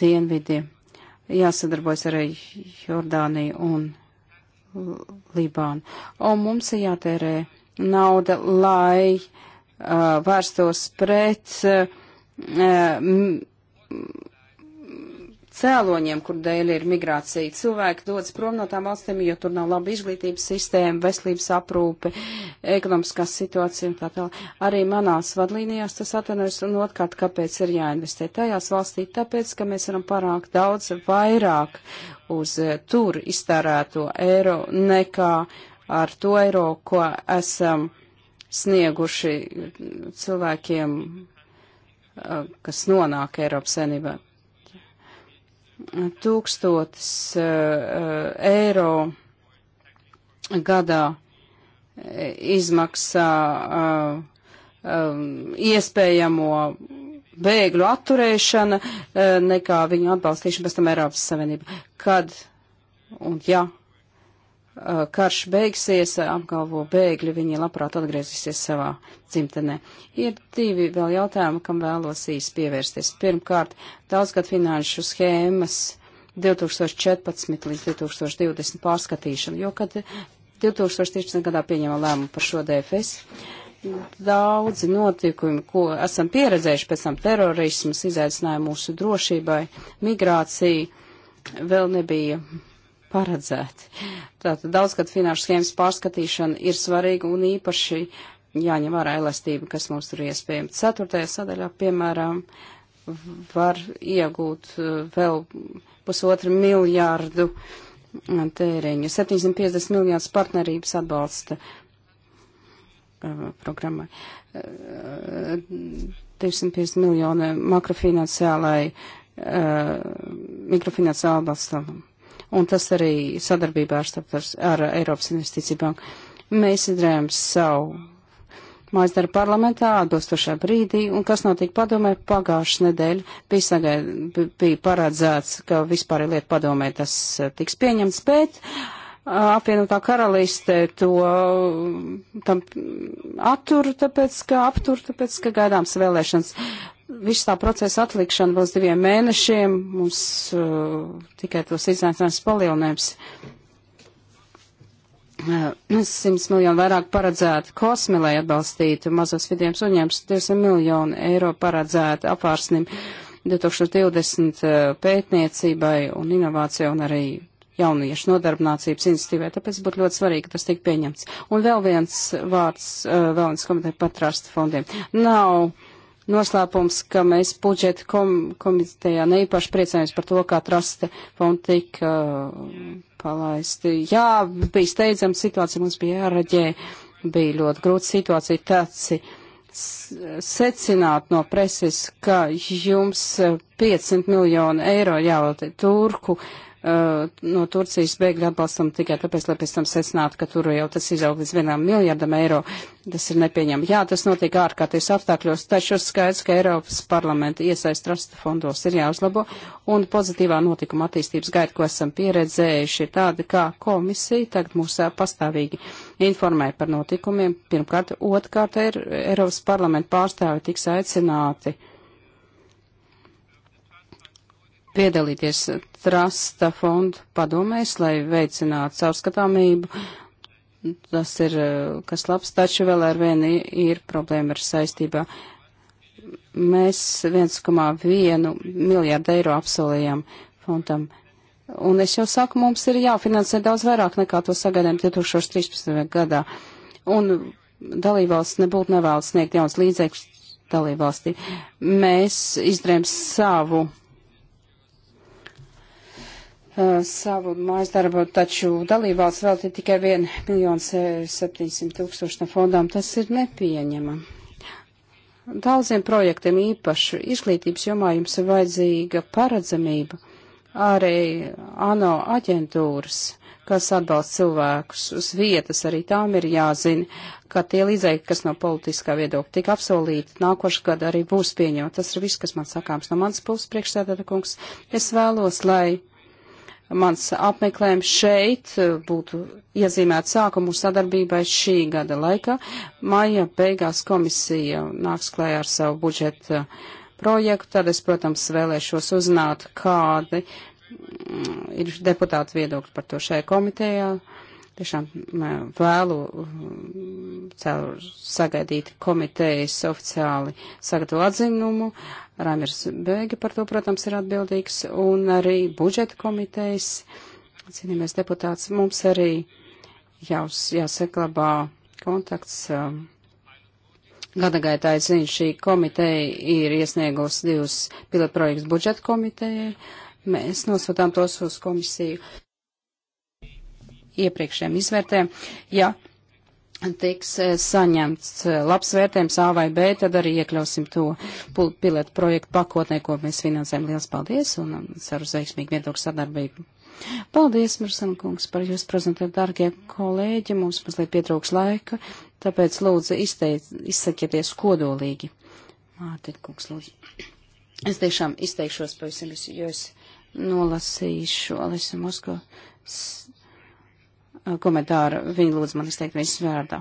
dienvidiem. Jāsadarbojas arī Jordānija un Libāna. Un mums ir jātērē nauda, lai uh, vērstos pret uh, m, cēloņiem, kur dēļ ir migrācija. Cilvēki dodas prom no tām valstīm, jo tur nav laba izglītības sistēma, veselības aprūpe, ekonomiskā situācija un tā tālāk. Arī manās vadlīnijās tas atvainojas un otrkārt, kāpēc ir jāinvestē tajās valstī, tāpēc, ka mēs varam panākt daudz vairāk uz eh, tur iztērēto eiro nekā ar to eiro, ko esam snieguši eh, cilvēkiem, eh, kas nonāk Eiropas senībā tūkstotis uh, eiro gadā izmaksā uh, um, iespējamo bēgļu atturēšana, uh, nekā viņu atbalstīšana pēc tam Eiropas Savienība. Kad un ja Uh, karš beigsies, uh, apgalvo bēgļi, viņi labprāt atgriezīsies savā dzimtenē. Ir divi vēl jautājumi, kam vēlos īsti pievērsties. Pirmkārt, daudzgad finanšu schēmas 2014 līdz 2020 pārskatīšana, jo kad 2013. gadā pieņēma lēmumu par šo DFS, daudzi notikumi, ko esam pieredzējuši pēc tam terorismas, izaicināja mūsu drošībai, migrācija vēl nebija paredzēti. Tātad daudzgad finanšu schēmas pārskatīšana ir svarīga un īpaši jāņem vērā elastība, kas mums tur iespējama. Ceturtajā sadaļā, piemēram, var iegūt uh, vēl pusotru miljārdu uh, tēriņu. 750 miljārdus partnerības atbalsta uh, programmai. 250 miljoni makrofinanciālai, mikrofinanciālai atbalstam un tas arī sadarbībā ar, starptars, ar Eiropas investīciju banku. Mēs izdarījām savu mājas darbu parlamentā atbilstošā brīdī, un kas notika padomē pagājušas nedēļa, bija, sagaid, bija paredzēts, ka vispār ir lieta padomē, tas eh, tiks pieņemts, bet eh, apvienotā karaliste to mm, tam attur, tāpēc, ka aptur, tāpēc, ka gaidāms vēlēšanas visu tā procesa atlikšanu vēl uz diviem mēnešiem mums uh, tikai tos izaicinājums palielinājums. Uh, 100 miljonu vairāk paredzētu kosmi, lai atbalstītu mazos vidiem suņēmus, 200 miljonu eiro paredzētu apvārsnim 2020 uh, pētniecībai un inovācijai un arī jauniešu nodarbinācības institīvai, tāpēc būtu ļoti svarīgi, ka tas tiek pieņemts. Un vēl viens vārds, uh, vēl viens komentāri par trust fondiem. Nav. No noslēpums, ka mēs budžeta kom komitejā neīpaši priecājamies par to, kā traste fonda tika palaisti. Jā, bija steidzama situācija, mums bija jāraģē, bija ļoti grūta situācija, taci secināt no preses, ka jums 500 miljonu eiro jāvēlta turku Uh, no Turcijas bēgļu atbalstam tikai tāpēc, lai pēc tam secinātu, ka tur jau tas izaug līdz vienam miljardam eiro. Tas ir nepieņemami. Jā, tas notiek ārkārtīs apstākļos, taču skaidrs, ka Eiropas parlamenta iesaist trasta fondos ir jāuzlabo, un pozitīvā notikuma attīstības gaita, ko esam pieredzējuši, ir tāda, kā komisija tagad mūs pastāvīgi informē par notikumiem. Pirmkārt, otrkārt, ir Eiropas parlamenta pārstāvi tiks aicināti piedalīties trasta fondu padomēs, lai veicinātu caurskatāmību. Tas ir eh, kas labs, taču vēl ar vienu ir problēma ar saistībā. Mēs 1,1 miljārdu eiro apsolījām fondam. Un es jau saku, mums ir jāfinansē daudz vairāk nekā to sagaidām 2013. gadā. Un dalībvalsts nebūtu nevēlas sniegt jauns līdzekļus dalībvalstī. Mēs izdarījām savu Eh, savu mājas darbu, taču dalībvalsts vēl ir tikai 1 miljons 700 tūkstoši no fondām. Tas ir nepieņemam. Daudziem projektiem īpaši izglītības jomā jums ir vajadzīga paredzamība. Arī ANO aģentūras, kas atbalsta cilvēkus uz vietas, arī tām ir jāzina, ka tie līdzekļi, kas no politiskā viedokļa tika apsolīti, nākošais gada arī būs pieņemti. Tas ir viss, kas man sakāms no manas puses priekšsēdētā kungs. Es vēlos, lai mans apmeklējums šeit eh, būtu iezīmēts sākumu sadarbībai šī gada laikā. Maija beigās komisija nāks klējā ar savu budžeta projektu, tad es, protams, vēlēšos uzzināt, kādi mm, ir deputāti viedokļi par to šajā komitejā. Tiešām mm, vēlu mm, ceru sagaidīt komitejas oficiāli sagatavo atzinumu. Uh, Rāmirs Bēgi par to, protams, ir atbildīgs, un arī budžeta komitejas, cienījamies deputāts, mums arī jās, jāsaklabā kontakts. Um, Gada gaitā es zinu, šī komiteja ir iesniegusi divus pilotprojektus budžeta komitejai. Mēs nosūtām tos uz komisiju iepriekšējiem izvērtēm. Ja tiks eh, saņemts eh, labs vērtējums A vai B, tad arī iekļausim to pilotu projektu pakotnē, ko mēs finansējam. Liels paldies un um, ceru uz veiksmīgu viedokļu sadarbību. Paldies, Mirsana kungs, par jūsu prezentāciju, dārgie kolēģi. Mums mazliet pietrūks laika, tāpēc lūdzu izteic, izsakieties kodolīgi. Mārtiņ, kungs, lūdzu. Es tiešām izteikšos pavisam visu, jo es nolasīšu Alisa Mosko Uh, komentāru. Viņa lūdz man izteikt viņas vērdā.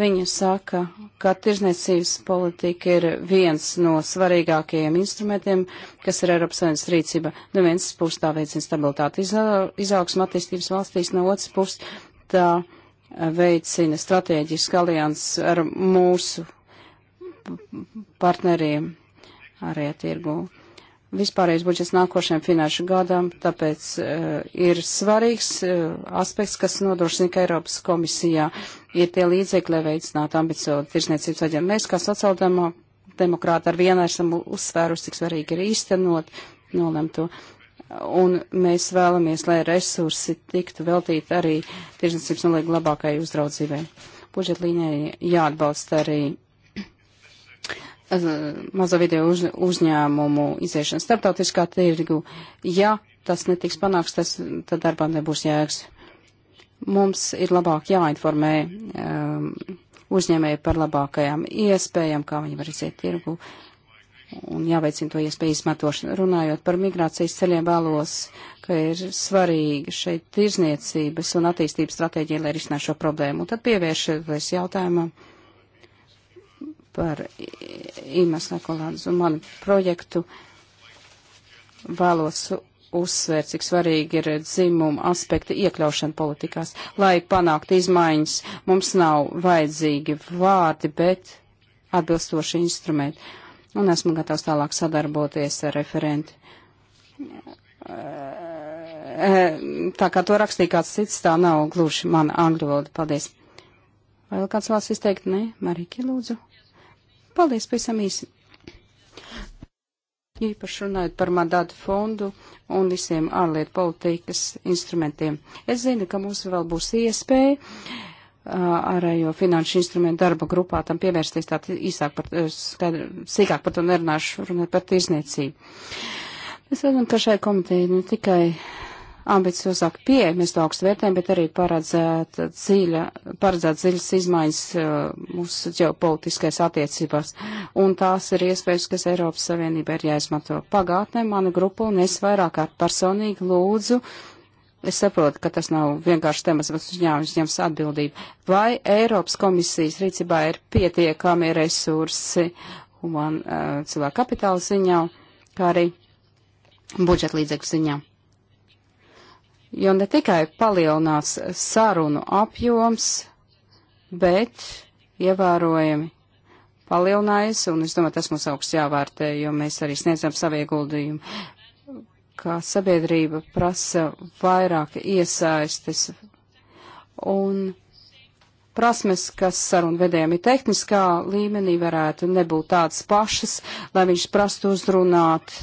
Viņa saka, ka tirzniecības politika ir viens no svarīgākajiem instrumentiem, kas ir Eiropas Savienības rīcība. No nu, vienas puses tā veicina stabilitāti izaugsmu attīstības valstīs, no otras puses tā uh, veicina strateģisku aliansu ar mūsu partneriem arī tirgu vispārējais budžets nākošajam finanšu gadam, tāpēc uh, ir svarīgs uh, aspekts, kas nodrošina, ka Eiropas komisijā ir tie līdzekļi, lai veicinātu ambiciozu tirsniecības aģentu. Mēs, kā sociāldemā demokrāti, ar vienu esam uzsvērusi, cik svarīgi ir īstenot nolemto. Un mēs vēlamies, lai resursi tiktu veltīti arī tirsniecības nolīgu labākai uzraudzībai. Budžetlīnijai jāatbalsta arī Eh, mazo video uz, uzņēmumu iziešanu starptautiskā tirgu. Ja tas netiks panāks, tas, tad darbā nebūs jēgas. Mums ir labāk jāinformē um, uzņēmēji par labākajām iespējām, kā viņi var iziet tirgu un jāveicina to iespēju izmantošanu. Runājot par migrācijas ceļiem vēlos, ka ir svarīgi šeit tirzniecības un attīstības stratēģija, lai risinātu šo problēmu. Un tad pievēršoties jautājumam. Uh, par Imas Nakolāns un manu projektu vēlos uzsvērt, cik svarīgi ir dzimuma aspekta iekļaušana politikās. Lai panāktu izmaiņas, mums nav vajadzīgi vārdi, bet atbilstoši instrumenti. Un esmu gatavs tālāk sadarboties ar referenti. Tā kā to rakstīja kāds cits, tā nav gluži mana angļu valoda. Paldies. Vai vēl kāds vēlas izteikt? Nē, Marīki, lūdzu. Paldies, pavisam īsi. Īpaši runājot par mandātu fondu un visiem ārlietu politikas instrumentiem. Es zinu, ka mums vēl būs iespēja ārējo finanšu instrumentu darba grupā tam pievērsties tā īsāk par, skaidr, sīkāk par to nerunāšu, runāt par tirzniecību. Mēs redzam, ka šai komitejai ne tikai ambiciozāk pieeja, mēs to augstu vērtējam, bet arī paredzēta dziļa, paredzēta dziļas izmaiņas uh, mūsu ģeopolitiskais attiecībās. Un tās ir iespējas, kas Eiropas Savienība ir jāizmanto. Pagātnē mana grupa un es vairāk kārt personīgi lūdzu. Es saprotu, ka tas nav vienkārši temats, bet uzņēmums ņems atbildību. Vai Eiropas komisijas rīcībā ir pietiekami resursi un uh, cilvēku kapitāla ziņā, kā arī budžeta līdzekļu ziņā? jo ne tikai palielinās sarunu apjoms, bet ievērojami palielinājies, un es domāju, tas mums augsts jāvērtē, jo mēs arī sniedzam savu ieguldījumu, kā sabiedrība prasa vairāk iesaistes un prasmes, kas sarunvedējiem ir tehniskā līmenī, varētu nebūt tādas pašas, lai viņš prastu uzrunāt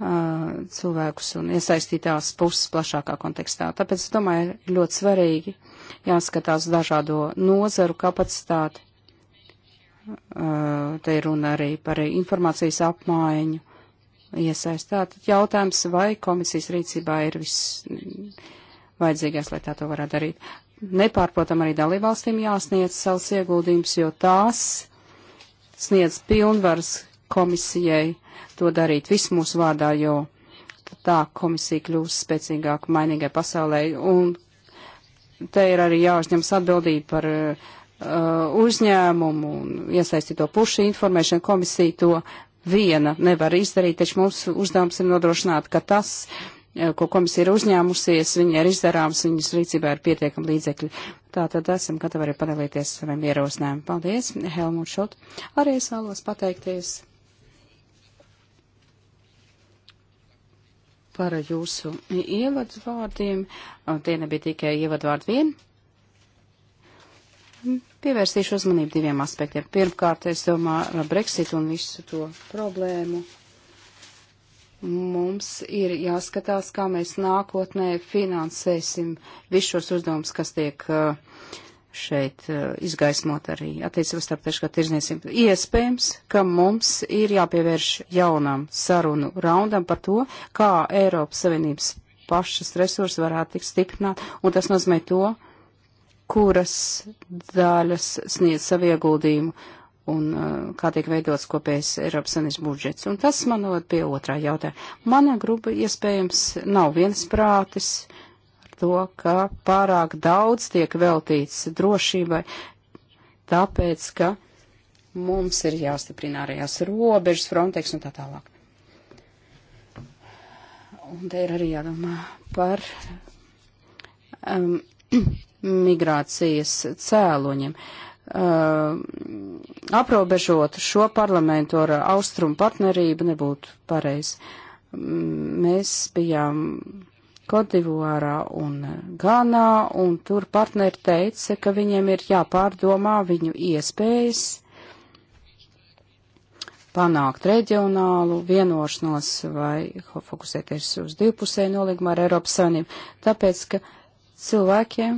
cilvēkus un iesaistītās puses plašākā kontekstā. Tāpēc, es domāju, ir ļoti svarīgi jāskatās dažādo nozaru kapacitāti. Te ir runa arī par informācijas apmaiņu iesaistāt. Jautājums, vai komisijas rīcībā ir viss vajadzīgais, lai tā to varētu darīt. Nepārprotam arī dalībvalstīm jāsniedz savus ieguldījumus, jo tās sniedz pilnvaras komisijai to darīt visu mūsu vārdā, jo tā komisija kļūs spēcīgāk mainīgai pasaulē. Un te ir arī jāuzņemas atbildība par uh, uzņēmumu un iesaistīto pušu informēšanu. Komisija to viena nevar izdarīt, taču mūsu uzdevums ir nodrošināt, ka tas, uh, ko komisija ir uzņēmusies, viņa ir izdarāms, viņas rīcībā ir pietiekami līdzekļi. Tātad esam gatavi arī padalīties saviem ierosinājumiem. Paldies, Helmut Šot. Arī es vēlos pateikties par jūsu ievadvārdiem. Tie nebija tikai ievadvārdi vien. Pievērsīšu uzmanību diviem aspektiem. Pirmkārt, es domāju, ar Brexit un visu to problēmu. Mums ir jāskatās, kā mēs nākotnē finansēsim visus šos uzdevumus, kas tiek uh, šeit eh, izgaismot arī attiecības starptautiskā tirzniecība. Iespējams, ka mums ir jāpievērš jaunam sarunu raundam par to, kā Eiropas Savienības pašas resursi varētu tikt stiprināt, un tas nozīmē to, kuras daļas sniedz savu ieguldījumu un eh, kā tiek veidots kopējs Eiropas Savienības budžets. Un tas man noved pie otrā jautājuma. Mana grupa iespējams nav viens prātis to, ka pārāk daudz tiek veltīts drošībai, tāpēc, ka mums ir jāstiprina ārējās robežas, Frontex un tā tālāk. Un te ir arī jādomā par um, migrācijas cēloņiem. Uh, aprobežot šo parlamentu ar austrumu partnerību nebūtu pareizi. Mēs bijām Kodivuārā un Ganā, un tur partneri teica, ka viņiem ir jāpārdomā viņu iespējas panākt reģionālu vienošanos vai fokusēties uz divpusēju nolīgumu ar Eiropas Savienību, tāpēc, ka cilvēkiem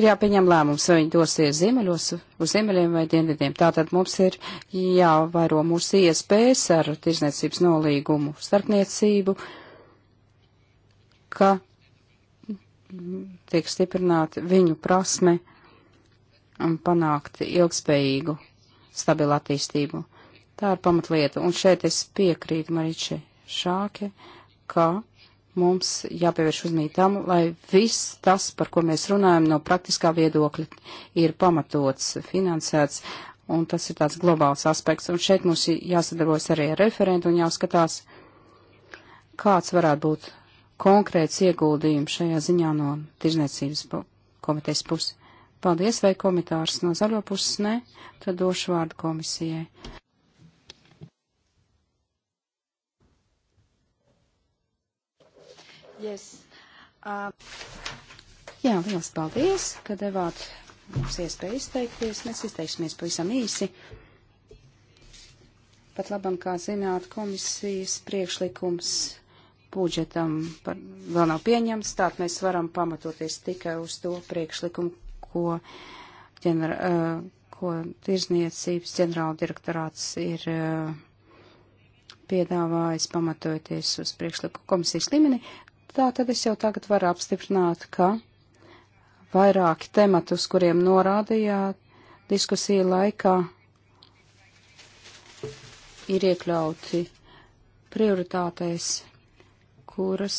ir jāpieņem lēmums, vai viņi dosies ziemeļos, uz ziemeļiem vai dienvidiem. Tātad mums ir jāvairo mūsu iespējas ar tirzniecības nolīgumu starpniecību. Uh, ka tiek stiprināta viņu prasme un panākt ilgspējīgu, stabilu attīstību. Tā ir pamatlieta. Un šeit es piekrītu Mariče Šāke, ka mums jāpievērš uzmanību tam, lai viss tas, par ko mēs runājam no praktiskā viedokļa, ir pamatots, finansēts, un tas ir tāds globāls aspekts. Un šeit mums jāsadarbojas arī ar referentu un jāskatās, kāds varētu būt konkrēts ieguldījums šajā ziņā no tirzniecības komitejas puses. Paldies, vai komitārs no zaļo puses nē, tad došu vārdu komisijai. Yes. Uh... Jā, liels paldies, ka devāt mums iespēju izteikties. Mēs izteiksimies pavisam īsi. Pat labam, kā zināt, komisijas priekšlikums budžetam par, vēl nav pieņemts, tātad mēs varam pamatoties tikai uz to priekšlikumu, ko, ģener, uh, ko tirzniecības ģenerāla direktorāts ir uh, piedāvājis pamatojoties uz priekšlikumu komisijas līmeni. Tātad es jau tagad varu apstiprināt, ka vairāki temati, uz kuriem norādījāt diskusiju laikā, ir iekļauti prioritātēs kuras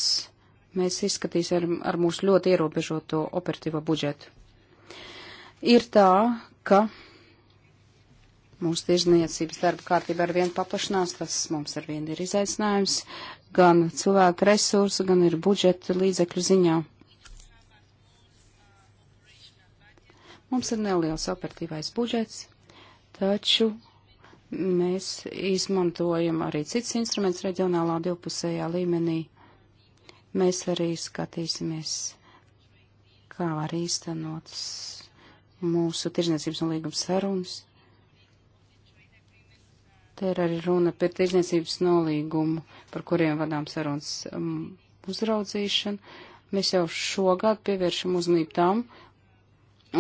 mēs izskatīsim ar, ar mūsu ļoti ierobežoto operatīvo budžetu. Ir tā, ka mūsu tirzniecības darba kārtība ar vienu paplašanās, tas mums ar vienu ir izaicinājums, gan cilvēku resursu, gan ir budžeta līdzekļu ziņā. Mums ir neliels operatīvais budžets, taču mēs izmantojam arī cits instruments reģionālā divpusējā līmenī Mēs arī skatīsimies, kā var īstenot mūsu tirzniecības un līguma sarunas. Te ir arī runa par tirzniecības nolīgumu, par kuriem vadām sarunas um, uzraudzīšanu. Mēs jau šogad pievēršam uzmanību tam,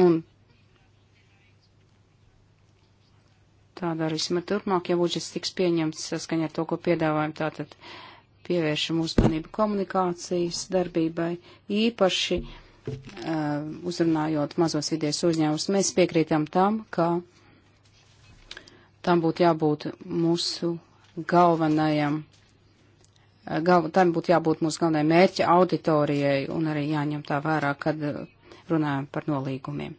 un tā darīsim ar turpmāk, ja budžets tiks pieņemts saskaņā ar to, ko piedāvājam. Tātad uh, pievēršam uzmanību komunikācijas darbībai, īpaši uh, uzrunājot mazos vidies uzņēmumus. Mēs piekrītam tam, ka tam būtu jābūt mūsu galvenajam, gal, tam būtu jābūt mūsu galvenajai mērķa auditorijai un arī jāņem tā vērā, kad runājam par nolīgumiem.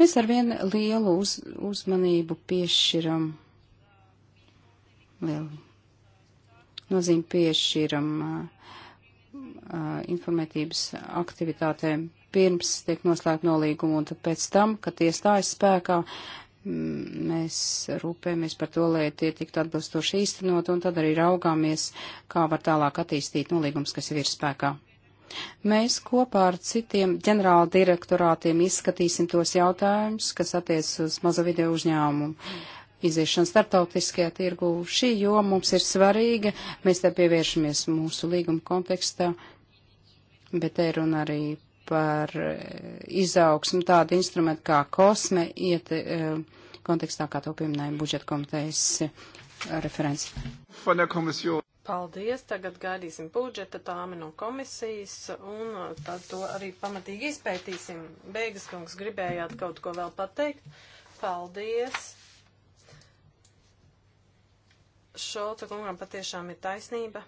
Mēs arvien lielu uz, uzmanību piešķiram lielu nozīmi piešķiram informētības aktivitātēm pirms tiek noslēgt nolīgumu un tad pēc tam, kad tie stājas spēkā, mēs rūpējamies par to, lai tie tiktu atbilstoši īstenot, un tad arī raugāmies, kā var tālāk attīstīt nolīgums, kas jau ir spēkā. Mēs kopā ar citiem ģenerāla direktorātiem izskatīsim tos jautājumus, kas attiec uz mazo video uzņēmumu iziešana starptautiskajā tirgū. Šī joma mums ir svarīga, mēs te pievēršamies mūsu līguma kontekstā, bet te runa arī par eh, izaugsmu tādu instrumentu kā kosme, iet eh, kontekstā, kā to pieminēja budžeta komitejas eh, referents. Paldies, tagad gaidīsim budžeta tāmi no komisijas un tad to arī pamatīgi izpētīsim. Beigas kungs gribējāt kaut ko vēl pateikt. Paldies! Šolta kungam patiešām ir taisnība.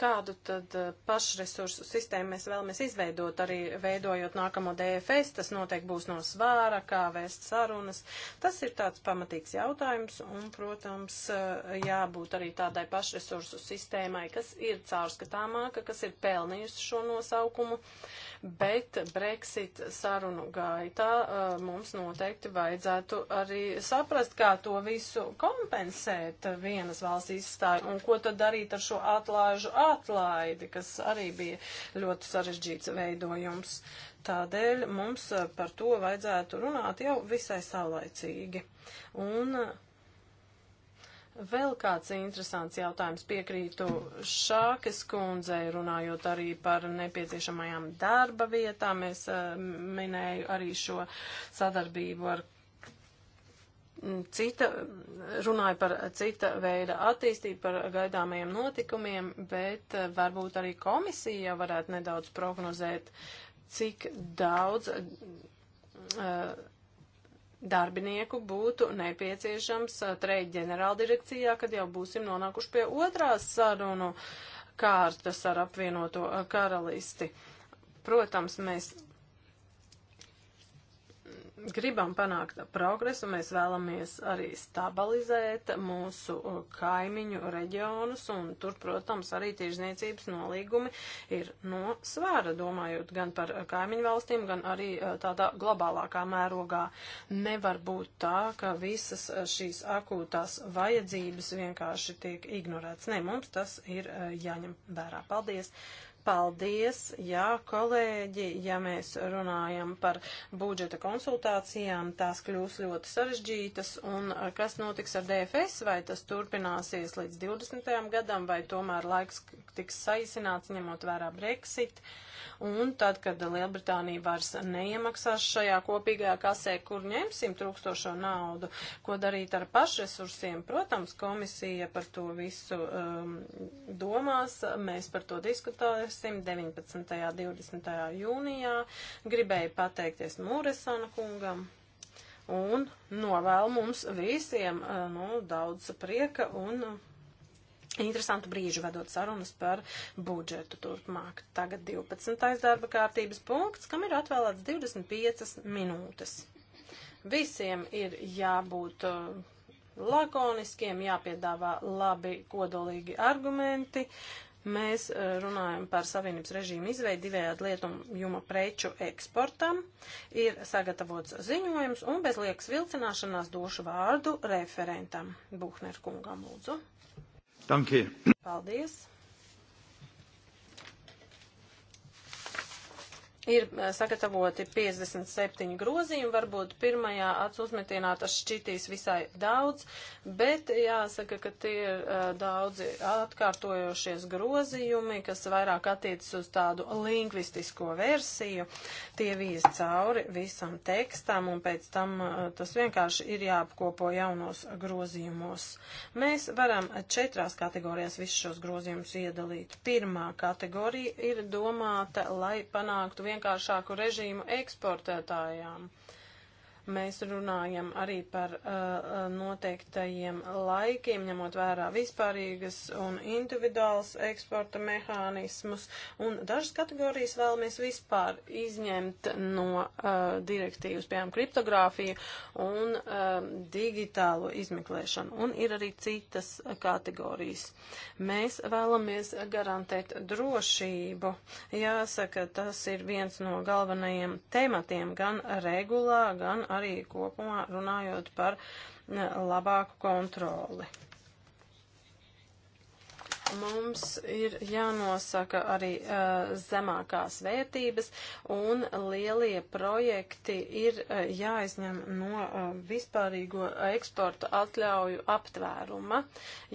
Kādu tad eh, pašresursu sistēmu mēs vēlamies izveidot, arī veidojot nākamo DFS, tas noteikti būs no svāra, kā vēst sarunas. Tas ir tāds pamatīgs jautājums, un, protams, eh, jābūt arī tādai pašresursu sistēmai, kas ir caurskatāmāka, kas ir pelnījusi šo nosaukumu. Uh, bet Brexit sarunu gaitā eh, mums noteikti vajadzētu arī saprast, kā to visu kompensēt vienas valsts izstāju un ko tad darīt ar šo atlāžu atlaidi, kas arī bija ļoti sarežģīts veidojums. Tādēļ mums par to vajadzētu runāt jau visai saulaicīgi. Un uh, Vēl kāds interesants jautājums piekrītu Šākas kundzei, runājot arī par nepieciešamajām darba vietām. Es uh, minēju arī šo sadarbību ar cita, runāju par cita veida attīstību, par gaidāmajiem notikumiem, bet uh, varbūt arī komisija varētu nedaudz prognozēt, cik daudz. Uh, darbinieku būtu nepieciešams treit ģenerāldirekcijā, kad jau būsim nonākuši pie otrās sarunu kārtas ar apvienoto karalisti. Protams, mēs gribam panākt progresu, mēs vēlamies arī stabilizēt mūsu uh, kaimiņu reģionus, un tur, protams, arī tirzniecības nolīgumi ir no svāra, domājot gan par uh, kaimiņu valstīm, gan arī uh, tādā globālākā mērogā. Nevar būt tā, ka visas šīs akūtās vajadzības vienkārši tiek ignorētas. Nē, mums tas ir jāņem vērā. Paldies! paldies. Jā, kolēģi, ja mēs runājam par budžeta konsultācijām, tās kļūs ļoti sarežģītas. Un kas notiks ar DFS? Vai tas turpināsies līdz 20. gadam, vai tomēr laiks tiks saīsināts, ņemot vērā Brexit? Uh, Un tad, kad Lielbritānija vairs neiemaksās šajā kopīgajā kasē, kur ņemsim trūkstošo naudu, ko darīt ar pašresursiem, protams, komisija par to visu um, domās. Mēs par to diskutēsim 19. un 20. jūnijā. Gribēju pateikties Mūresana kungam un novēl mums visiem uh, nu, daudz prieka un Interesantu brīžu vedot sarunas par budžetu turpmāk. Tagad 12. darba kārtības punkts, kam ir atvēlēts 25 minūtes. Visiem ir jābūt uh, lakoniskiem, jāpiedāvā labi kodolīgi argumenti. Mēs uh, runājam par Savienības režīmu izveidu divējādi lietojuma preču eksportam. Ir sagatavots ziņojums un bez liekas vilcināšanās došu vārdu referentam Buhner kungam lūdzu. Danke. Paldies. Ir eh, sagatavoti 57 grozījumi, varbūt pirmajā acu uzmetienā tas šķitīs visai daudz, bet jāsaka, ka tie ir uh, eh, daudzi atkārtojošies grozījumi, kas vairāk attiecas uz tādu lingvistisko versiju. Tie vīz cauri visam tekstam un pēc tam uh, tas vienkārši ir jāapkopo jaunos grozījumos. Mēs varam četrās kategorijās visus šos grozījumus iedalīt. Pirmā kategorija ir domāta, lai panāktu vienkāršāku režīmu eksportētājām. Uh, Mēs runājam arī par uh, uh, noteiktajiem laikiem, ņemot vērā vispārīgas un individuāls eksporta mehānismus, un dažas kategorijas vēlamies vispār izņemt no uh, direktīvas, piemēram, kriptogrāfiju un uh, digitālo izmeklēšanu, un ir arī citas kategorijas. Mēs vēlamies garantēt drošību. Jāsaka, tas ir viens no galvenajiem tematiem gan regulā, gan arī kopumā runājot par labāku kontroli mums ir jānosaka arī uh, zemākās vērtības, un lielie projekti ir uh, jāizņem no uh, vispārīgo eksporta atļauju aptvēruma.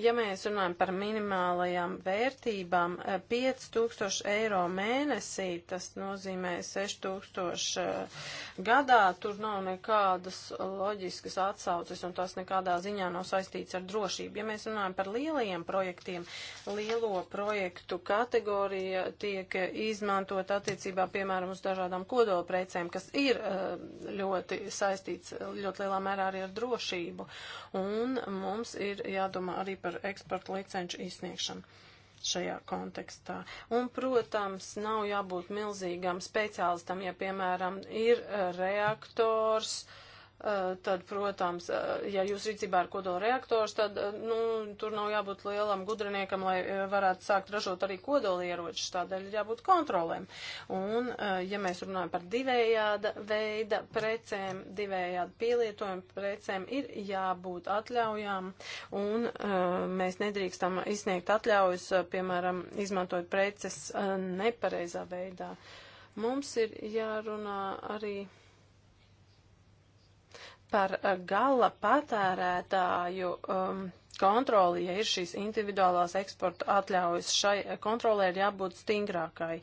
Ja mēs runājam par minimālajām vērtībām, uh, 5000 eiro mēnesī, tas nozīmē 6000 uh, gadā, tur nav nekādas loģiskas atsauces, un tas nekādā ziņā nav saistīts ar drošību. Ja mēs runājam par lielajiem projektiem, lielo projektu kategorija tiek izmantot attiecībā, piemēram, uz dažādām kodolprecēm, kas ir eh, ļoti saistīts ļoti lielā mērā arī ar drošību. Un mums ir jādomā arī par eksporta licenču izsniegšanu šajā kontekstā. Un, protams, nav jābūt milzīgam speciālistam, ja, piemēram, ir eh, reaktors, uh, Eh, tad, protams, eh, ja jūs rīcībā ir kodolreaktors, tad, eh, nu, tur nav jābūt lielam gudriniekam, lai varētu sākt ražot arī kodolieročus, tādēļ ir jābūt kontrolēm. Un, ja mēs runājam par divējāda veida precēm, divējāda pielietojuma precēm, ir jābūt atļaujām, un mēs nedrīkstam izsniegt atļaujas, piemēram, izmantojot preces nepareizā veidā. Mums ir jārunā arī par eh, gala patērētāju um, kontroli, ja ir šīs individuālās eksporta atļaujas, šai eh, kontrolē ir jābūt stingrākai.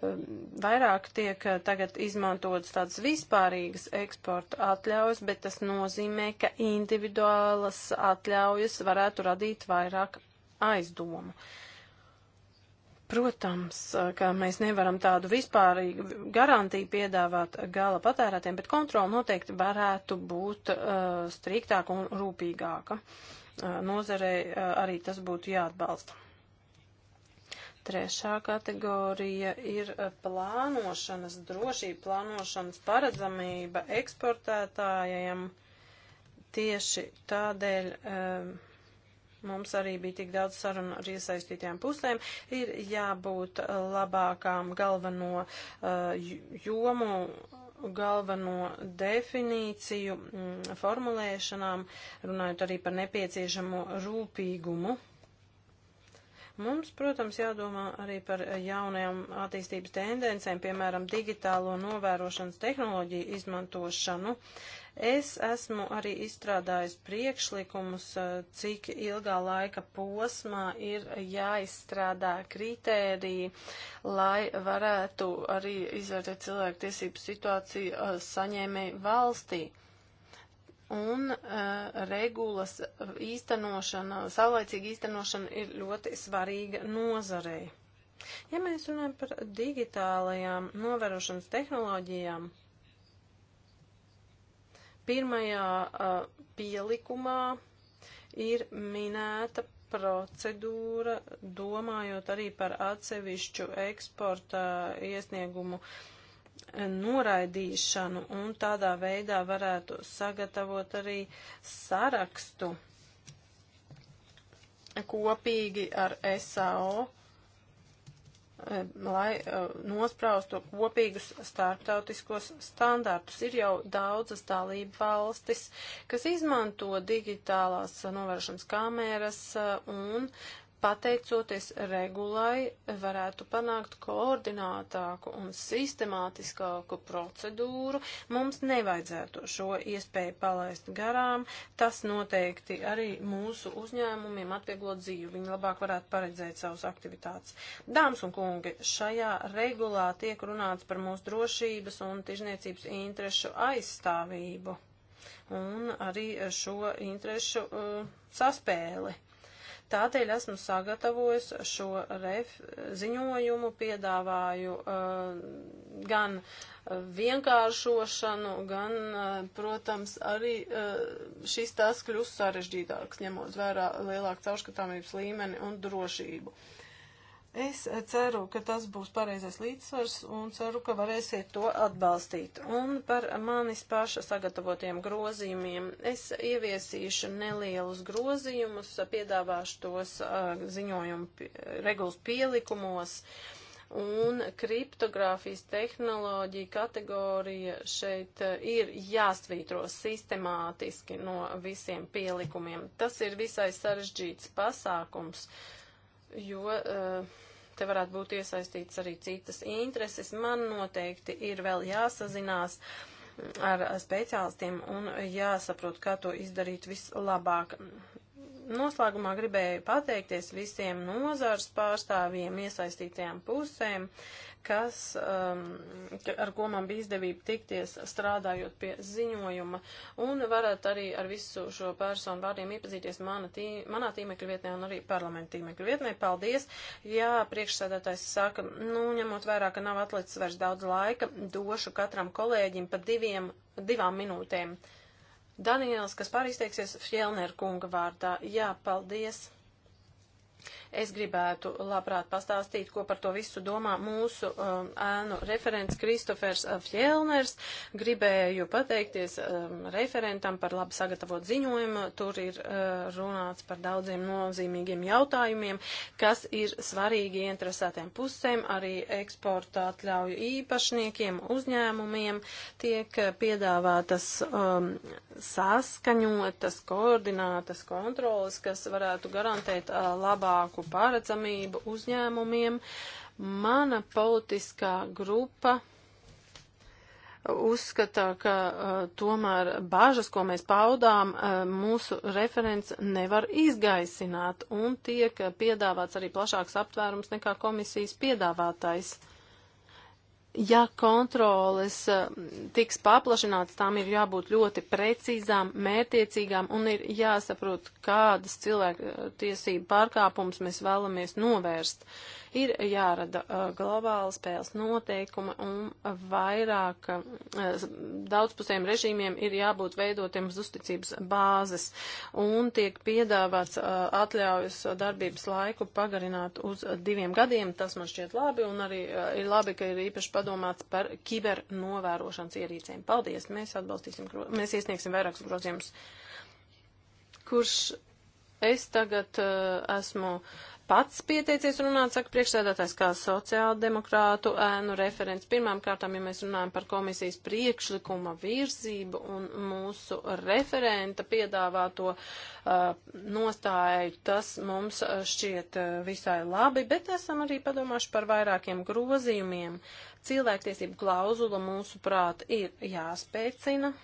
Um, vairāk tiek eh, tagad izmantotas tādas vispārīgas eksporta atļaujas, bet tas nozīmē, ka individuālas atļaujas varētu radīt vairāk aizdomu. Uh, Protams, ka mēs nevaram tādu vispārīgu garantiju piedāvāt gala patērētiem, bet kontrola noteikti varētu būt uh, striktāka un rūpīgāka. Uh, nozarei uh, arī tas būtu jāatbalsta. Trešā kategorija ir plānošanas drošība, plānošanas paredzamība eksportētājiem tieši tādēļ. Uh, Mums arī bija tik daudz sarunu ar iesaistītajām pusēm. Ir jābūt uh, labākām galveno uh, jomu galveno definīciju mm, formulēšanām, runājot arī par nepieciešamo rūpīgumu. Mums, protams, jādomā arī par jaunajām attīstības tendencēm, piemēram, digitālo novērošanas tehnoloģiju izmantošanu. Es esmu arī izstrādājis priekšlikumus, eh, cik ilgā laika posmā ir jāizstrādā kritēriji, lai varētu arī izvērtēt cilvēku tiesību situāciju eh, saņēmēju valstī. Un uh, regulas īstenošana, saulaicīga īstenošana ir ļoti svarīga nozarei. Ja mēs runājam par digitālajām novērošanas tehnoloģijām, uh, Pirmajā uh, pielikumā ir minēta procedūra, domājot arī par atsevišķu eksporta iesniegumu noraidīšanu, un tādā veidā varētu sagatavot arī sarakstu kopīgi ar SAO Eh, lai uh, eh, nospraustu kopīgus starptautiskos standartus. Ir jau daudzas dalība valstis, kas izmanto digitālās novēršanas kameras uh, un pateicoties regulai, varētu panākt koordinātāku un sistemātiskāku procedūru. Mums nevajadzētu šo iespēju palaist garām. Tas noteikti arī mūsu uzņēmumiem atvieglot dzīvi. Viņi labāk varētu paredzēt savus aktivitātes. Dāmas un kungi, šajā regulā tiek runāts par mūsu drošības un tirzniecības interešu aizstāvību un arī šo interešu uh, saspēli. Tādēļ esmu sagatavojis šo ref ziņojumu, piedāvāju uh, gan uh, vienkāršošanu, gan, uh, protams, arī uh, šis tās kļūst sarežģītāks, ņemot vērā lielāku caurskatāmības līmeni un drošību. Uh, Es ceru, ka tas būs pareizais līdzsvars un ceru, ka varēsiet to atbalstīt. Un par manis paša sagatavotiem grozījumiem. Es ieviesīšu nelielus grozījumus, piedāvāšu tos uh, ziņojumu regulas pielikumos. Un kriptogrāfijas tehnoloģija kategorija šeit ir jāstvītro sistemātiski no visiem pielikumiem. Tas ir visai sarežģīts pasākums, jo. Uh, te varētu būt iesaistīts arī citas intereses. Man noteikti ir vēl jāsazinās ar speciālistiem un jāsaprot, kā to izdarīt vislabāk noslēgumā gribēju pateikties visiem nozars pārstāvjiem, iesaistītajām pusēm kas, um, ar ko man bija izdevība tikties strādājot pie ziņojuma. Un varat arī ar visu šo personu vārdiem iepazīties mana tī, manā tīmekļa vietnē un arī parlamenta tīmekļa vietnē. Paldies! Jā, priekšsēdētājs saka, nu, ņemot vērā, ka nav atlicis vairs daudz laika, došu katram kolēģim pa diviem, divām minūtēm. Daniels, kas pārīsteiksies Fjellner kunga vārdā. Jā, paldies! Es gribētu labprāt pastāstīt, ko par to visu domā mūsu um, ēnu referents Kristofers uh, Fjellners. Gribēju pateikties um, referentam par labi sagatavot ziņojumu. Tur ir uh, runāts par daudziem nozīmīgiem jautājumiem, kas ir svarīgi interesētiem pusēm, arī eksporta atļauju īpašniekiem, uzņēmumiem. Tiek uh, piedāvātas um, saskaņotas, koordinātas kontrolas, kas varētu garantēt uh, labāk lielāku paredzamību uzņēmumiem. Mana politiskā grupa uzskatā, ka uh, tomēr bāžas, ko mēs paudām, uh, mūsu referents nevar izgaisināt un tiek piedāvāts arī plašāks aptvērums nekā komisijas piedāvātais. Uh, ja kontroles eh, tiks paplašināts, tām ir jābūt ļoti precīzām, mērtiecīgām un ir jāsaprot, kādas cilvēku eh, tiesību pārkāpumus mēs vēlamies novērst. Ir jārada uh, globāla spēles noteikuma un vairāk uh, daudzpusējiem režīmiem ir jābūt veidotiem uz uzticības bāzes un tiek piedāvāts uh, atļaujas darbības laiku pagarināt uz diviem gadiem. Tas man šķiet labi un arī ir labi, ka ir īpaši padomāts par kibernovērošanas ierīcēm. Paldies! Mēs atbalstīsim, mēs iesniegsim vairākus grozījumus. Kurš es tagad uh, esmu uh, pats pieteicies runāt, saka priekšsēdētājs, kā sociāldemokrātu ēnu referents. Pirmām kārtām, ja mēs runājam par komisijas priekšlikuma virzību un mūsu referenta piedāvāto uh, nostāju, tas mums uh, šķiet uh, visai labi, bet esam arī padomājuši par vairākiem grozījumiem. Cilvēktiesību klauzula mūsu prāt ir jāspēcina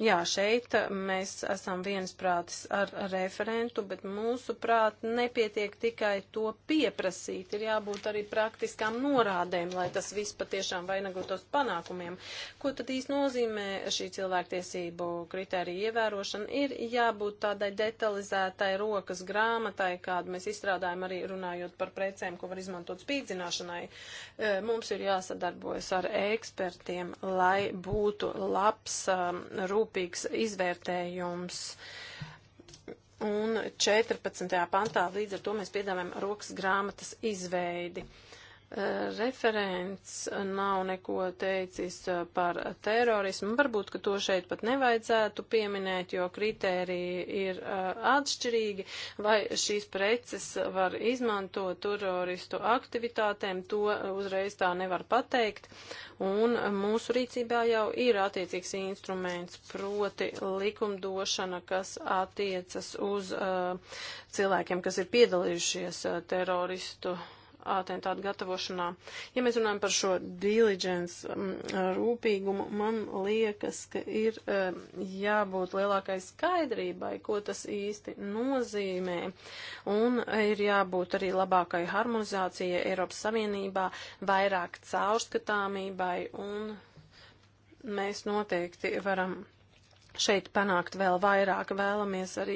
Jā, šeit eh, mēs esam viensprātis ar referentu, bet mūsu prāt nepietiek tikai to pieprasīt. Ir jābūt arī praktiskām norādēm, lai tas viss patiešām vainagotos panākumiem. Ko tad īsti nozīmē šī cilvēktiesību kritērija ievērošana? Ir jābūt tādai detalizētai rokas grāmatai, kādu mēs izstrādājam arī runājot par precēm, ko var izmantot spīdzināšanai. Eh, mums ir jāsadarbojas ar ekspertiem, lai būtu labs um, rūpīgs izvērtējums. Un 14. pantā līdz ar to mēs piedāvājam rokas grāmatas izveidi. Uh, Referents nav neko teicis uh, par terorismu. Varbūt, ka to šeit pat nevajadzētu pieminēt, jo kritēriji ir uh, atšķirīgi, vai šīs preces var izmantot teroristu aktivitātēm, to uh, uzreiz tā nevar pateikt. Un mūsu rīcībā jau ir attiecīgs instruments, proti likumdošana, kas attiecas uz cilvēkiem, kas ir piedalījušies teroristu aktivitātēm atentātu gatavošanā. Ja mēs runājam par šo diligence mm, rūpīgumu, man liekas, ka ir eh, jābūt lielākai skaidrībai, ko tas īsti nozīmē, un ir jābūt arī labākai harmonizācijai Eiropas Savienībā, vairāk caurskatāmībai, un mēs noteikti varam šeit panākt vēl vairāk, vēlamies arī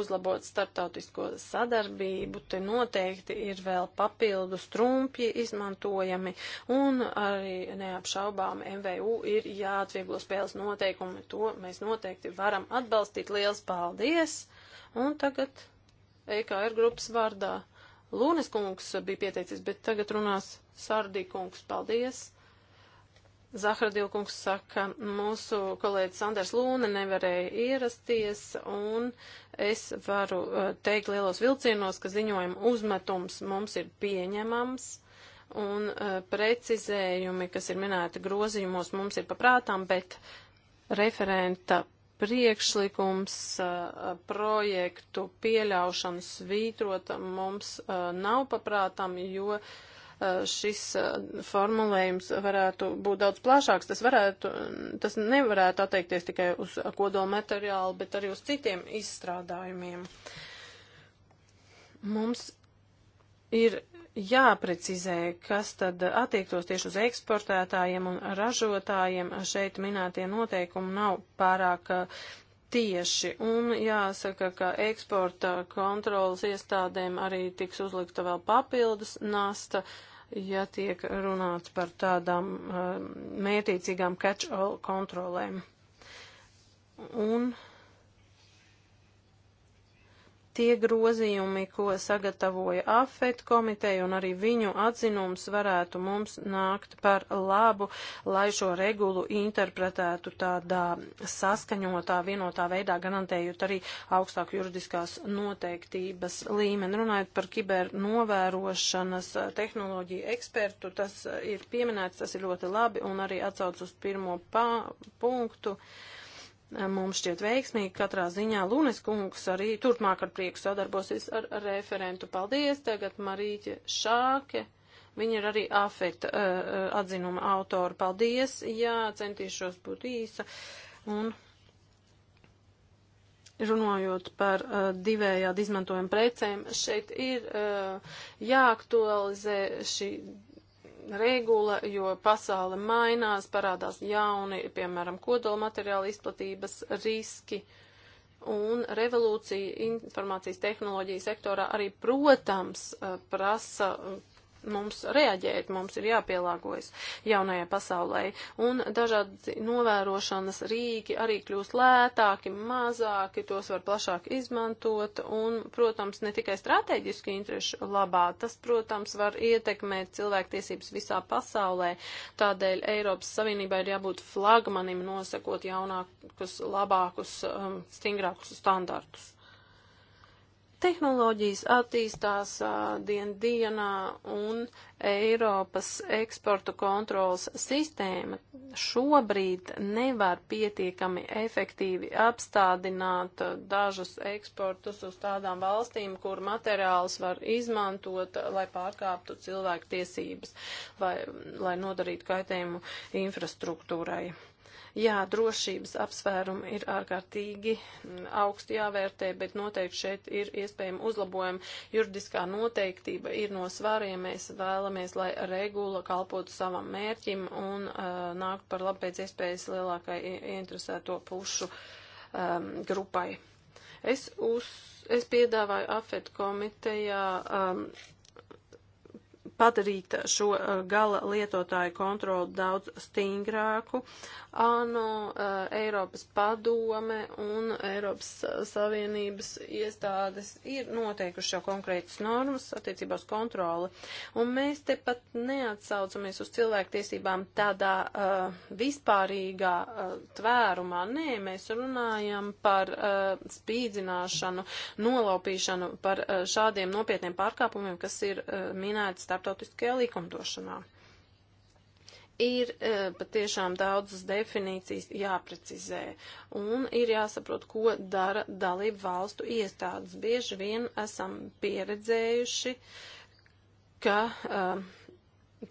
uzlabot starptautisko sadarbību, te noteikti ir vēl papildu strumpji izmantojami, un arī neapšaubām MVU ir jāatvieglo spēles noteikumi, to mēs noteikti varam atbalstīt, liels paldies, un tagad EKR grupas vārdā Lūnes kungs bija pieteicis, bet tagad runās Sārdī kungs, paldies! Zahradilkungs saka, mūsu kolēģis Sanders Lūne nevarēja ierasties, un es varu eh, teikt lielos vilcienos, ka ziņojuma uzmetums mums ir pieņemams, un eh, precizējumi, kas ir minēti grozījumos, mums ir paprātām, bet referenta priekšlikums eh, projektu pieļaušanu svītrot mums nav paprātām, jo Eh, šis eh, formulējums varētu būt daudz plašāks. Tas, varētu, tas nevarētu attiekties tikai uz kodola materiālu, bet arī uz citiem izstrādājumiem. Mums ir jāprecizē, kas tad attiektos tieši uz eksportētājiem un ražotājiem. Šeit minētie noteikumi nav pārāk eh, tieši. Un jāsaka, ka eksporta kontrolas iestādēm arī tiks uzlikta vēl papildus nasta, ja tiek runāts par tādām uh, um, mērķīcīgām catch-all kontrolēm. Un tie grozījumi, ko sagatavoja AFET komiteja un arī viņu atzinums varētu mums nākt par labu, lai šo regulu interpretētu tādā saskaņotā, vienotā veidā, garantējot arī augstāku juridiskās noteiktības līmeni. Runājot par kibernovērošanas tehnoloģiju ekspertu, tas ir pieminēts, tas ir ļoti labi un arī atsauc uz pirmo pā, punktu. Uh, mums šķiet veiksmīgi. Katrā ziņā Lunes kungs arī turpmāk ar prieku sadarbosies ar referentu. Paldies, tagad Marīķe Šāke. Viņa ir arī afekta uh, eh, eh, atzinuma autora. Paldies, jā, centīšos būt īsa. Un runājot par uh, divējādi izmantojumu precēm, šeit ir uh, jāaktualizē šī regula, jo pasaule mainās, parādās jauni, piemēram, kodola materiāla izplatības riski. Un revolūcija informācijas tehnoloģija sektorā arī, protams, eh, prasa mums reaģēt, mums ir jāpielāgojas jaunajai pasaulē. Un dažādi novērošanas rīki arī kļūst lētāki, mazāki, tos var plašāk izmantot un, protams, ne tikai strateģiski interešu labā, tas, protams, var ietekmēt cilvēktiesības visā pasaulē. Tādēļ Eiropas Savienībā ir jābūt flagmanim nosakot jaunākus, labākus, um, stingrākus standartus. Tehnoloģijas attīstās dien dienā un Eiropas eksporta kontrolas sistēma šobrīd nevar pietiekami efektīvi apstādināt dažus eksportus uz tādām valstīm, kur materiāls var izmantot, lai pārkāptu cilvēku tiesības vai lai nodarītu kaitējumu infrastruktūrai. Jā, drošības apsvērumi ir ārkārtīgi augsti jāvērtē, bet noteikti šeit ir iespējama uzlabojuma. Juridiskā noteiktība ir no svāriem. Ja mēs vēlamies, lai regula kalpotu savam mērķim un uh, nāktu par labu pēc iespējas lielākai interesēto pušu um, grupai. Es, uz, es piedāvāju AFET komitejā. Um, padarīt šo uh, gala lietotāju kontroli daudz stingrāku ANO, eh, Eiropas padome un Eiropas eh, Savienības iestādes ir noteikuši jau konkrētas normas attiecībā uz kontroli. Un mēs te pat neatsaucamies uz cilvēktiesībām tādā uh, vispārīgā uh, tvērumā. Nē, mēs runājam par uh, spīdzināšanu, nolaupīšanu, par uh, šādiem nopietniem pārkāpumiem, kas ir uh, minēti starptautiskajā likumdošanā ir e, patiešām daudzas definīcijas jāprecizē un ir jāsaprot, ko dara dalību valstu iestādes. Bieži vien esam pieredzējuši, ka uh,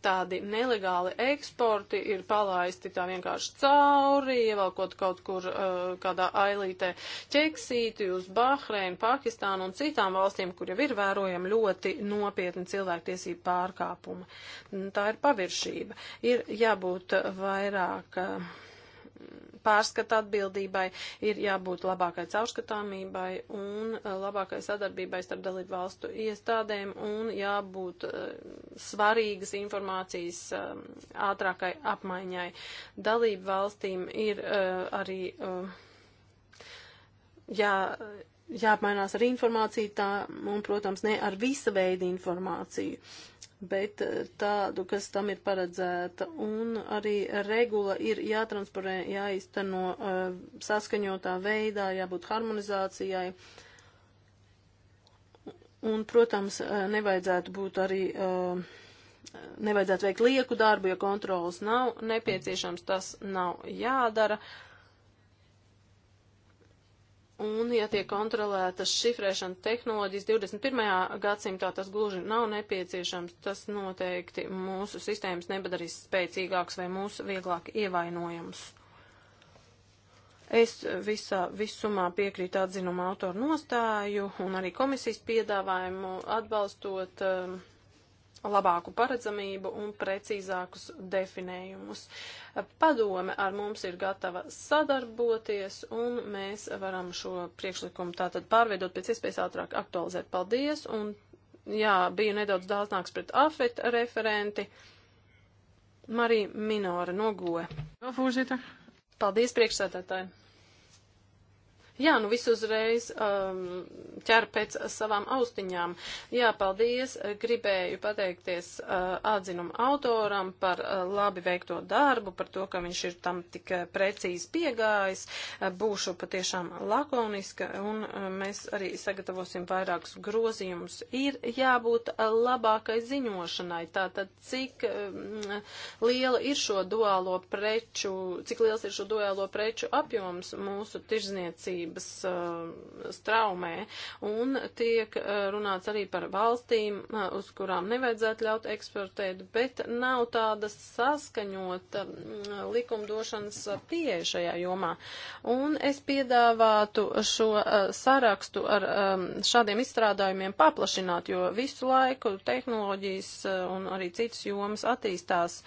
tādi nelegāli eksporti ir palaisti tā vienkārši cauri, ievelkot kaut kur uh, kādā ailītē ķeksīti uz Bahreinu, Pakistānu un citām valstīm, kur jau ir vērojami ļoti nopietni cilvēktiesību pārkāpumi. Tā ir paviršība. Ir jābūt vairāk. Uh, pārskata atbildībai, ir jābūt labākai caurskatāmībai un eh, labākai sadarbībai starp dalību valstu iestādēm un jābūt eh, svarīgas informācijas eh, ātrākai apmaiņai. Dalību valstīm ir arī jā, jāapmainās ar informāciju tā, un, protams, ne ar visa veida informāciju. Uh, bet eh, tādu, kas tam ir paredzēta. Un arī regula ir jātransparē, jāizteno eh, saskaņotā veidā, jābūt harmonizācijai. Un, protams, eh, nevajadzētu būt arī, nevajadzētu veikt lieku darbu, ja kontrolas nav nepieciešams, tas nav jādara. Uh, Un, ja tiek kontrolētas šifrēšana tehnoloģijas 21. gadsimtā, tas gluži nav nepieciešams, tas noteikti mūsu sistēmas nepadarīs spēcīgāks vai mūsu vieglāk ievainojams. Es visā visumā piekrītu atzinumu autoru nostāju un arī komisijas piedāvājumu atbalstot uh, labāku paredzamību un precīzākus definējumus. Padome ar mums ir gatava sadarboties, un mēs varam šo priekšlikumu tātad pārveidot pēc iespējas ātrāk aktualizēt. Paldies! Un, jā, biju nedaudz dāsnāks pret AFET referenti. Marija Minora nogoja. Paldies, priekšsēdētāji! Jā, nu visu uzreiz um, ķer pēc savām austiņām. Jā, paldies. Gribēju pateikties uh, atzinuma autoram par uh, labi veikto darbu, par to, ka viņš ir tam tik uh, precīzi piegājis. Uh, būšu patiešām lakoniska un uh, mēs arī sagatavosim vairākus grozījumus. Ir jābūt uh, labākai ziņošanai. Tātad, cik uh, liela ir šo duālo preču, cik liels ir šo duālo preču apjoms mūsu tirzniecībā attīstības eh, straumē. Un tiek eh, runāts arī par valstīm, eh, uz kurām nevajadzētu ļaut eksportēt, bet nav tāda saskaņota mm, likumdošanas pieeja šajā jomā. Un es piedāvātu šo sarakstu ar ehm, šādiem izstrādājumiem paplašināt, jo visu laiku tehnoloģijas un arī citas jomas attīstās.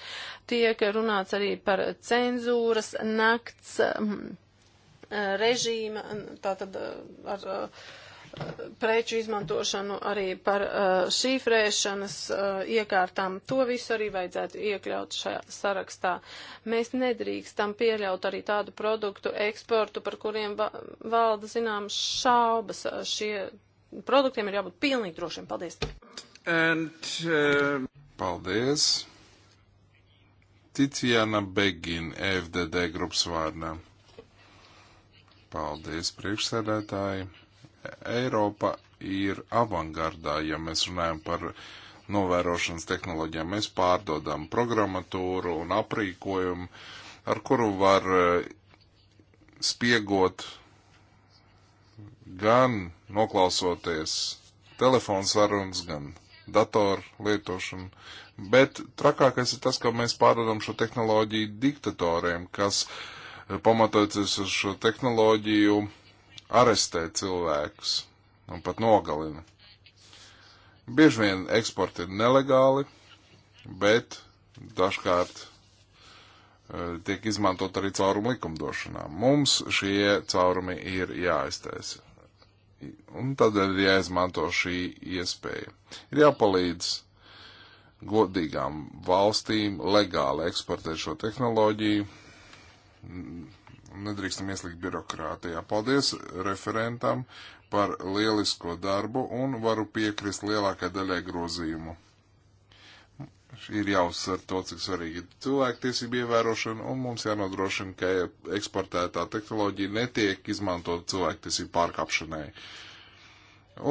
Tiek runāts arī par cenzūras nakts mm, režīma, tātad eh, ar eh, preču izmantošanu arī par eh, šifrēšanas iekārtām. To visu arī vajadzētu iekļaut šajā sarakstā. Mēs nedrīkstam pieļaut arī tādu produktu eksportu, par kuriem va valda zināmas šaubas. Šie produktiem ir jābūt pilnīgi drošiem. Paldies! And, uh... Paldies! Titiana Begin, FDD grupas vārnām. Paldies, priekšsēdētāji. Eiropa ir avangardā, ja mēs runājam par novērošanas tehnoloģijām. Mēs pārdodam programmatūru un aprīkojumu, ar kuru var eh, spiegot gan noklausoties telefonsvarunas, gan datoru lietošanu. Bet trakākais ir tas, ka mēs pārdodam šo tehnoloģiju diktatoriem, kas uh, pamatoties uz šo tehnoloģiju, arestē cilvēkus un pat nogalina. Bieži vien eksporti ir nelegāli, bet dažkārt e, tiek izmantot arī caurumu likumdošanā. Mums šie caurumi ir jāiztaisa. Un tādēļ ir jāizmanto šī iespēja. Ir jāpalīdz godīgām valstīm legāli eksportēt šo tehnoloģiju, nedrīkstam ieslīgt birokrātijā. Paldies referentam par lielisko darbu un varu piekrist lielākai daļai grozījumu. Ir jāuzsver to, cik svarīgi ir cilvēktiesība ievērošana, un mums jānodrošina, ka eksportētā tehnoloģija netiek izmantota cilvēktiesību pārkāpšanai.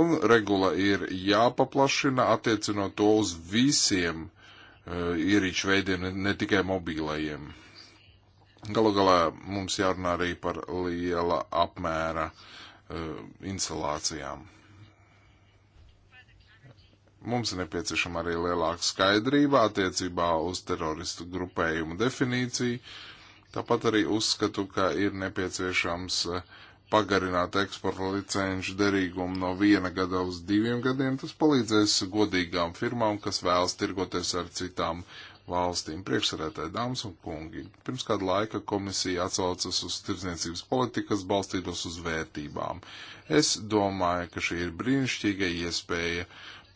Un regula ir jāpaplašina, attiecinot to uz visiem uh, ierīču veidiem, ne, ne tikai mobīlajiem. Galu galā mums jārunā arī par liela apmēra uh, instalācijām. Mums ir nepieciešama arī lielāka skaidrība attiecībā uz teroristu grupējumu definīciju. Tāpat arī uzskatu, ka ir nepieciešams uh, pagarināt eksporta licenšu derīgumu no viena gada uz diviem gadiem. Tas palīdzēs godīgām firmām, kas vēlas tirgoties ar citām valstīm. Priekšsarētāji, dāmas un kungi, pirms kāda laika komisija atsaucas uz tirdzniecības politikas balstītos uz vērtībām. Es domāju, ka šī ir brīnišķīga iespēja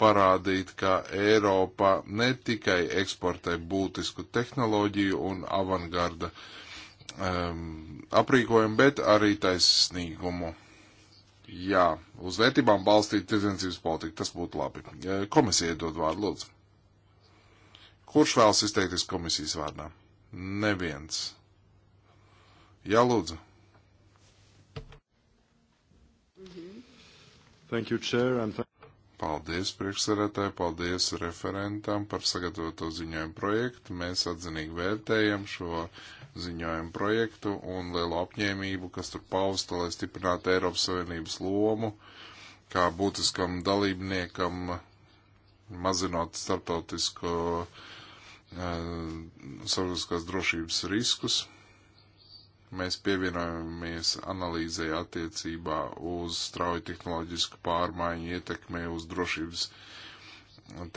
parādīt, ka Eiropa ne tikai eksportē būtisku tehnoloģiju un avangarda um, aprīkojumu, bet arī taisnīgumu. Jā, uz vērtībām balstīt tirdzniecības politiku, tas būtu labi. Komisija dod vārdu, lūdzu. Kurš vēlas izteikties komisijas vārdā? Neviens. Jā, lūdzu. Thank you, Chair, and thank Paldies priekšsarētāji, paldies referentam par sagatavoto ziņojumu projektu. Mēs atzinīgi vērtējam šo ziņojumu projektu un lielo apņēmību, kas tur pausta, lai stiprinātu Eiropas Savienības lomu kā būtiskam dalībniekam, mazinot starptautisko uh, Eh, sabiedriskās drošības riskus. Mēs pievienojamies analīzē attiecībā uz strauju tehnoloģisku pārmaiņu ietekmi uz drošības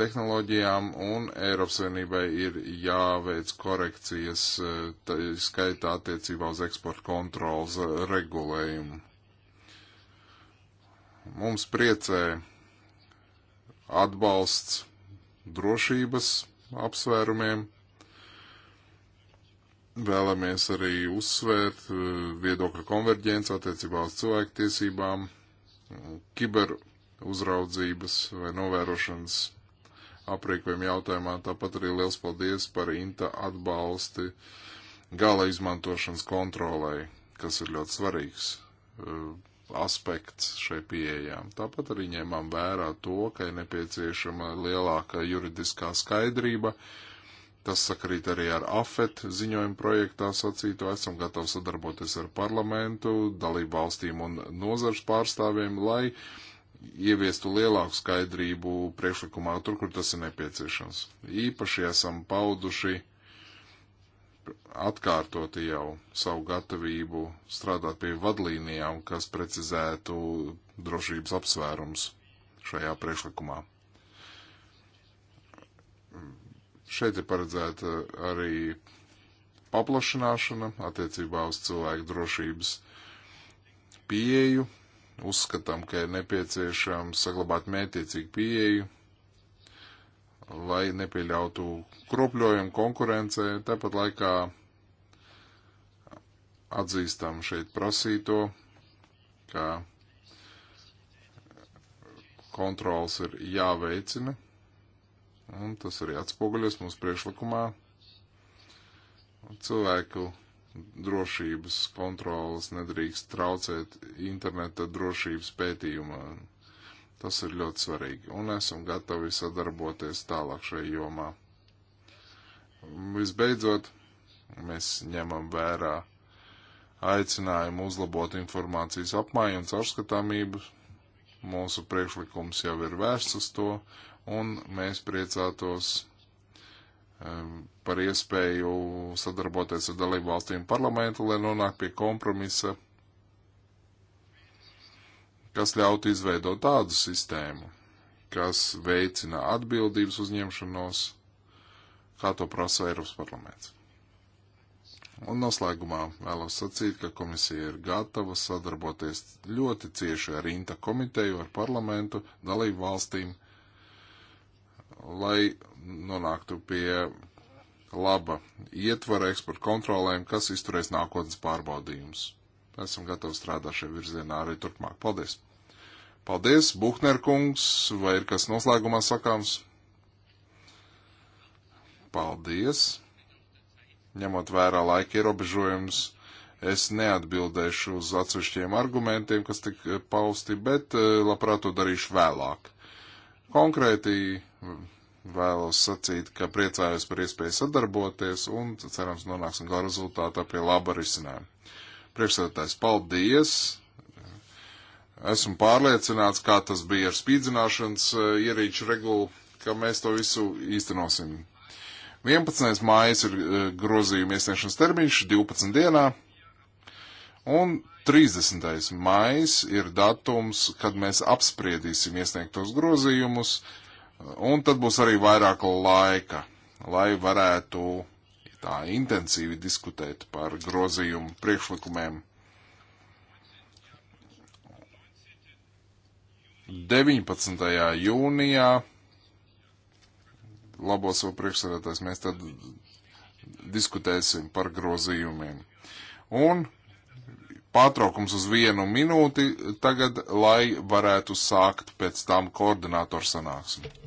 tehnoloģijām, un Eiropas Savienībai ir jāveic korekcijas, eh, skaitā attiecībā uz eksporta kontrolas regulējumu. Mums priecē atbalsts drošības apsvērumiem. Vēlamies arī uzsvērt eh, viedokļu konverģenci attiecībā uz cilvēktiesībām, kiber uzraudzības vai novērošanas aprīkojuma jautājumā. Tāpat arī liels paldies par INTA atbalsti gala izmantošanas kontrolai, kas ir ļoti svarīgs eh, aspekts šai pieejām. Tāpat arī ņēmām vērā to, ka ir nepieciešama lielāka juridiskā skaidrība. Tas sakrīt arī ar AFET ziņojumu projektā sacīto. Esam gatavi sadarboties ar parlamentu, dalību valstīm un nozars pārstāvjiem, lai ieviestu lielāku skaidrību priekšlikumā tur, kur tas ir nepieciešams. Īpaši esam pauduši uh, atkārtoti jau savu gatavību strādāt pie vadlīnijām, kas precizētu drošības apsvērums šajā priekšlikumā. Šeit ir paredzēta arī paplašināšana attiecībā uz cilvēku drošības pieeju. Uzskatām, ka ir nepieciešams saglabāt mētiecīgu pieeju lai nepieļautu kropļojumu konkurencē, tāpat laikā atzīstam šeit prasīto, ka kontrols ir jāveicina, un tas arī atspoguļos mūsu priekšlikumā cilvēku drošības kontrolas nedrīkst traucēt interneta drošības pētījumā. Tas ir ļoti svarīgi, un esam gatavi sadarboties tālāk šajā jomā. Visbeidzot, mēs ņemam vērā aicinājumu uzlabot informācijas apmaiņu un caurskatāmību. Mūsu priekšlikums jau ir vērsts uz to, un mēs priecātos ehm, par iespēju sadarboties ar dalību valstīm parlamentu, lai nonāktu pie kompromisa kas ļautu izveidot tādu sistēmu, kas veicina atbildības uzņemšanos, kā to prasa Eiropas parlaments. Un noslēgumā vēlos sacīt, ka komisija ir gatava sadarboties ļoti cieši ar INTA komiteju, ar parlamentu, dalību valstīm, lai nonāktu pie laba ietvara eksporta kontrolēm, kas izturēs nākotnes pārbaudījumus. Esam gatavi strādāt šajā virzienā arī turpmāk. Paldies! Paldies, Buhner kungs, vai ir kas noslēgumā sakāms? Paldies! Ņemot vērā laika ierobežojums es neatbildēšu uz atsevišķiem argumentiem, kas tik pausti, bet eh, labprāt to darīšu vēlāk. Konkrēti vēlos sacīt, ka priecājos par iespēju sadarboties un cerams nonāksim galā rezultātā pie laba risinājuma. Priekšsēdētājs, paldies! Esmu pārliecināts, kā tas bija ar spīdzināšanas eh, ierīču regulu, ka mēs to visu īstenosim. 11. mājas ir eh, grozījuma iesniegšanas termiņš 12 dienā, un 30. mājas ir datums, kad mēs apspriedīsim iesniegtos grozījumus, un tad būs arī vairāk laika, lai varētu tā intensīvi diskutēt par grozījumu priekšlikumiem. 19. jūnijā labo savu priekšsēdētājs, mēs tad diskutēsim par grozījumiem. Un pārtraukums uz vienu minūti tagad, lai varētu sākt pēc tam koordinātoru sanāksmi.